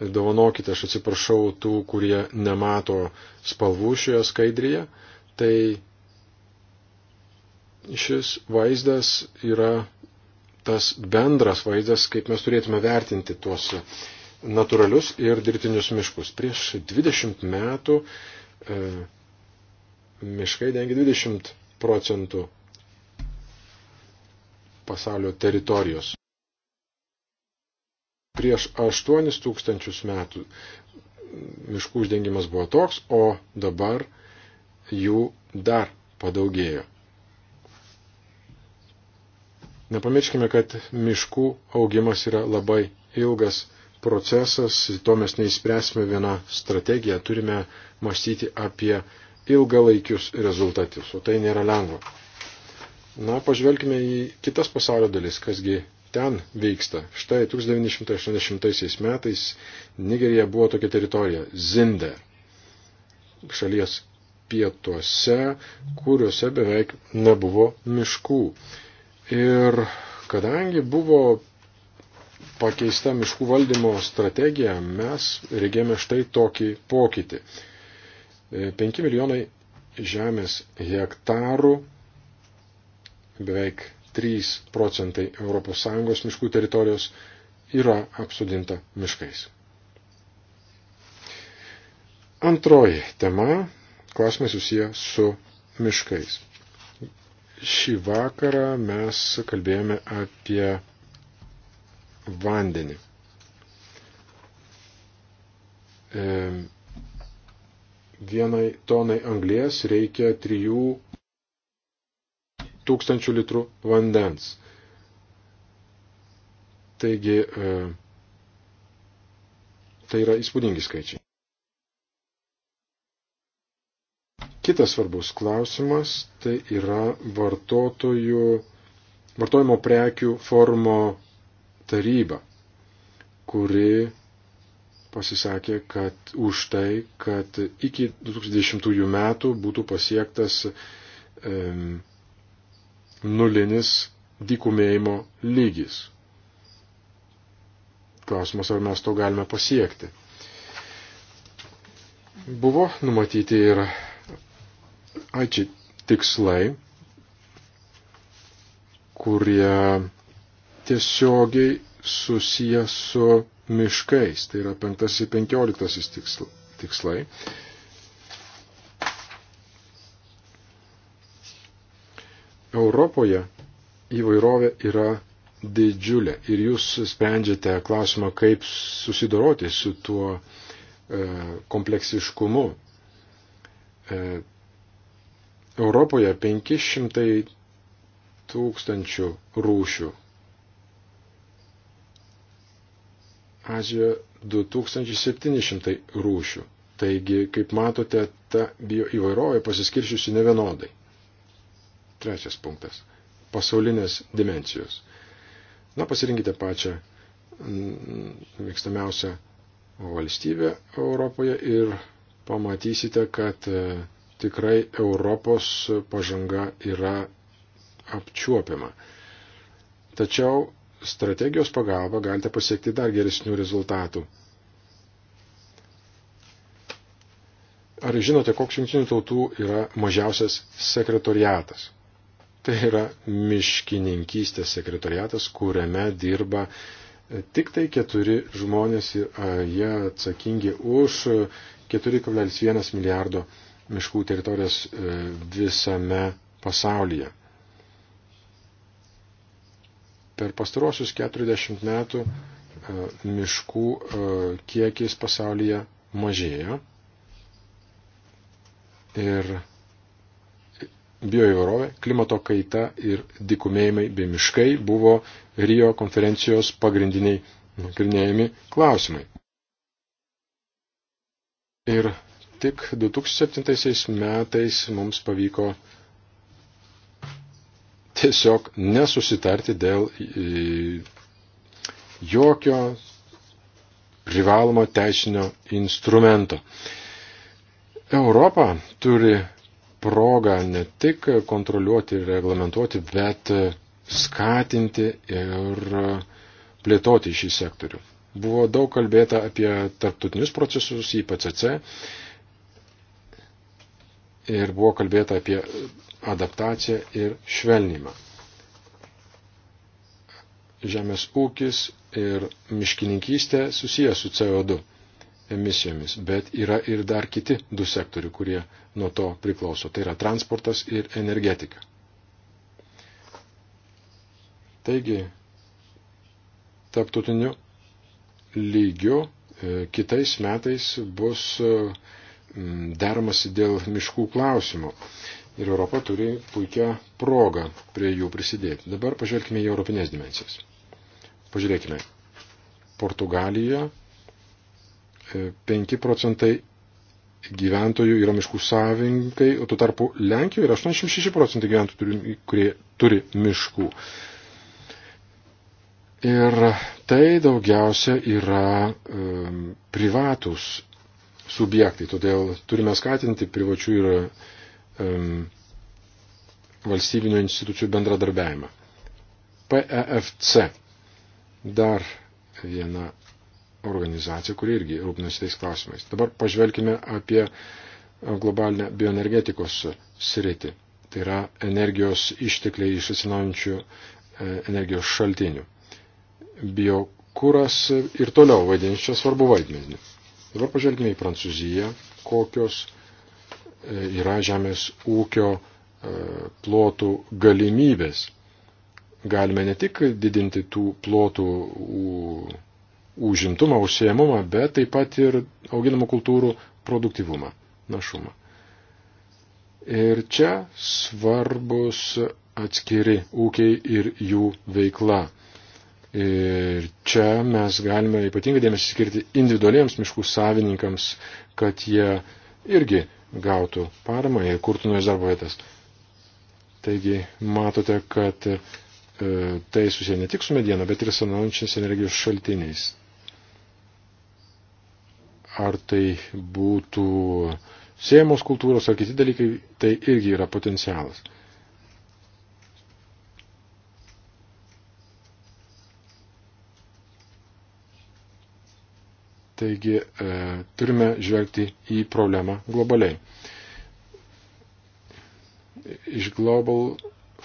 ir dovanokite, aš atsiprašau tų, kurie nemato spalvų šioje skaidrėje, tai šis vaizdas yra tas bendras vaizdas, kaip mes turėtume vertinti tuos natūralius ir dirbtinius miškus. Prieš 20 metų e, miškai dengia 20 procentų pasaulio teritorijos. Prieš 8 tūkstančius metų miškų uždengimas buvo toks, o dabar jų dar padaugėjo. Nepamirškime, kad miškų augimas yra labai ilgas procesas, to mes neįspręsime vieną strategiją, turime mąstyti apie ilgalaikius rezultatus, o tai nėra lengva. Na, pažvelkime į kitas pasaulio dalis, kasgi ten vyksta. Štai 1980 metais Nigerija buvo tokia teritorija - Zinder. Šalies pietuose, kuriuose beveik nebuvo miškų. Ir kadangi buvo pakeista miškų valdymo strategija, mes regėme štai tokį pokytį. 5 e, milijonai žemės hektarų, beveik 3 procentai ES miškų teritorijos yra apsudinta miškais. Antroji tema - klausimai susiję su miškais. Šį vakarą mes kalbėjome apie vandenį. E, vienai tonai anglės reikia 3000 litrų vandens. Taigi, e, tai yra įspūdingi skaičiai. Kitas svarbus klausimas tai yra vartotojų, vartojimo prekių formo taryba, kuri pasisakė, kad už tai, kad iki 2010 metų būtų pasiektas e, nulinis dykumėjimo lygis. Klausimas, ar mes to galime pasiekti. Buvo numatyti ir aičiai tikslai, kurie tiesiogiai susiję su miškais, tai yra 5-15 tikslai. Europoje įvairovė yra didžiulė ir jūs sprendžiate klausimą, kaip susidoroti su tuo e, kompleksiškumu. E, Europoje 500 tūkstančių rūšių. Azijoje 2700 rūšių. Taigi, kaip matote, ta bioįvairovė pasiskiršiusi nevienodai. Trečias punktas. Pasaulinės dimencijos. Na, pasirinkite pačią mm, mėgstamiausią valstybę Europoje ir pamatysite, kad e, tikrai Europos pažanga yra apčiuopiama. Tačiau strategijos pagalba galite pasiekti dar geresnių rezultatų. Ar žinote, koks jungtinių tautų yra mažiausias sekretoriatas? Tai yra miškininkystės sekretoriatas, kuriame dirba tik tai keturi žmonės ir jie atsakingi už 4,1 milijardo eurų miškų teritorijas e, visame pasaulyje. Per pastaruosius 40 metų e, miškų e, kiekis pasaulyje mažėjo ir bioįvairovė, klimato kaita ir dikumėjimai bei miškai buvo Rio konferencijos pagrindiniai nagrinėjami nu, klausimai. Ir Tik 2007 metais mums pavyko tiesiog nesusitarti dėl e, jokio privalomo teisinio instrumento. Europa turi progą ne tik kontroliuoti ir reglamentuoti, bet skatinti ir plėtoti šį sektorių. Buvo daug kalbėta apie tarptautinius procesus, ypač CC, ir buvo kalbėta apie adaptaciją ir švelnimą. Žemės ūkis ir miškininkystė susijęs su CO2 emisijomis, bet yra ir dar kiti du sektoriai, kurie nuo to priklauso. Tai yra transportas ir energetika. Taigi, taptutiniu lygiu e, kitais metais bus e, Mm, deramasi dėl miškų klausimų. Ir Europa turi puikią progą prie jų prisidėti. Dabar pažvelkime į europinės dimensijas. Pažiūrėkime. Portugalija 5 e, procentai gyventojų yra miškų savininkai, o tuo tarpu Lenkijoje yra 86 procentai gyventojų, turi, kurie turi miškų. Ir tai daugiausia yra um, privatus subjektai. Todėl turime skatinti privačių ir um, valstybinio institucijų bendradarbiavimą. PEFC. Dar viena organizacija, kuri irgi rūpinasi tais klausimais. Dabar pažvelkime apie globalinę bioenergetikos sritį. Tai yra energijos ištekliai iš atsinaujančių e, energijos šaltinių. Biokūras ir toliau vaidins čia svarbu vaidmenį. Dabar pažvelgime į Prancūziją, kokios e, yra žemės ūkio e, plotų galimybės. Galime ne tik didinti tų plotų užimtumą, užsiemumą, bet taip pat ir auginamų kultūrų produktivumą, našumą. Ir čia svarbus atskiri ūkiai ir jų veikla. Ir čia mes galime ypatingą dėmesį skirti individualiems miškų savininkams, kad jie irgi gautų paramą ir kurtų naujas darbo vietas. Taigi matote, kad e, tai susiję ne tik su mediena, bet ir sanaujančiais energijos šaltiniais. Ar tai būtų siejamos kultūros ar kiti dalykai, tai irgi yra potencialas. Taigi e, turime žvelgti į problemą globaliai. Iš Global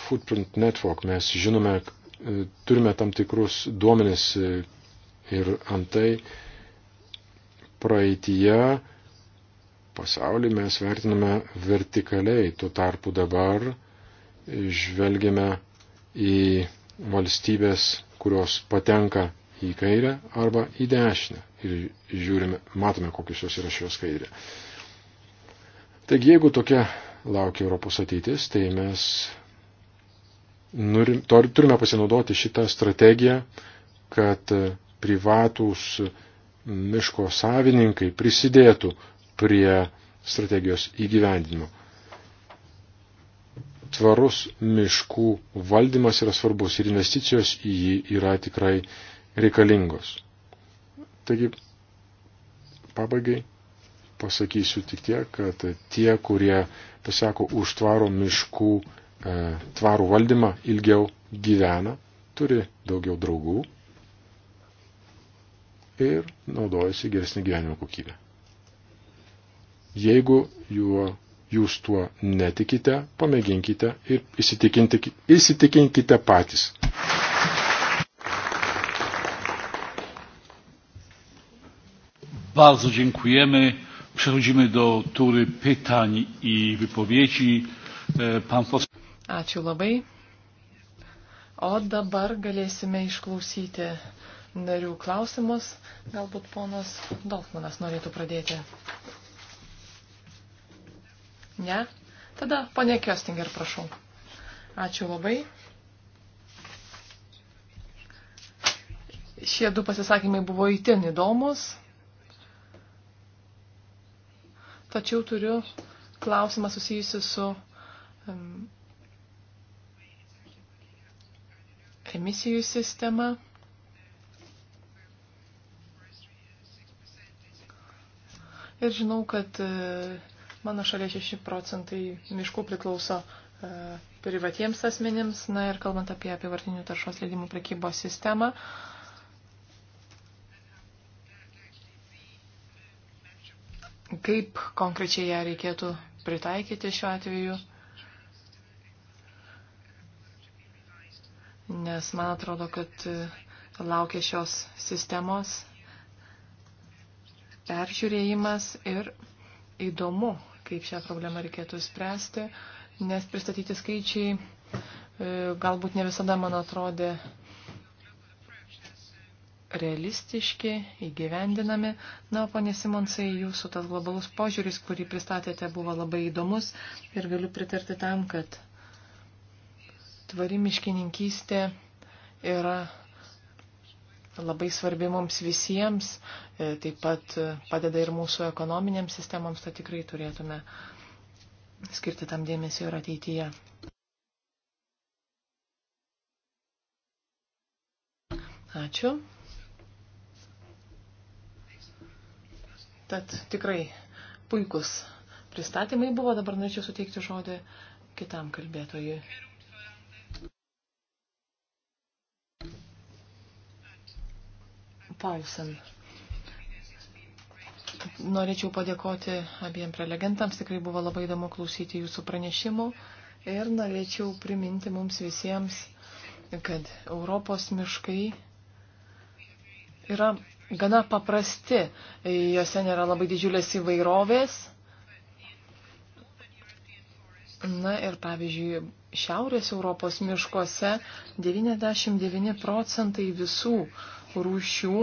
Footprint Network mes žinome, e, turime tam tikrus duomenis e, ir antai praeitie pasaulį mes vertiname vertikaliai, tuo tarpu dabar žvelgiame į valstybės, kurios patenka į kairę arba į dešinę. Ir žiūrime, matome, kokios jos yra šios skaidrė. Taigi, jeigu tokia laukia Europos ateitis, tai mes nurim, to, turime pasinaudoti šitą strategiją, kad privatūs miško savininkai prisidėtų prie strategijos įgyvendinimo. Tvarus miškų valdymas yra svarbus ir investicijos į jį yra tikrai uh, reikalingos. Taigi, pabaigai pasakysiu tik tiek, kad tie, kurie pasako už tvaro miškų e, tvarų valdymą, ilgiau gyvena, turi daugiau draugų ir naudojasi geresnį gyvenimo kokybę. Jeigu juo, jūs tuo netikite, pamėginkite ir įsitikinkite patys. Bardzo dziękujemy. Przechodzimy do tury pytań i wypowiedzi. E, pan poseł. Ačiū labai. O dabar galėsime išklausyti narių klausimus. Galbūt ponas Dolfmanas norėtų pradėti. Ne? Tada ponė Kjostinger, prašau. Ačiū labai. Šie du pasisakymai buvo įtin įdomus. Tačiau turiu klausimą susijusi su um, emisijų sistema. Ir žinau, kad e, mano šalia 6 procentai miškų priklauso e, privatiems asmenims. Na ir kalbant apie apivartinių taršos leidimų prekybos sistemą, uh, kaip konkrečiai ją reikėtų pritaikyti šiuo atveju. Nes man atrodo, kad e, laukia šios sistemos peržiūrėjimas ir įdomu, kaip šią problemą reikėtų spręsti, nes pristatyti skaičiai e, galbūt ne visada man atrodė realistiški, įgyvendinami. Na, ponė Simonsai, jūsų tas globalus požiūris, kurį pristatėte, buvo labai įdomus ir galiu pritarti tam, kad tvari miškininkystė yra labai svarbi mums visiems, e, taip pat padeda ir mūsų ekonominėms sistemoms, tai tikrai turėtume skirti tam dėmesio ir ateityje. Ačiū. Tad tikrai puikus pristatymai buvo, dabar norėčiau suteikti žodį kitam kalbėtojui. Paulsen. Norėčiau padėkoti abiem prelegentams, tikrai buvo labai įdomu klausyti jūsų pranešimų ir norėčiau priminti mums visiems, kad Europos miškai yra gana paprasti, juose nėra labai didžiulės įvairovės. Na ir pavyzdžiui, Šiaurės Europos miškuose 99 procentai visų rūšių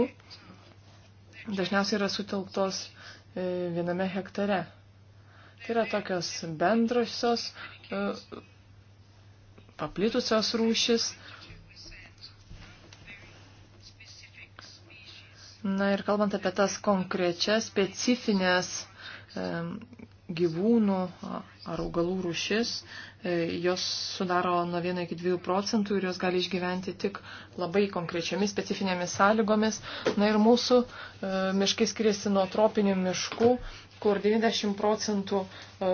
dažniausiai yra sutelktos e, viename hektare. Tai yra tokios bendrosios, e, paplitusios rūšis, Na ir kalbant apie tas konkrečias, specifines gyvūnų ar augalų rušis, e, jos sudaro nuo 1 iki 2 procentų ir jos gali išgyventi tik labai konkrečiamis specifinėmis sąlygomis. Na ir mūsų e, miškai skiriasi nuo tropinių miškų, kur 90 procentų e,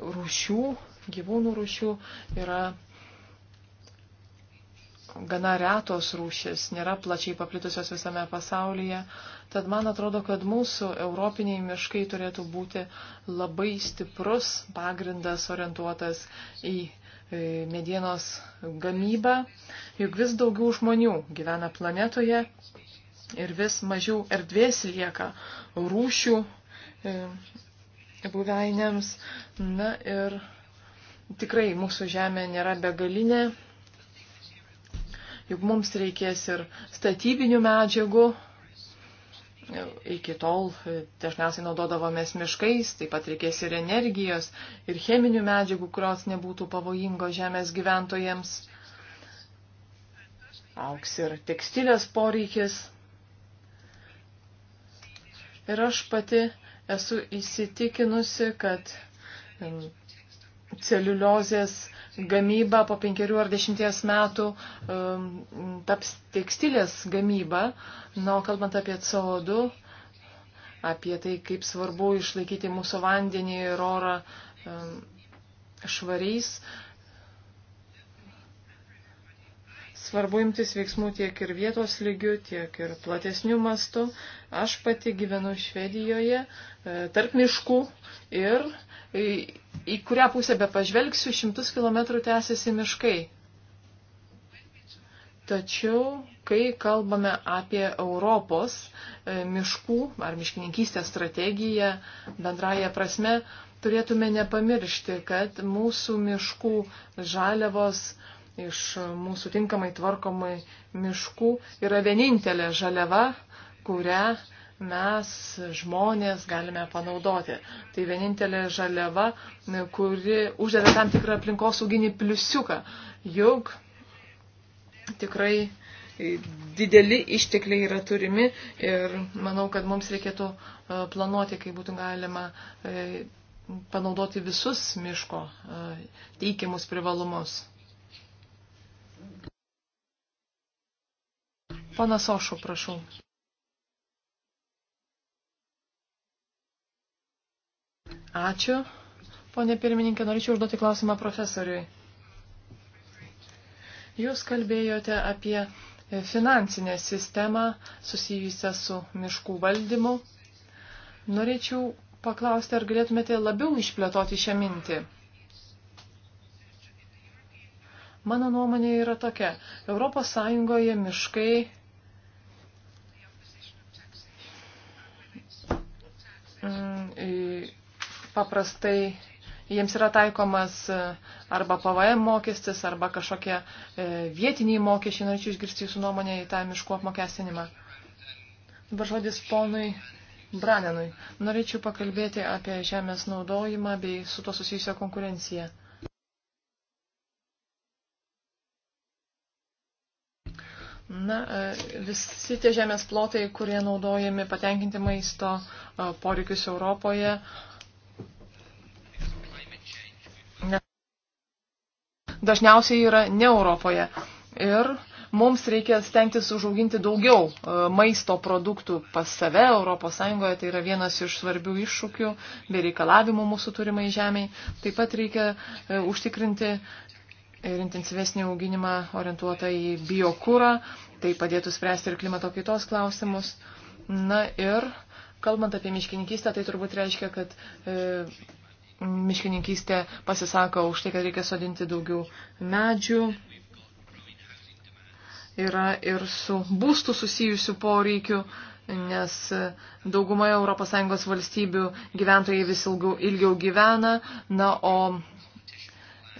rūšių, gyvūnų rūšių yra gana retos rūšis, nėra plačiai paplitusios visame pasaulyje. Tad man atrodo, kad mūsų europiniai miškai turėtų būti labai stiprus pagrindas orientuotas į e, medienos gamybą, juk vis daugiau žmonių gyvena planetoje ir vis mažiau erdvės lieka rūšių e, buveinėms. Na ir tikrai mūsų žemė nėra begalinė juk mums reikės ir statybinių medžiagų. Iki tol dažniausiai naudodavomės miškais, taip pat reikės ir energijos, ir cheminių medžiagų, kurios nebūtų pavojingo žemės gyventojams. Auks ir tekstilės poreikis. Ir aš pati esu įsitikinusi, kad celiuliozės gamyba po penkerių ar dešimties metų um, taps tekstilės gamyba. Na, o kalbant apie CO2, apie tai, kaip svarbu išlaikyti mūsų vandenį ir orą um, švariais, svarbu imtis veiksmų tiek ir vietos lygių, tiek ir platesnių mastų. Aš pati gyvenu Švedijoje, e, tarp miškų ir e, į kurią pusę be pažvelgsiu, šimtus kilometrų tęsiasi miškai. Tačiau, kai kalbame apie Europos e, miškų ar miškininkystės strategiją bendraja prasme, turėtume nepamiršti, kad mūsų miškų žaliavos iš mūsų tinkamai tvarkomai miškų yra vienintelė žaliava, kurią mes, žmonės, galime panaudoti. Tai vienintelė žaliava, kuri uždeda tam tikrą aplinkosauginį pliusiuką. Juk tikrai dideli ištekliai yra turimi ir manau, kad mums reikėtų e, planuoti, kaip būtų galima e, panaudoti visus miško e, teikiamus privalumus. Panas Ošų, prašau. Ačiū. Pone pirmininkė, norėčiau užduoti klausimą profesoriui. Jūs kalbėjote apie finansinę sistemą susijusią su miškų valdymu. Norėčiau paklausti, ar galėtumėte labiau išplėtoti šią mintį. Mano nuomonė yra tokia. Europos Sąjungoje miškai mm, paprastai jiems yra taikomas e, arba PVM mokestis, arba kažkokie e, vietiniai mokesčiai. Norėčiau išgirsti jūsų nuomonę į tą miškų apmokestinimą. Dabar žodis ponui Branenui. Norėčiau pakalbėti apie žemės naudojimą bei su to susijusią konkurenciją. Na, e, visi tie žemės plotai, kurie naudojami patenkinti maisto poreikius Europoje, dažniausiai yra ne Europoje. Ir mums reikia stengtis užauginti daugiau e, maisto produktų pas save Europos Sąjungoje, tai yra vienas iš svarbių iššūkių bei reikalavimų mūsų turimai žemiai. Taip pat reikia e, užtikrinti ir intensyvesnį auginimą orientuotą į biokūrą, tai padėtų spręsti ir klimato kaitos klausimus. Na ir kalbant apie miškininkystę, tai turbūt reiškia, kad e, miškininkystė pasisako už tai, kad reikia sodinti daugiau medžių. Yra ir su būstų susijusių poreikių, nes daugumoje ES valstybių gyventojai vis ilgiau, ilgiau gyvena, na, o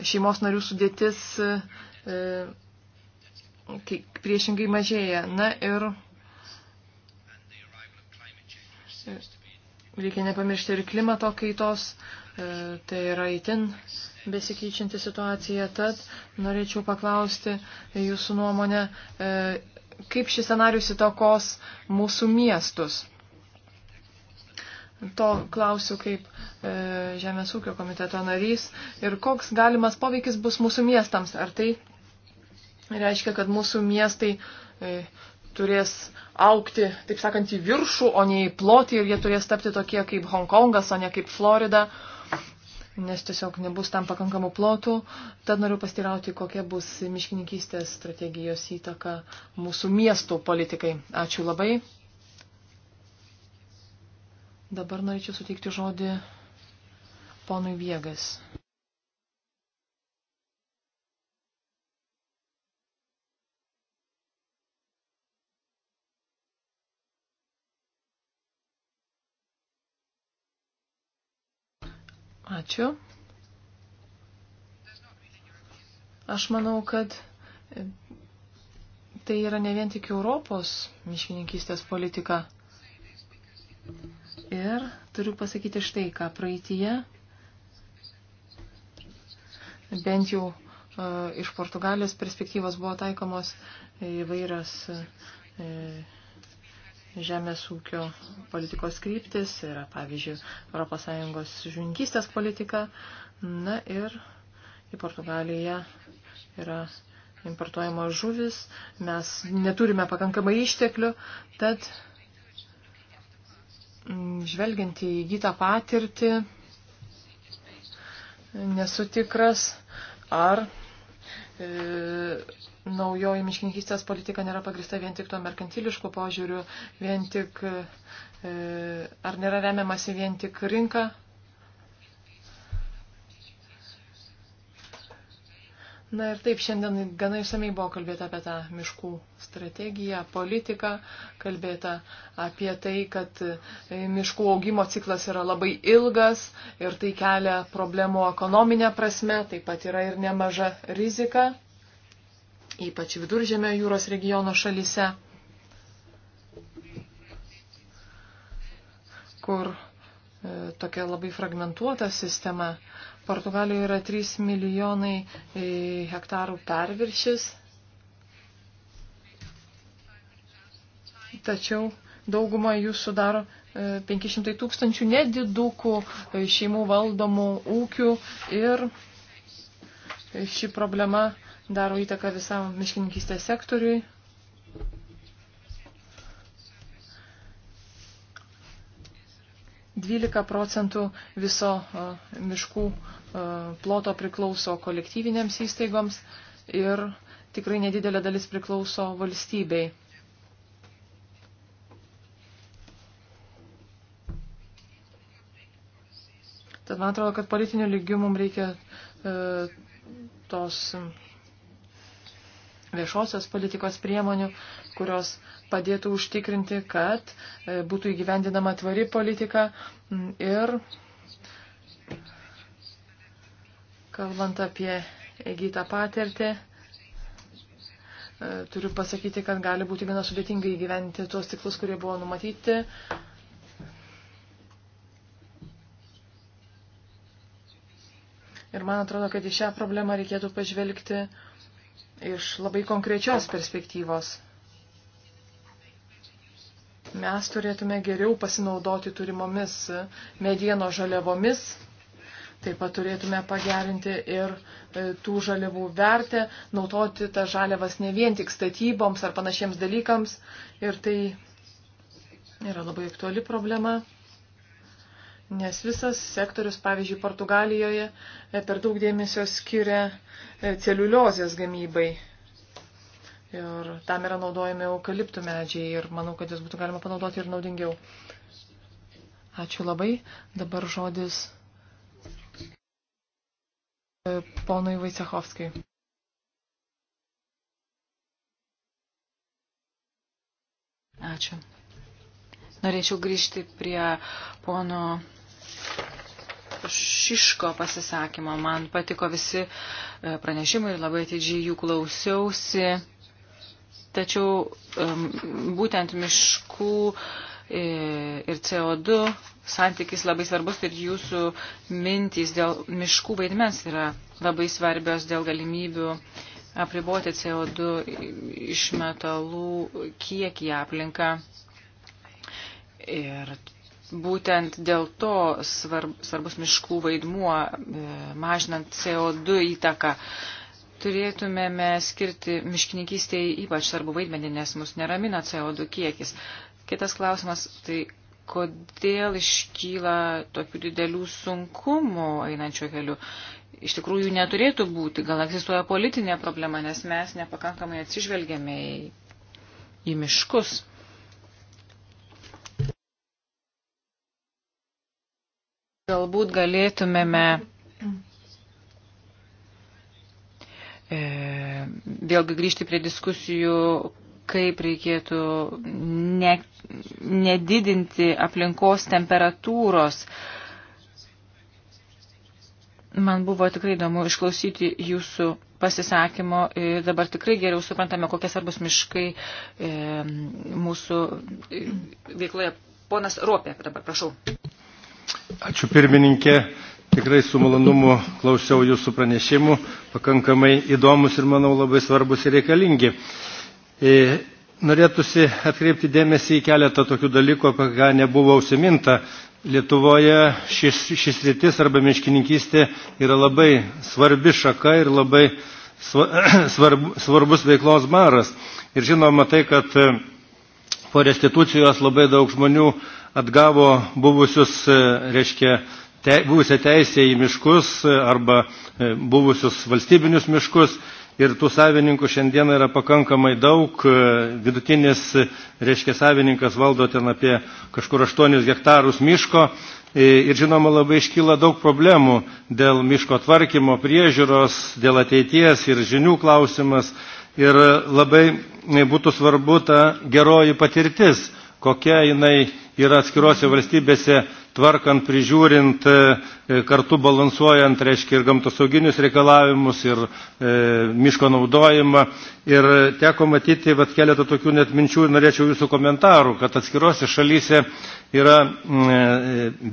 šeimos narių sudėtis e, priešingai mažėja. Na ir reikia nepamiršti ir klimato kaitos E, tai yra įtin besikeičianti situacija. Tad norėčiau paklausti jūsų nuomonę, e, kaip šis scenarius įtakos mūsų miestus. To klausiu kaip e, Žemės ūkio komiteto narys ir koks galimas poveikis bus mūsų miestams. Ar tai reiškia, kad mūsų miestai e, turės aukti, taip sakant, į viršų, o ne į plotį ir jie turės tapti tokie kaip Hongkongas, o ne kaip Florida. E, nes tiesiog nebus tam pakankamų plotų. Tad noriu pastirauti, kokia bus miškininkystės strategijos įtaka mūsų miestų politikai. Ačiū labai. Dabar norėčiau suteikti žodį ponui Viegas. Ačiū. Aš manau, kad tai yra ne vien tik Europos miškininkystės politika. Ir turiu pasakyti štai, ką praeitie bent jau e, iš Portugalijos perspektyvos buvo taikomos įvairios e, žemės ūkio politikos kryptis, tai yra pavyzdžiui ES žuvininkystės politika. Na ir į Portugaliją yra importuojamos žuvis, mes neturime pakankamai išteklių, tad mm, žvelgiant į įgytą patirtį, nesu tikras, ar E, naujoji miškininkystės politika nėra pagrista vien tik tuo merkantilišku požiūriu, vien tik, e, ar nėra remiamasi vien tik rinka Na ir taip, šiandien gana išsamei buvo kalbėta apie tą miškų strategiją, politiką, kalbėta apie tai, kad e, miškų augimo ciklas yra labai ilgas ir tai kelia problemų ekonominė prasme, taip pat yra ir nemaža rizika, ypač viduržėmio jūros regiono šalyse, kur e, tokia labai fragmentuota sistema Portugalijoje yra 3 milijonai e, hektarų perviršis. Tačiau daugumą jų sudaro 500 e, tūkstančių nedidukų e, šeimų valdomų ūkių ir ši problema daro įtaką visam miškininkystės sektoriui. 12 procentų viso e, miškų e, ploto priklauso kolektyvinėms įstaigoms ir tikrai nedidelė dalis priklauso valstybei. Tad man atrodo, kad politinių lygių mums reikia e, tos viešosios politikos priemonių, kurios padėtų užtikrinti, kad e, būtų įgyvendinama tvari politika mm, ir kalbant apie įgytą patirtį, e, turiu pasakyti, kad gali būti gana sudėtinga įgyventi tuos tiklus, kurie buvo numatyti. Ir man atrodo, kad į šią problemą reikėtų pažvelgti iš labai konkrečios perspektyvos. Mes turėtume geriau pasinaudoti turimomis medieno žaliavomis, taip pat turėtume pagerinti ir e, tų žaliavų vertę, naudoti tą žaliavas ne vien tik statyboms ar panašiems dalykams. Ir tai yra labai aktuali problema. Nes visas sektorius, pavyzdžiui, Portugalijoje e, per daug dėmesio skiria e, celiuliozės gamybai. Ir tam yra naudojami eukaliptų medžiai ir manau, kad jas būtų galima panaudoti ir naudingiau. Ačiū labai. Dabar žodis e, ponui Vaisehovskai. Ačiū. Norėčiau grįžti prie pono Šiško pasisakymą. Man patiko visi e, pranešimai ir labai atidžiai jų klausiausi. Tačiau būtent miškų e, ir CO2 santykis labai svarbus ir jūsų mintys dėl miškų vaidmens yra labai svarbios dėl galimybių apriboti CO2 iš metalų kiekį aplinką. Ir Būtent dėl to svarb, svarbus miškų vaidmuo, e, mažinant CO2 įtaką, turėtumėme skirti miškininkystėje ypač svarbu vaidmenį, nes mus neramina CO2 kiekis. Kitas klausimas, tai kodėl iškyla tokių didelių sunkumų einančio keliu. Iš tikrųjų neturėtų būti, gal egzistuoja politinė problema, nes mes nepakankamai atsižvelgiame į, į miškus. Galbūt galėtumėme e, vėlgi grįžti prie diskusijų, kaip reikėtų ne, nedidinti aplinkos temperatūros. Man buvo tikrai įdomu išklausyti jūsų pasisakymo ir dabar tikrai geriau suprantame, kokie svarbus miškai e, mūsų veikloje. Ponas Ropė dabar, prašau. Ačiū pirmininkė. Tikrai su malonumu klausiau jūsų pranešimų, pakankamai įdomus ir, manau, labai svarbus ir reikalingi. E, norėtųsi atkreipti dėmesį į keletą tokių dalykų, apie ką nebuvo užsiminta. Lietuvoje šis, šis rytis arba miškininkystė yra labai svarbi šaka ir labai svarbu, svarbus veiklos maras. Ir žinoma tai, kad po restitucijos labai daug žmonių atgavo buvusius, e, reiškia, te, buvusią teisę į miškus e, arba e, buvusius valstybinius miškus. Ir tų savininkų šiandien yra pakankamai daug. Vidutinis, reiškia, savininkas valdo ten apie kažkur 8 hektarus miško. Ir žinoma, labai iškyla daug problemų dėl miško tvarkymo, priežiūros, dėl ateities ir žinių klausimas ir labai būtų svarbu ta geroji patirtis, kokia jinai yra atskirose valstybėse tvarkant, prižiūrint, e, kartu balansuojant, reiškia, ir gamtosauginius reikalavimus, ir e, miško naudojimą. Ir teko matyti vat, keletą tokių net minčių ir norėčiau jūsų komentarų, kad atskirose šalyse yra e,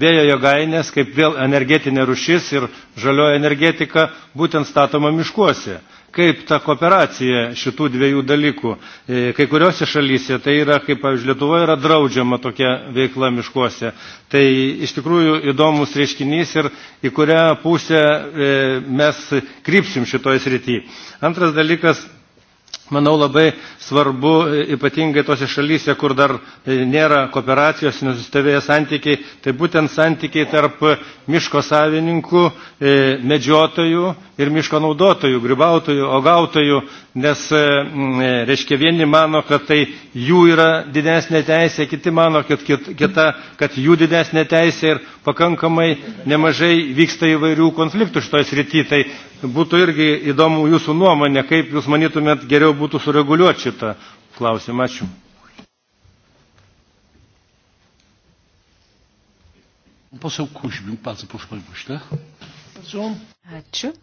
vėjo jėgainės, kaip vėl energetinė rušis ir žalioja energetika būtent statoma miškuose kaip ta kooperacija šitų dviejų dalykų. E, kai kuriuose šalyse tai yra, kaip pavyzdžiui, Lietuvoje yra draudžiama tokia veikla miškuose. Tai iš tikrųjų įdomus reiškinys ir į kurią pusę e, mes krypsim šitoje srityje. Antras dalykas manau, labai svarbu, e, ypatingai tose šalyse, kur dar nėra kooperacijos, nesustovėję santykiai, tai būtent santykiai tarp miško savininkų, medžiotojų ir miško naudotojų, gribautojų, ogautojų, nes, e, e, reiškia, vieni mano, kad tai jų yra didesnė teisė, kiti mano, kad kita, kad jų didesnė teisė ir pakankamai nemažai vyksta įvairių konfliktų šitoje srityje. Tai būtų irgi įdomu jūsų nuomonė, kaip jūs manytumėt geriau būtų sureguliuoti šitą klausimą. Ačiū. Poseł Kuźmiuk, bardzo proszę panie pośle. Ačiū.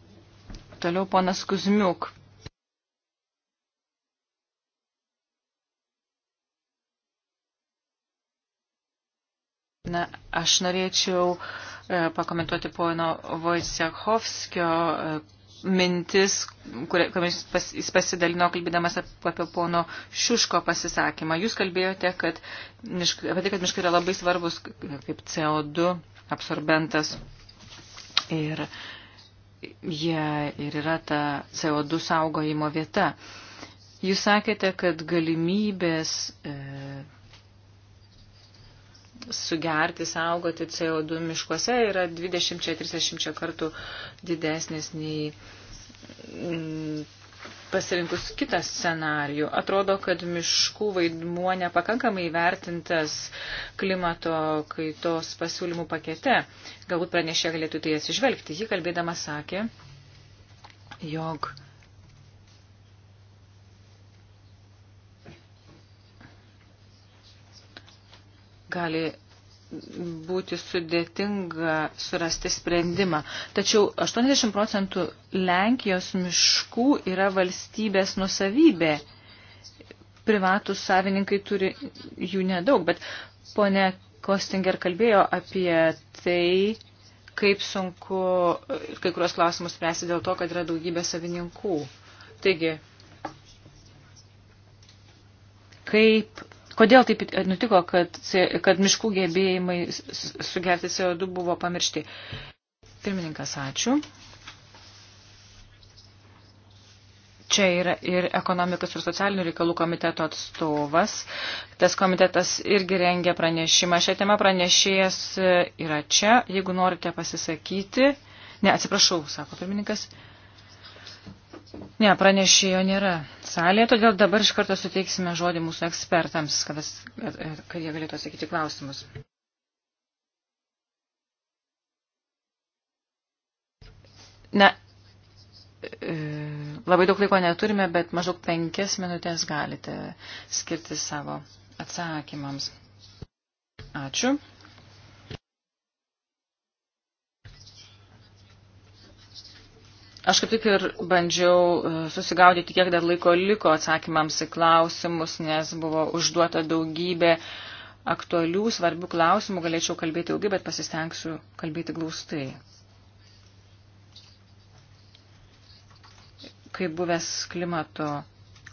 Toliau ponas Kuzmiuk. Na, aš norėčiau e, pakomentuoti pono Vojsiechovskio e, mintis, kuriomis pas, jis pasidalino kalbėdamas apie pono Šiuško pasisakymą. Jūs kalbėjote kad mišk, apie tai, kad miškai yra labai svarbus kaip CO2 absorbentas. Ir uh, jie ir yra ta CO2 saugojimo vieta. Jūs sakėte, kad galimybės e, sugerti, saugoti CO2 miškuose yra 20-30 kartų didesnės nei pasirinkus kitą scenarijų. Atrodo, kad miškų vaidmuo nepakankamai įvertintas klimato kaitos pasiūlymų pakete. Galbūt pranešė galėtų tai atsižvelgti. Ji kalbėdama sakė, jog gali būti sudėtinga surasti sprendimą. Tačiau 80 procentų Lenkijos miškų yra valstybės nusavybė. Privatų savininkai turi jų nedaug, bet ponė Kostinger kalbėjo apie tai, kaip sunku kai kurios klausimus spręsti dėl to, kad yra daugybė savininkų. Taigi, kaip Kodėl taip nutiko, kad, kad miškų gebėjimai sugerti CO2 buvo pamiršti? Pirmininkas, ačiū. Čia yra ir ekonomikos ir socialinių reikalų komiteto atstovas. Tas komitetas irgi rengia pranešimą. Šią temą pranešėjas e, yra čia. Jeigu norite pasisakyti. Ne, atsiprašau, sako pirmininkas. Ne, pranešėjo nėra salėje, todėl dabar iš karto suteiksime žodį mūsų ekspertams, kad, e, kad jie galėtų atsakyti klausimus. Na, e, labai daug laiko neturime, bet maždaug penkias minutės galite skirti savo atsakymams. Ačiū. Aš kaip tik ir bandžiau e, susigaudyti, kiek dar laiko liko atsakymams į klausimus, nes buvo užduota daugybė aktualių, svarbių klausimų. Galėčiau kalbėti ilgai, bet pasistengsiu kalbėti glaustai. Kaip buvęs klimato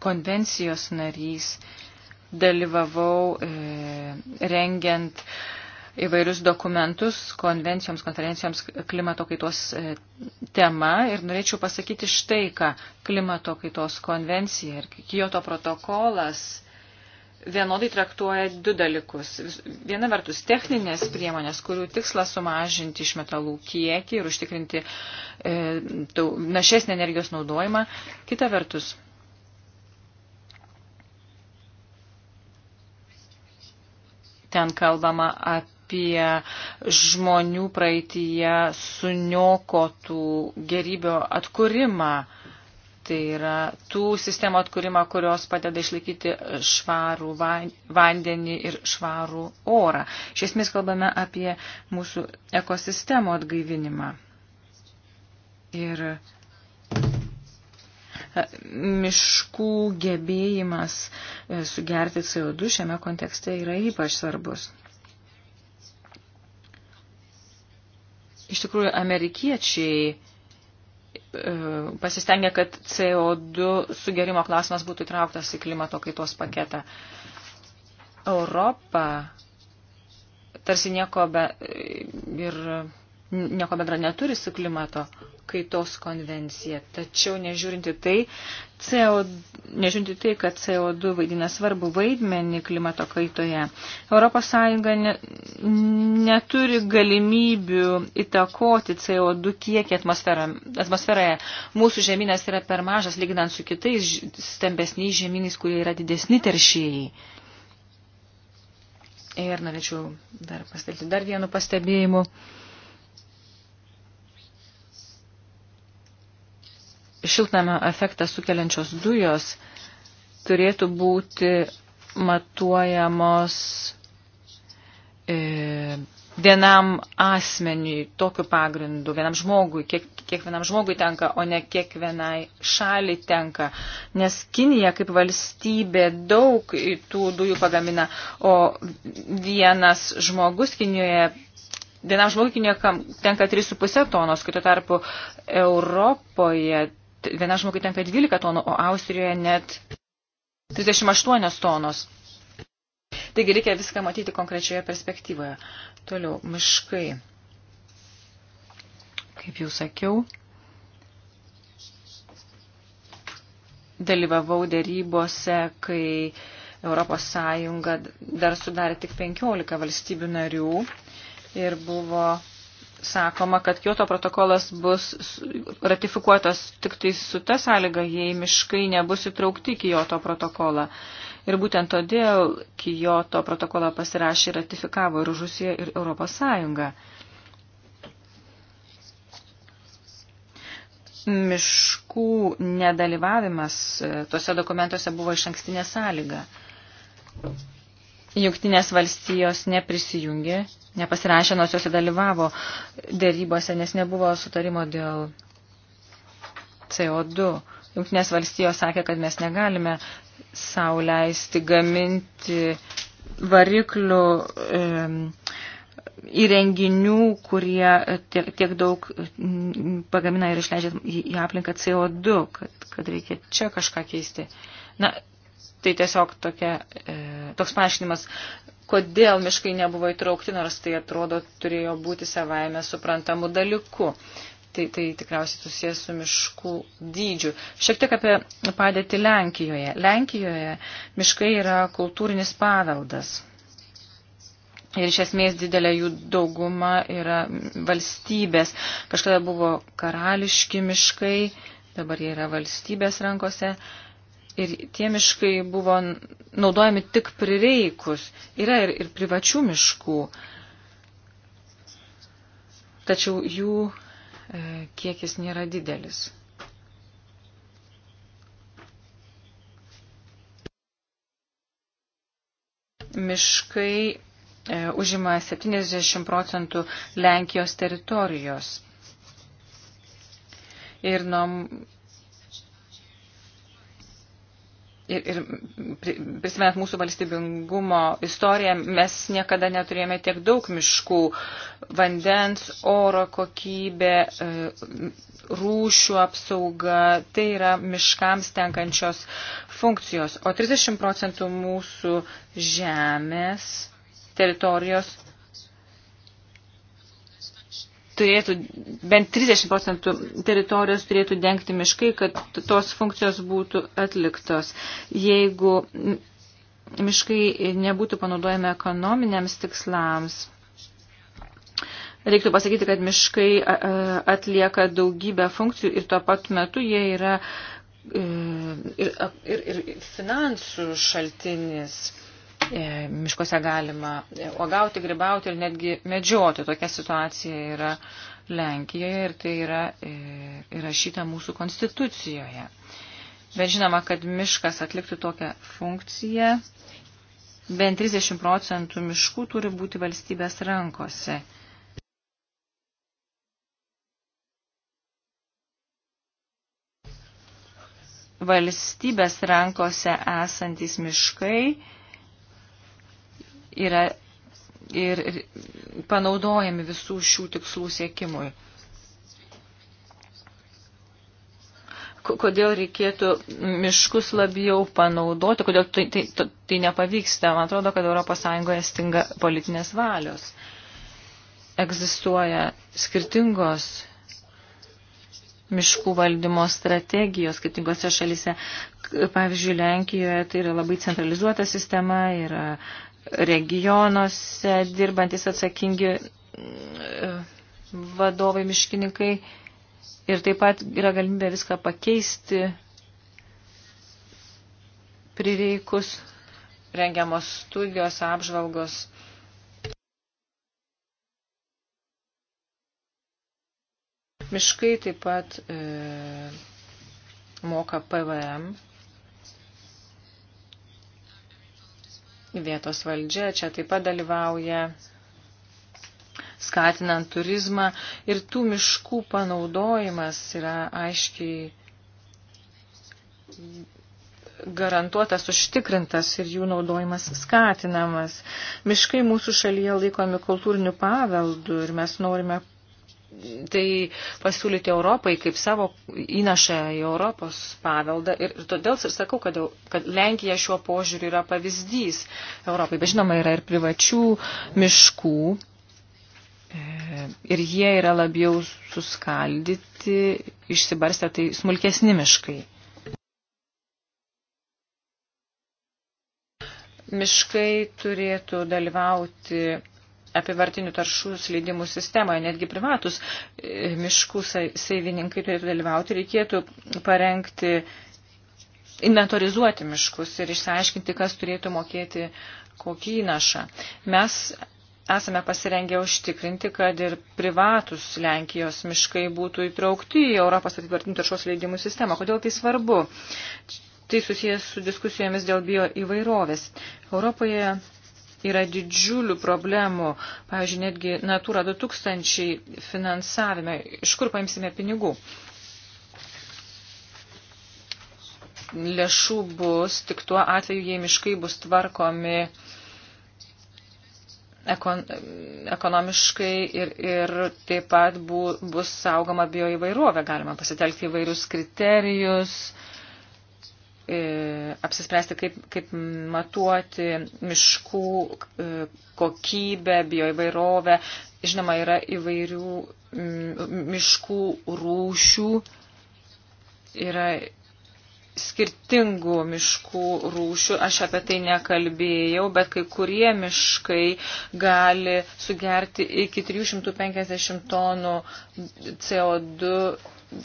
konvencijos narys, dalyvavau e, rengiant e, įvairius dokumentus konvencijoms, konferencijoms klimato kaitos e, tema ir norėčiau pasakyti štai, ką klimato kaitos konvencija ir Kyoto protokolas vienodai traktuoja du dalykus. Viena vertus techninės priemonės, kurių tikslas sumažinti iš metalų kiekį ir užtikrinti e, tau, našesnį energijos naudojimą. Kita vertus ten kalbama apie apie žmonių praeitįje suniokotų gerybių atkūrimą. Tai yra tų sistemų atkūrimą, kurios padeda išlaikyti švarų vandenį ir švarų orą. Iš esmės kalbame apie mūsų ekosistemų atgaivinimą. Ir e, miškų gebėjimas e, sugerti CO2 šiame kontekste yra ypač svarbus. Iš tikrųjų, amerikiečiai e, pasistengia, kad CO2 sugerimo klausimas būtų įtrauktas į klimato kaitos paketą. Europa tarsi nieko be, ir nieko bendra neturi su klimato kaitos konvencija. Tačiau nežiūrinti tai, CO, nežiūrinti tai, kad CO2 vaidina svarbu vaidmenį klimato kaitoje, ES ne, neturi galimybių įtakoti CO2 kiekį atmosferoje. Mūsų žemynas yra per mažas, lyginant su kitais stambesniais žemynais, kurie yra didesni teršėjai. Ir norėčiau dar pastelti dar vienu pastebėjimu. šiltnamio efektą sukeliančios dujos turėtų būti matuojamos e, vienam asmeniui tokiu pagrindu, vienam žmogui, kiek, kiekvienam žmogui tenka, o ne kiekvienai šaliai tenka. Nes Kinija kaip valstybė daug tų dujų pagamina, o vienas žmogus Kinijoje vienam žmogui tenka 3,5 tonos, kai tuo tarpu Europoje viena žmogui tenka 12 tonų, o Austrijoje net 38 tonos. Taigi reikia viską matyti konkrečioje perspektyvoje. Toliau, miškai. Kaip jau sakiau, dalyvavau dėrybose, kai Europos Sąjunga dar sudarė tik 15 valstybių narių ir buvo sakoma, kad Kyoto protokolas bus ratifikuotas tik tai su ta sąlyga, jei miškai nebus įtraukti į Kyoto protokolą. Ir būtent todėl Kyoto protokolą pasirašė ratifikavo ir Rusija, ir Europos Sąjunga. Miškų nedalyvavimas e, tuose dokumentuose buvo iš ankstinė sąlyga. Jungtinės valstijos neprisijungė nepasirašė, nors jos dalyvavo dėrybose, nes nebuvo sutarimo dėl CO2. Junktinės valstijos sakė, kad mes negalime sau leisti gaminti variklių e, įrenginių, kurie tiek, tiek daug pagamina ir išleidžia į aplinką CO2, kad, kad reikia čia kažką keisti. Na, tai tiesiog tokia, e, toks paaiškinimas, kodėl miškai nebuvo įtraukti, nors tai atrodo turėjo būti savaime suprantamų dalykų. Tai, tai tikriausiai susijęs su miškų dydžiu. Šiek tiek apie padėtį Lenkijoje. Lenkijoje miškai yra kultūrinis paveldas. Ir iš esmės didelė jų dauguma yra valstybės. Kažkada buvo karališki miškai, dabar jie yra valstybės rankose. Uh, ir tie miškai buvo naudojami tik prireikus. Yra ir, ir privačių miškų, tačiau jų e, kiekis nėra didelis. Miškai e, užima 70 procentų Lenkijos teritorijos. Ir nuo Ir, ir prisimenant mūsų valstybingumo istoriją, mes niekada neturėjome tiek daug miškų, vandens, oro kokybė, e, rūšių apsauga, tai yra miškams tenkančios funkcijos. O 30 procentų mūsų žemės teritorijos turėtų bent 30 procentų teritorijos turėtų dengti miškai, kad tos funkcijos būtų atliktos. Jeigu miškai nebūtų panaudojami ekonominiams tikslams, reiktų pasakyti, kad miškai atlieka daugybę funkcijų ir tuo pat metu jie yra e, ir, ir, ir finansų šaltinis. E, miškuose galima uogauti, gribauti ir netgi medžioti. Tokia situacija yra Lenkijoje ir tai yra e, įrašyta mūsų konstitucijoje. Bet žinoma, kad miškas atliktų tokią funkciją, bent 30 procentų miškų turi būti valstybės rankose. Valstybės rankose esantis miškai yra ir, ir panaudojami visų šių tikslų siekimui. Kodėl reikėtų miškus labiau panaudoti, kodėl tai, tai, tai nepavyksta. Man atrodo, kad ES stinga politinės valios. Egzistuoja skirtingos miškų valdymo strategijos skirtingose šalise. Pavyzdžiui, Lenkijoje tai yra labai centralizuota sistema, yra regionuose dirbantis atsakingi mm, vadovai miškininkai ir taip pat yra galimybė viską pakeisti prireikus rengiamos studijos, apžvalgos. Miškai taip pat e, moka PVM Vietos valdžia čia taip pat dalyvauja skatinant turizmą ir tų miškų panaudojimas yra aiškiai garantuotas, užtikrintas ir jų naudojimas skatinamas. Miškai mūsų šalyje laikomi kultūriniu paveldu ir mes norime tai pasiūlyti Europai kaip savo įnašą į Europos paveldą. Ir todėl ir sakau, kad, kad Lenkija šiuo požiūriu yra pavyzdys Europai. Bet žinoma, yra ir privačių miškų. E, ir jie yra labiau suskaldyti, išsibarstę tai smulkesni miškai. Miškai turėtų dalyvauti apivartinių taršų slydimų sistemoje. Netgi privatus e, miškų saivininkai turėtų dalyvauti. Reikėtų parengti, inventorizuoti miškus ir išsiaiškinti, kas turėtų mokėti kokį įnašą. Mes esame pasirengę užtikrinti, kad ir privatus Lenkijos miškai būtų įtraukti į Europos apivartinių taršos leidimų sistemą. Kodėl tai svarbu? Tai susijęs su diskusijomis dėl bio įvairovės. Europoje yra didžiulių problemų, pavyzdžiui, netgi Natura 2000 finansavime, iš kur paimsime pinigų. Lėšų bus tik tuo atveju, jei miškai bus tvarkomi ekon, ekonomiškai ir, ir taip pat bu, bus saugoma bioįvairovė, galima pasitelkti įvairius kriterijus, uh, E, apsispręsti, kaip, kaip matuoti miškų e, kokybę, bioįvairovę. Žinoma, yra įvairių miškų rūšių, yra skirtingų miškų rūšių. Aš apie tai nekalbėjau, bet kai kurie miškai gali sugerti iki 350 tonų CO2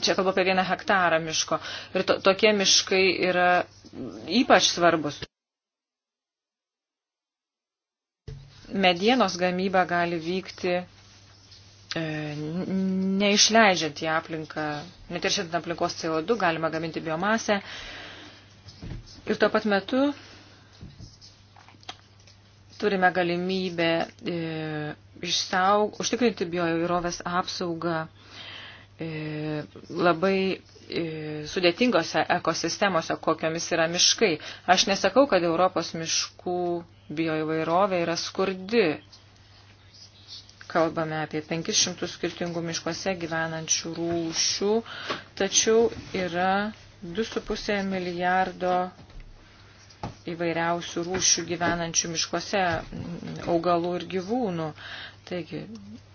čia kalbu apie vieną hektarą miško. Ir to, tokie miškai yra ypač svarbus. Medienos gamyba gali vykti e, neišleidžiant į aplinką, netiršiant aplinkos CO2, galima gaminti biomasę. Ir tuo pat metu turime galimybę e, išsaug, užtikrinti bioįrovės apsaugą e, E, labai e, sudėtingose ekosistemose, kokiomis yra miškai. Aš nesakau, kad Europos miškų bioįvairovė yra skurdi. Kalbame apie 500 skirtingų miškuose gyvenančių rūšių, tačiau yra 2,5 milijardo įvairiausių rūšių gyvenančių miškuose augalų ir gyvūnų. Taigi,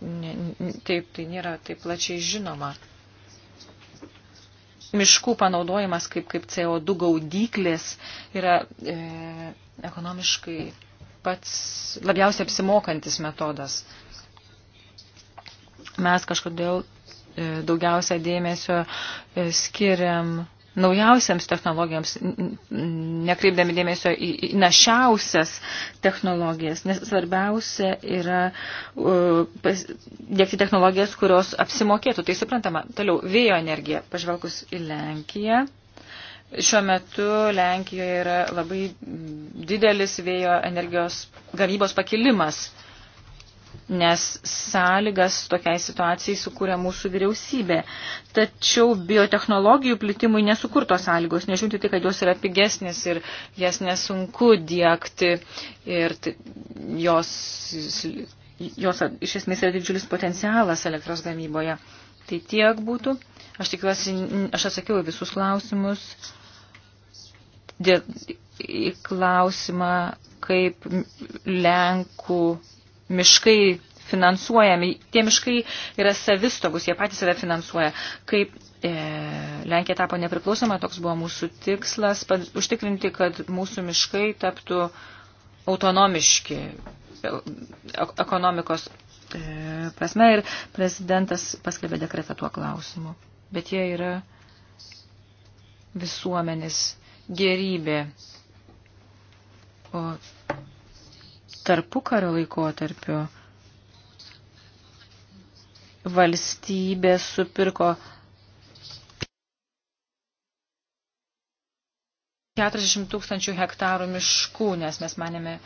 ne, taip, tai nėra taip plačiai žinoma. Miškų panaudojimas kaip, kaip CO2 gaudyklės yra e, ekonomiškai pats labiausiai apsimokantis metodas. Mes kažkodėl e, daugiausia dėmesio e, skiriam naujausiams technologijams, nekreipdami dėmesio į, į našiausias technologijas, nes svarbiausia yra uh, dėkti technologijas, kurios apsimokėtų. Tai suprantama, toliau vėjo energija, pažvelgus į Lenkiją. Šiuo metu Lenkijoje yra labai didelis vėjo energijos gamybos pakilimas nes sąlygas tokiai situacijai sukūrė mūsų vyriausybė. Tačiau biotehnologijų plitimui nesukurtos sąlygos, nežiūrinti tai, kad jos yra pigesnės ir jas nesunku diegti ir jos, jos iš esmės yra didžiulis potencialas elektros gamyboje. Tai tiek būtų. Aš tikiuosi, aš atsakiau visus klausimus. Dėl, į klausimą, kaip Lenkų miškai finansuojami, tie miškai yra savistogus, jie patys save finansuoja. Kaip e, Lenkija tapo nepriklausoma, toks buvo mūsų tikslas, pa, užtikrinti, kad mūsų miškai taptų autonomiški e, ekonomikos e, prasme ir prezidentas paskelbė dekretą tuo klausimu. Bet jie yra visuomenės gerybė. O tarpukario laikotarpiu valstybė supirko 40 tūkstančių hektarų miškų, nes mes manėme,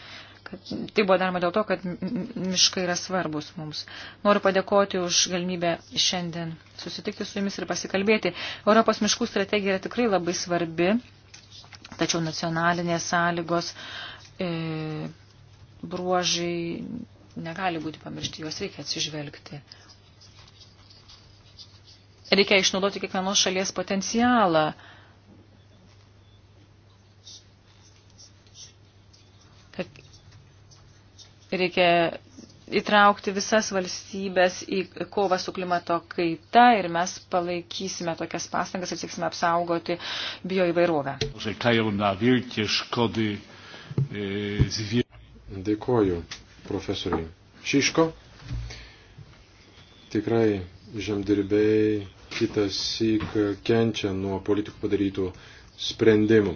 kad tai buvo daroma dėl to, kad miškai yra svarbus mums. Noriu padėkoti už galimybę šiandien susitikti su jumis ir pasikalbėti. Europos miškų strategija yra tikrai labai svarbi, tačiau nacionalinės sąlygos e, bruožai negali būti pamiršti, juos reikia atsižvelgti. Reikia išnaudoti kiekvienos šalies potencialą. Reikia įtraukti visas valstybės į kovą su klimato kaita ir mes palaikysime tokias pastangas ir sieksime apsaugoti bioįvairovę. Dėkoju profesoriai Šiško. Tikrai žemdirbiai kitas syk kenčia nuo politikų padarytų sprendimų.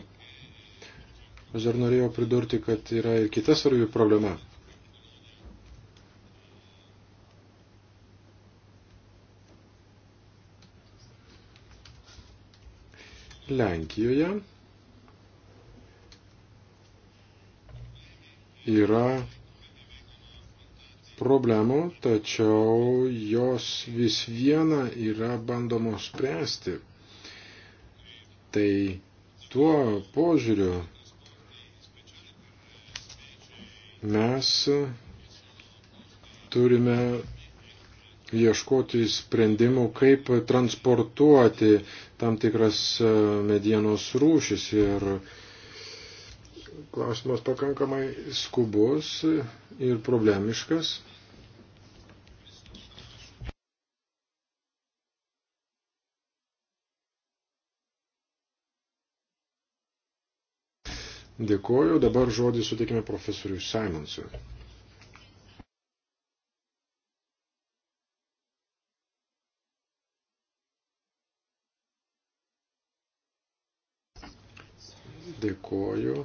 Aš dar norėjau pridurti, kad yra ir kita svarbi problema. Lenkijoje yra problemų, tačiau jos vis viena yra bandomos spręsti. Tai tuo požiūriu mes turime ieškoti sprendimų, kaip transportuoti tam tikras medienos rūšis ir uh, klausimas pakankamai skubus ir problemiškas. Dėkuoju, dabar žodį sutikime profesoriui Simonsui. Dėkuoju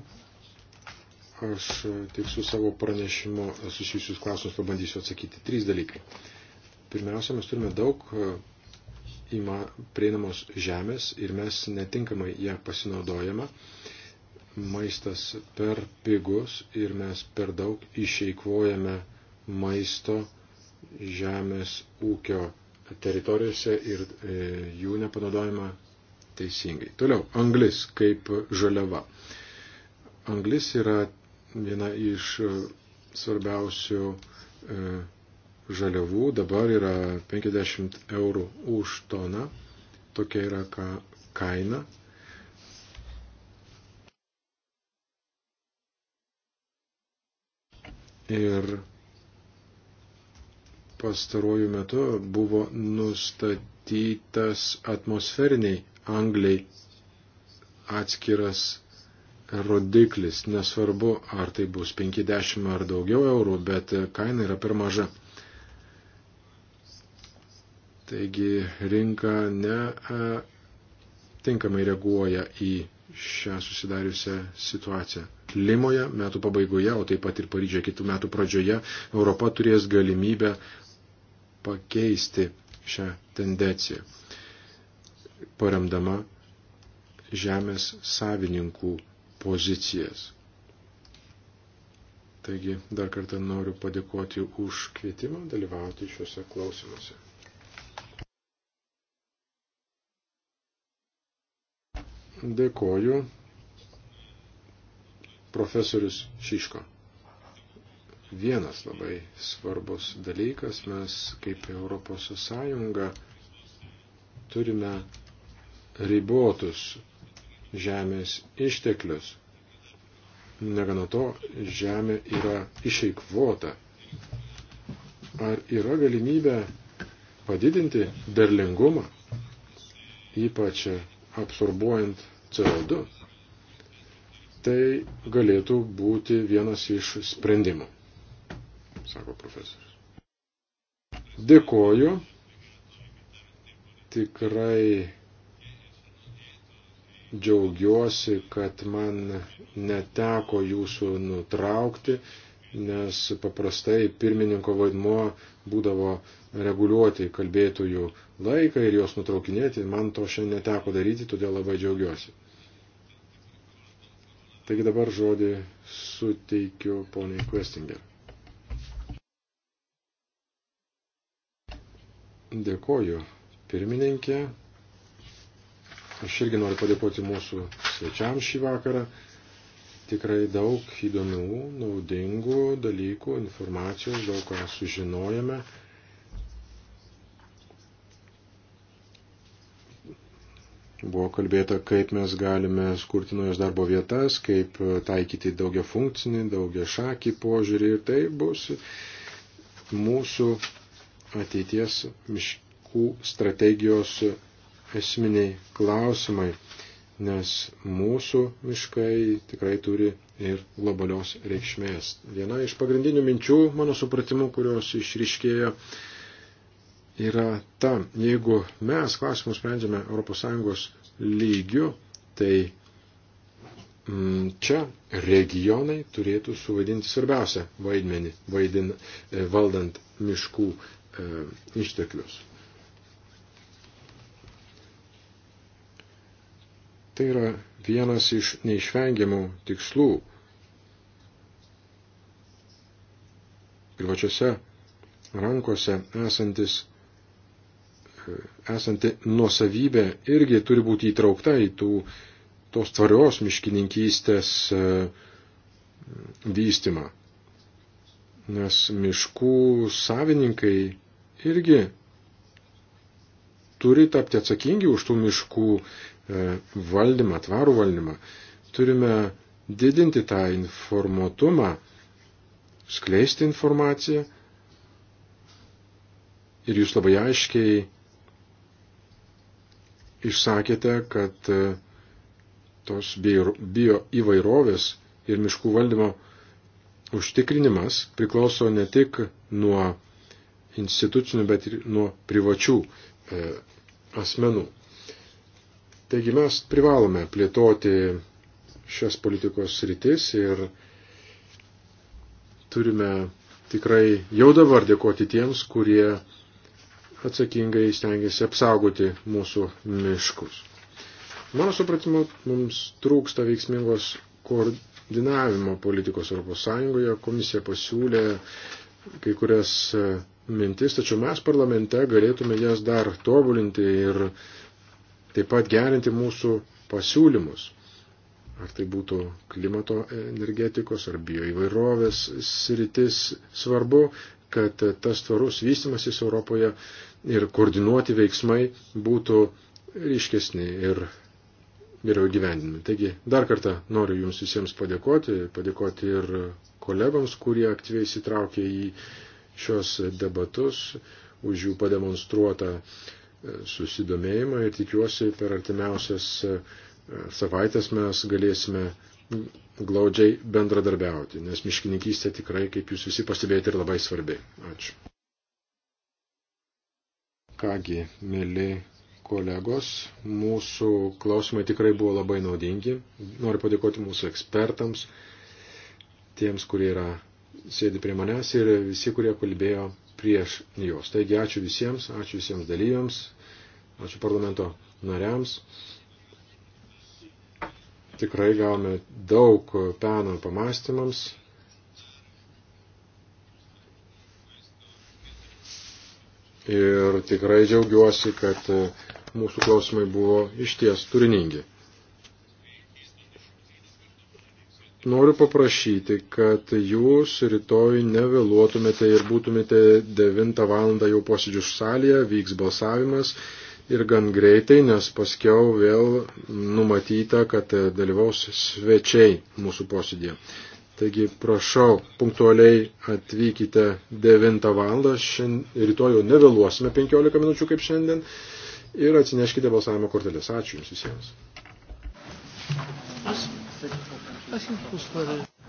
aš e, tik su savo pranešimu susijusius klausimus pabandysiu atsakyti. Trys dalykai. Pirmiausia, mes turime daug e, ima prieinamos žemės ir mes netinkamai ją pasinaudojame. Maistas per pigus ir mes per daug išeikvojame maisto žemės ūkio teritorijose ir e, jų nepanaudojama teisingai. Toliau, anglis kaip žaliava. Anglis yra viena iš e, svarbiausių e, žaliavų dabar yra 50 eurų už toną. Tokia yra ka, kaina. Ir pastaruoju metu buvo nustatytas atmosferiniai angliai atskiras rodiklis, nesvarbu, ar tai bus 50 ar daugiau eurų, bet kaina yra per maža. Taigi rinka ne e, tinkamai reaguoja į šią susidariusią situaciją. Limoje metų pabaigoje, o taip pat ir Paryžioje kitų metų pradžioje, Europa turės galimybę pakeisti šią tendenciją, paremdama žemės savininkų pozicijas. Taigi dar kartą noriu padėkoti už kvietimą dalyvauti šiuose klausimuose. Dėkoju profesorius Šiško. Vienas labai svarbus dalykas, mes kaip Europos Sąjunga turime ribotus žemės išteklius. Negana to, žemė yra išeikvota. Ar yra galimybė padidinti derlingumą, ypač absorbuojant CO2? Tai galėtų būti vienas iš sprendimų, sako profesorius. Dėkoju. Tikrai džiaugiuosi, kad man neteko jūsų nutraukti, nes paprastai pirmininko vaidmuo būdavo reguliuoti kalbėtojų laiką ir juos nutraukinėti. Man to šiandien neteko daryti, todėl labai džiaugiuosi. Taigi dabar žodį suteikiu poniai Questinger. Dėkoju pirmininkė, Aš irgi noriu padėkoti mūsų svečiams šį vakarą. Tikrai daug įdomių, naudingų dalykų, informacijos, daug ką sužinojame. Buvo kalbėta, kaip mes galime skurti naujas darbo vietas, kaip taikyti daugia funkcinį, daugia šakį požiūrį ir tai bus mūsų ateities miškų strategijos esminiai klausimai, nes mūsų miškai tikrai turi ir globalios reikšmės. Viena iš pagrindinių minčių, mano supratimu, kurios išriškėjo, yra ta, jeigu mes klausimus sprendžiame ES lygiu, tai mm, čia regionai turėtų suvaidinti svarbiausią vaidmenį, vaidin, e, valdant miškų e, išteklius. Tai yra vienas iš neišvengiamų tikslų privačiose rankose esantis, esanti nuosavybė irgi turi būti įtraukta į tų, tos tvarios miškininkystės vystimą. Nes miškų savininkai irgi turi tapti atsakingi už tų miškų E, valdymą, tvarų valdymą, turime didinti tą informuotumą, skleisti informaciją ir jūs labai aiškiai išsakėte, kad e, tos bio įvairovės ir miškų valdymo užtikrinimas priklauso ne tik nuo institucinių, bet ir nuo privačių e, asmenų. Taigi mes privalome plėtoti šias politikos sritis ir turime tikrai jau dabar dėkoti tiems, kurie atsakingai stengiasi apsaugoti mūsų miškus. Mano supratimu, mums trūksta veiksmingos koordinavimo politikos ES. Komisija pasiūlė kai kurias mintis, tačiau mes parlamente galėtume jas dar tobulinti ir taip pat gerinti mūsų pasiūlymus. Ar tai būtų klimato energetikos ar bioįvairovės sritis, svarbu, kad tas tvarus vystimasis Europoje ir koordinuoti veiksmai būtų ryškesni ir geriau gyvendinami. Taigi dar kartą noriu Jums visiems padėkoti, padėkoti ir kolegoms, kurie aktyviai įsitraukė į šios debatus, už jų pademonstruotą uh, susidomėjimą ir tikiuosi per artimiausias e, savaitės mes galėsime glaudžiai bendradarbiauti, nes miškininkystė tikrai, kaip jūs visi pastebėjote, ir labai svarbi. Ačiū. Kągi, mėly kolegos, mūsų klausimai tikrai buvo labai naudingi. Noriu padėkoti mūsų ekspertams, tiems, kurie yra sėdi prie manęs ir visi, kurie kalbėjo prieš juos. Taigi ačiū visiems, ačiū visiems dalyviams, ačiū parlamento nariams. Tikrai gavome daug peno pamastymams. Ir tikrai džiaugiuosi, kad mūsų klausimai buvo išties turiningi. Noriu paprašyti, kad jūs rytoj nevėluotumėte ir būtumėte 9 val. jau posėdžių salėje, vyks balsavimas ir gan greitai, nes paskiau vėl numatyta, kad dalyvaus svečiai mūsų posėdėje. Taigi prašau, punktualiai atvykite 9 val. Šiandien, rytoj jau nevėluosime 15 minučių kaip šiandien ir atsineškite balsavimo kortelės. Ačiū Jums visiems. Awesome. Thank you.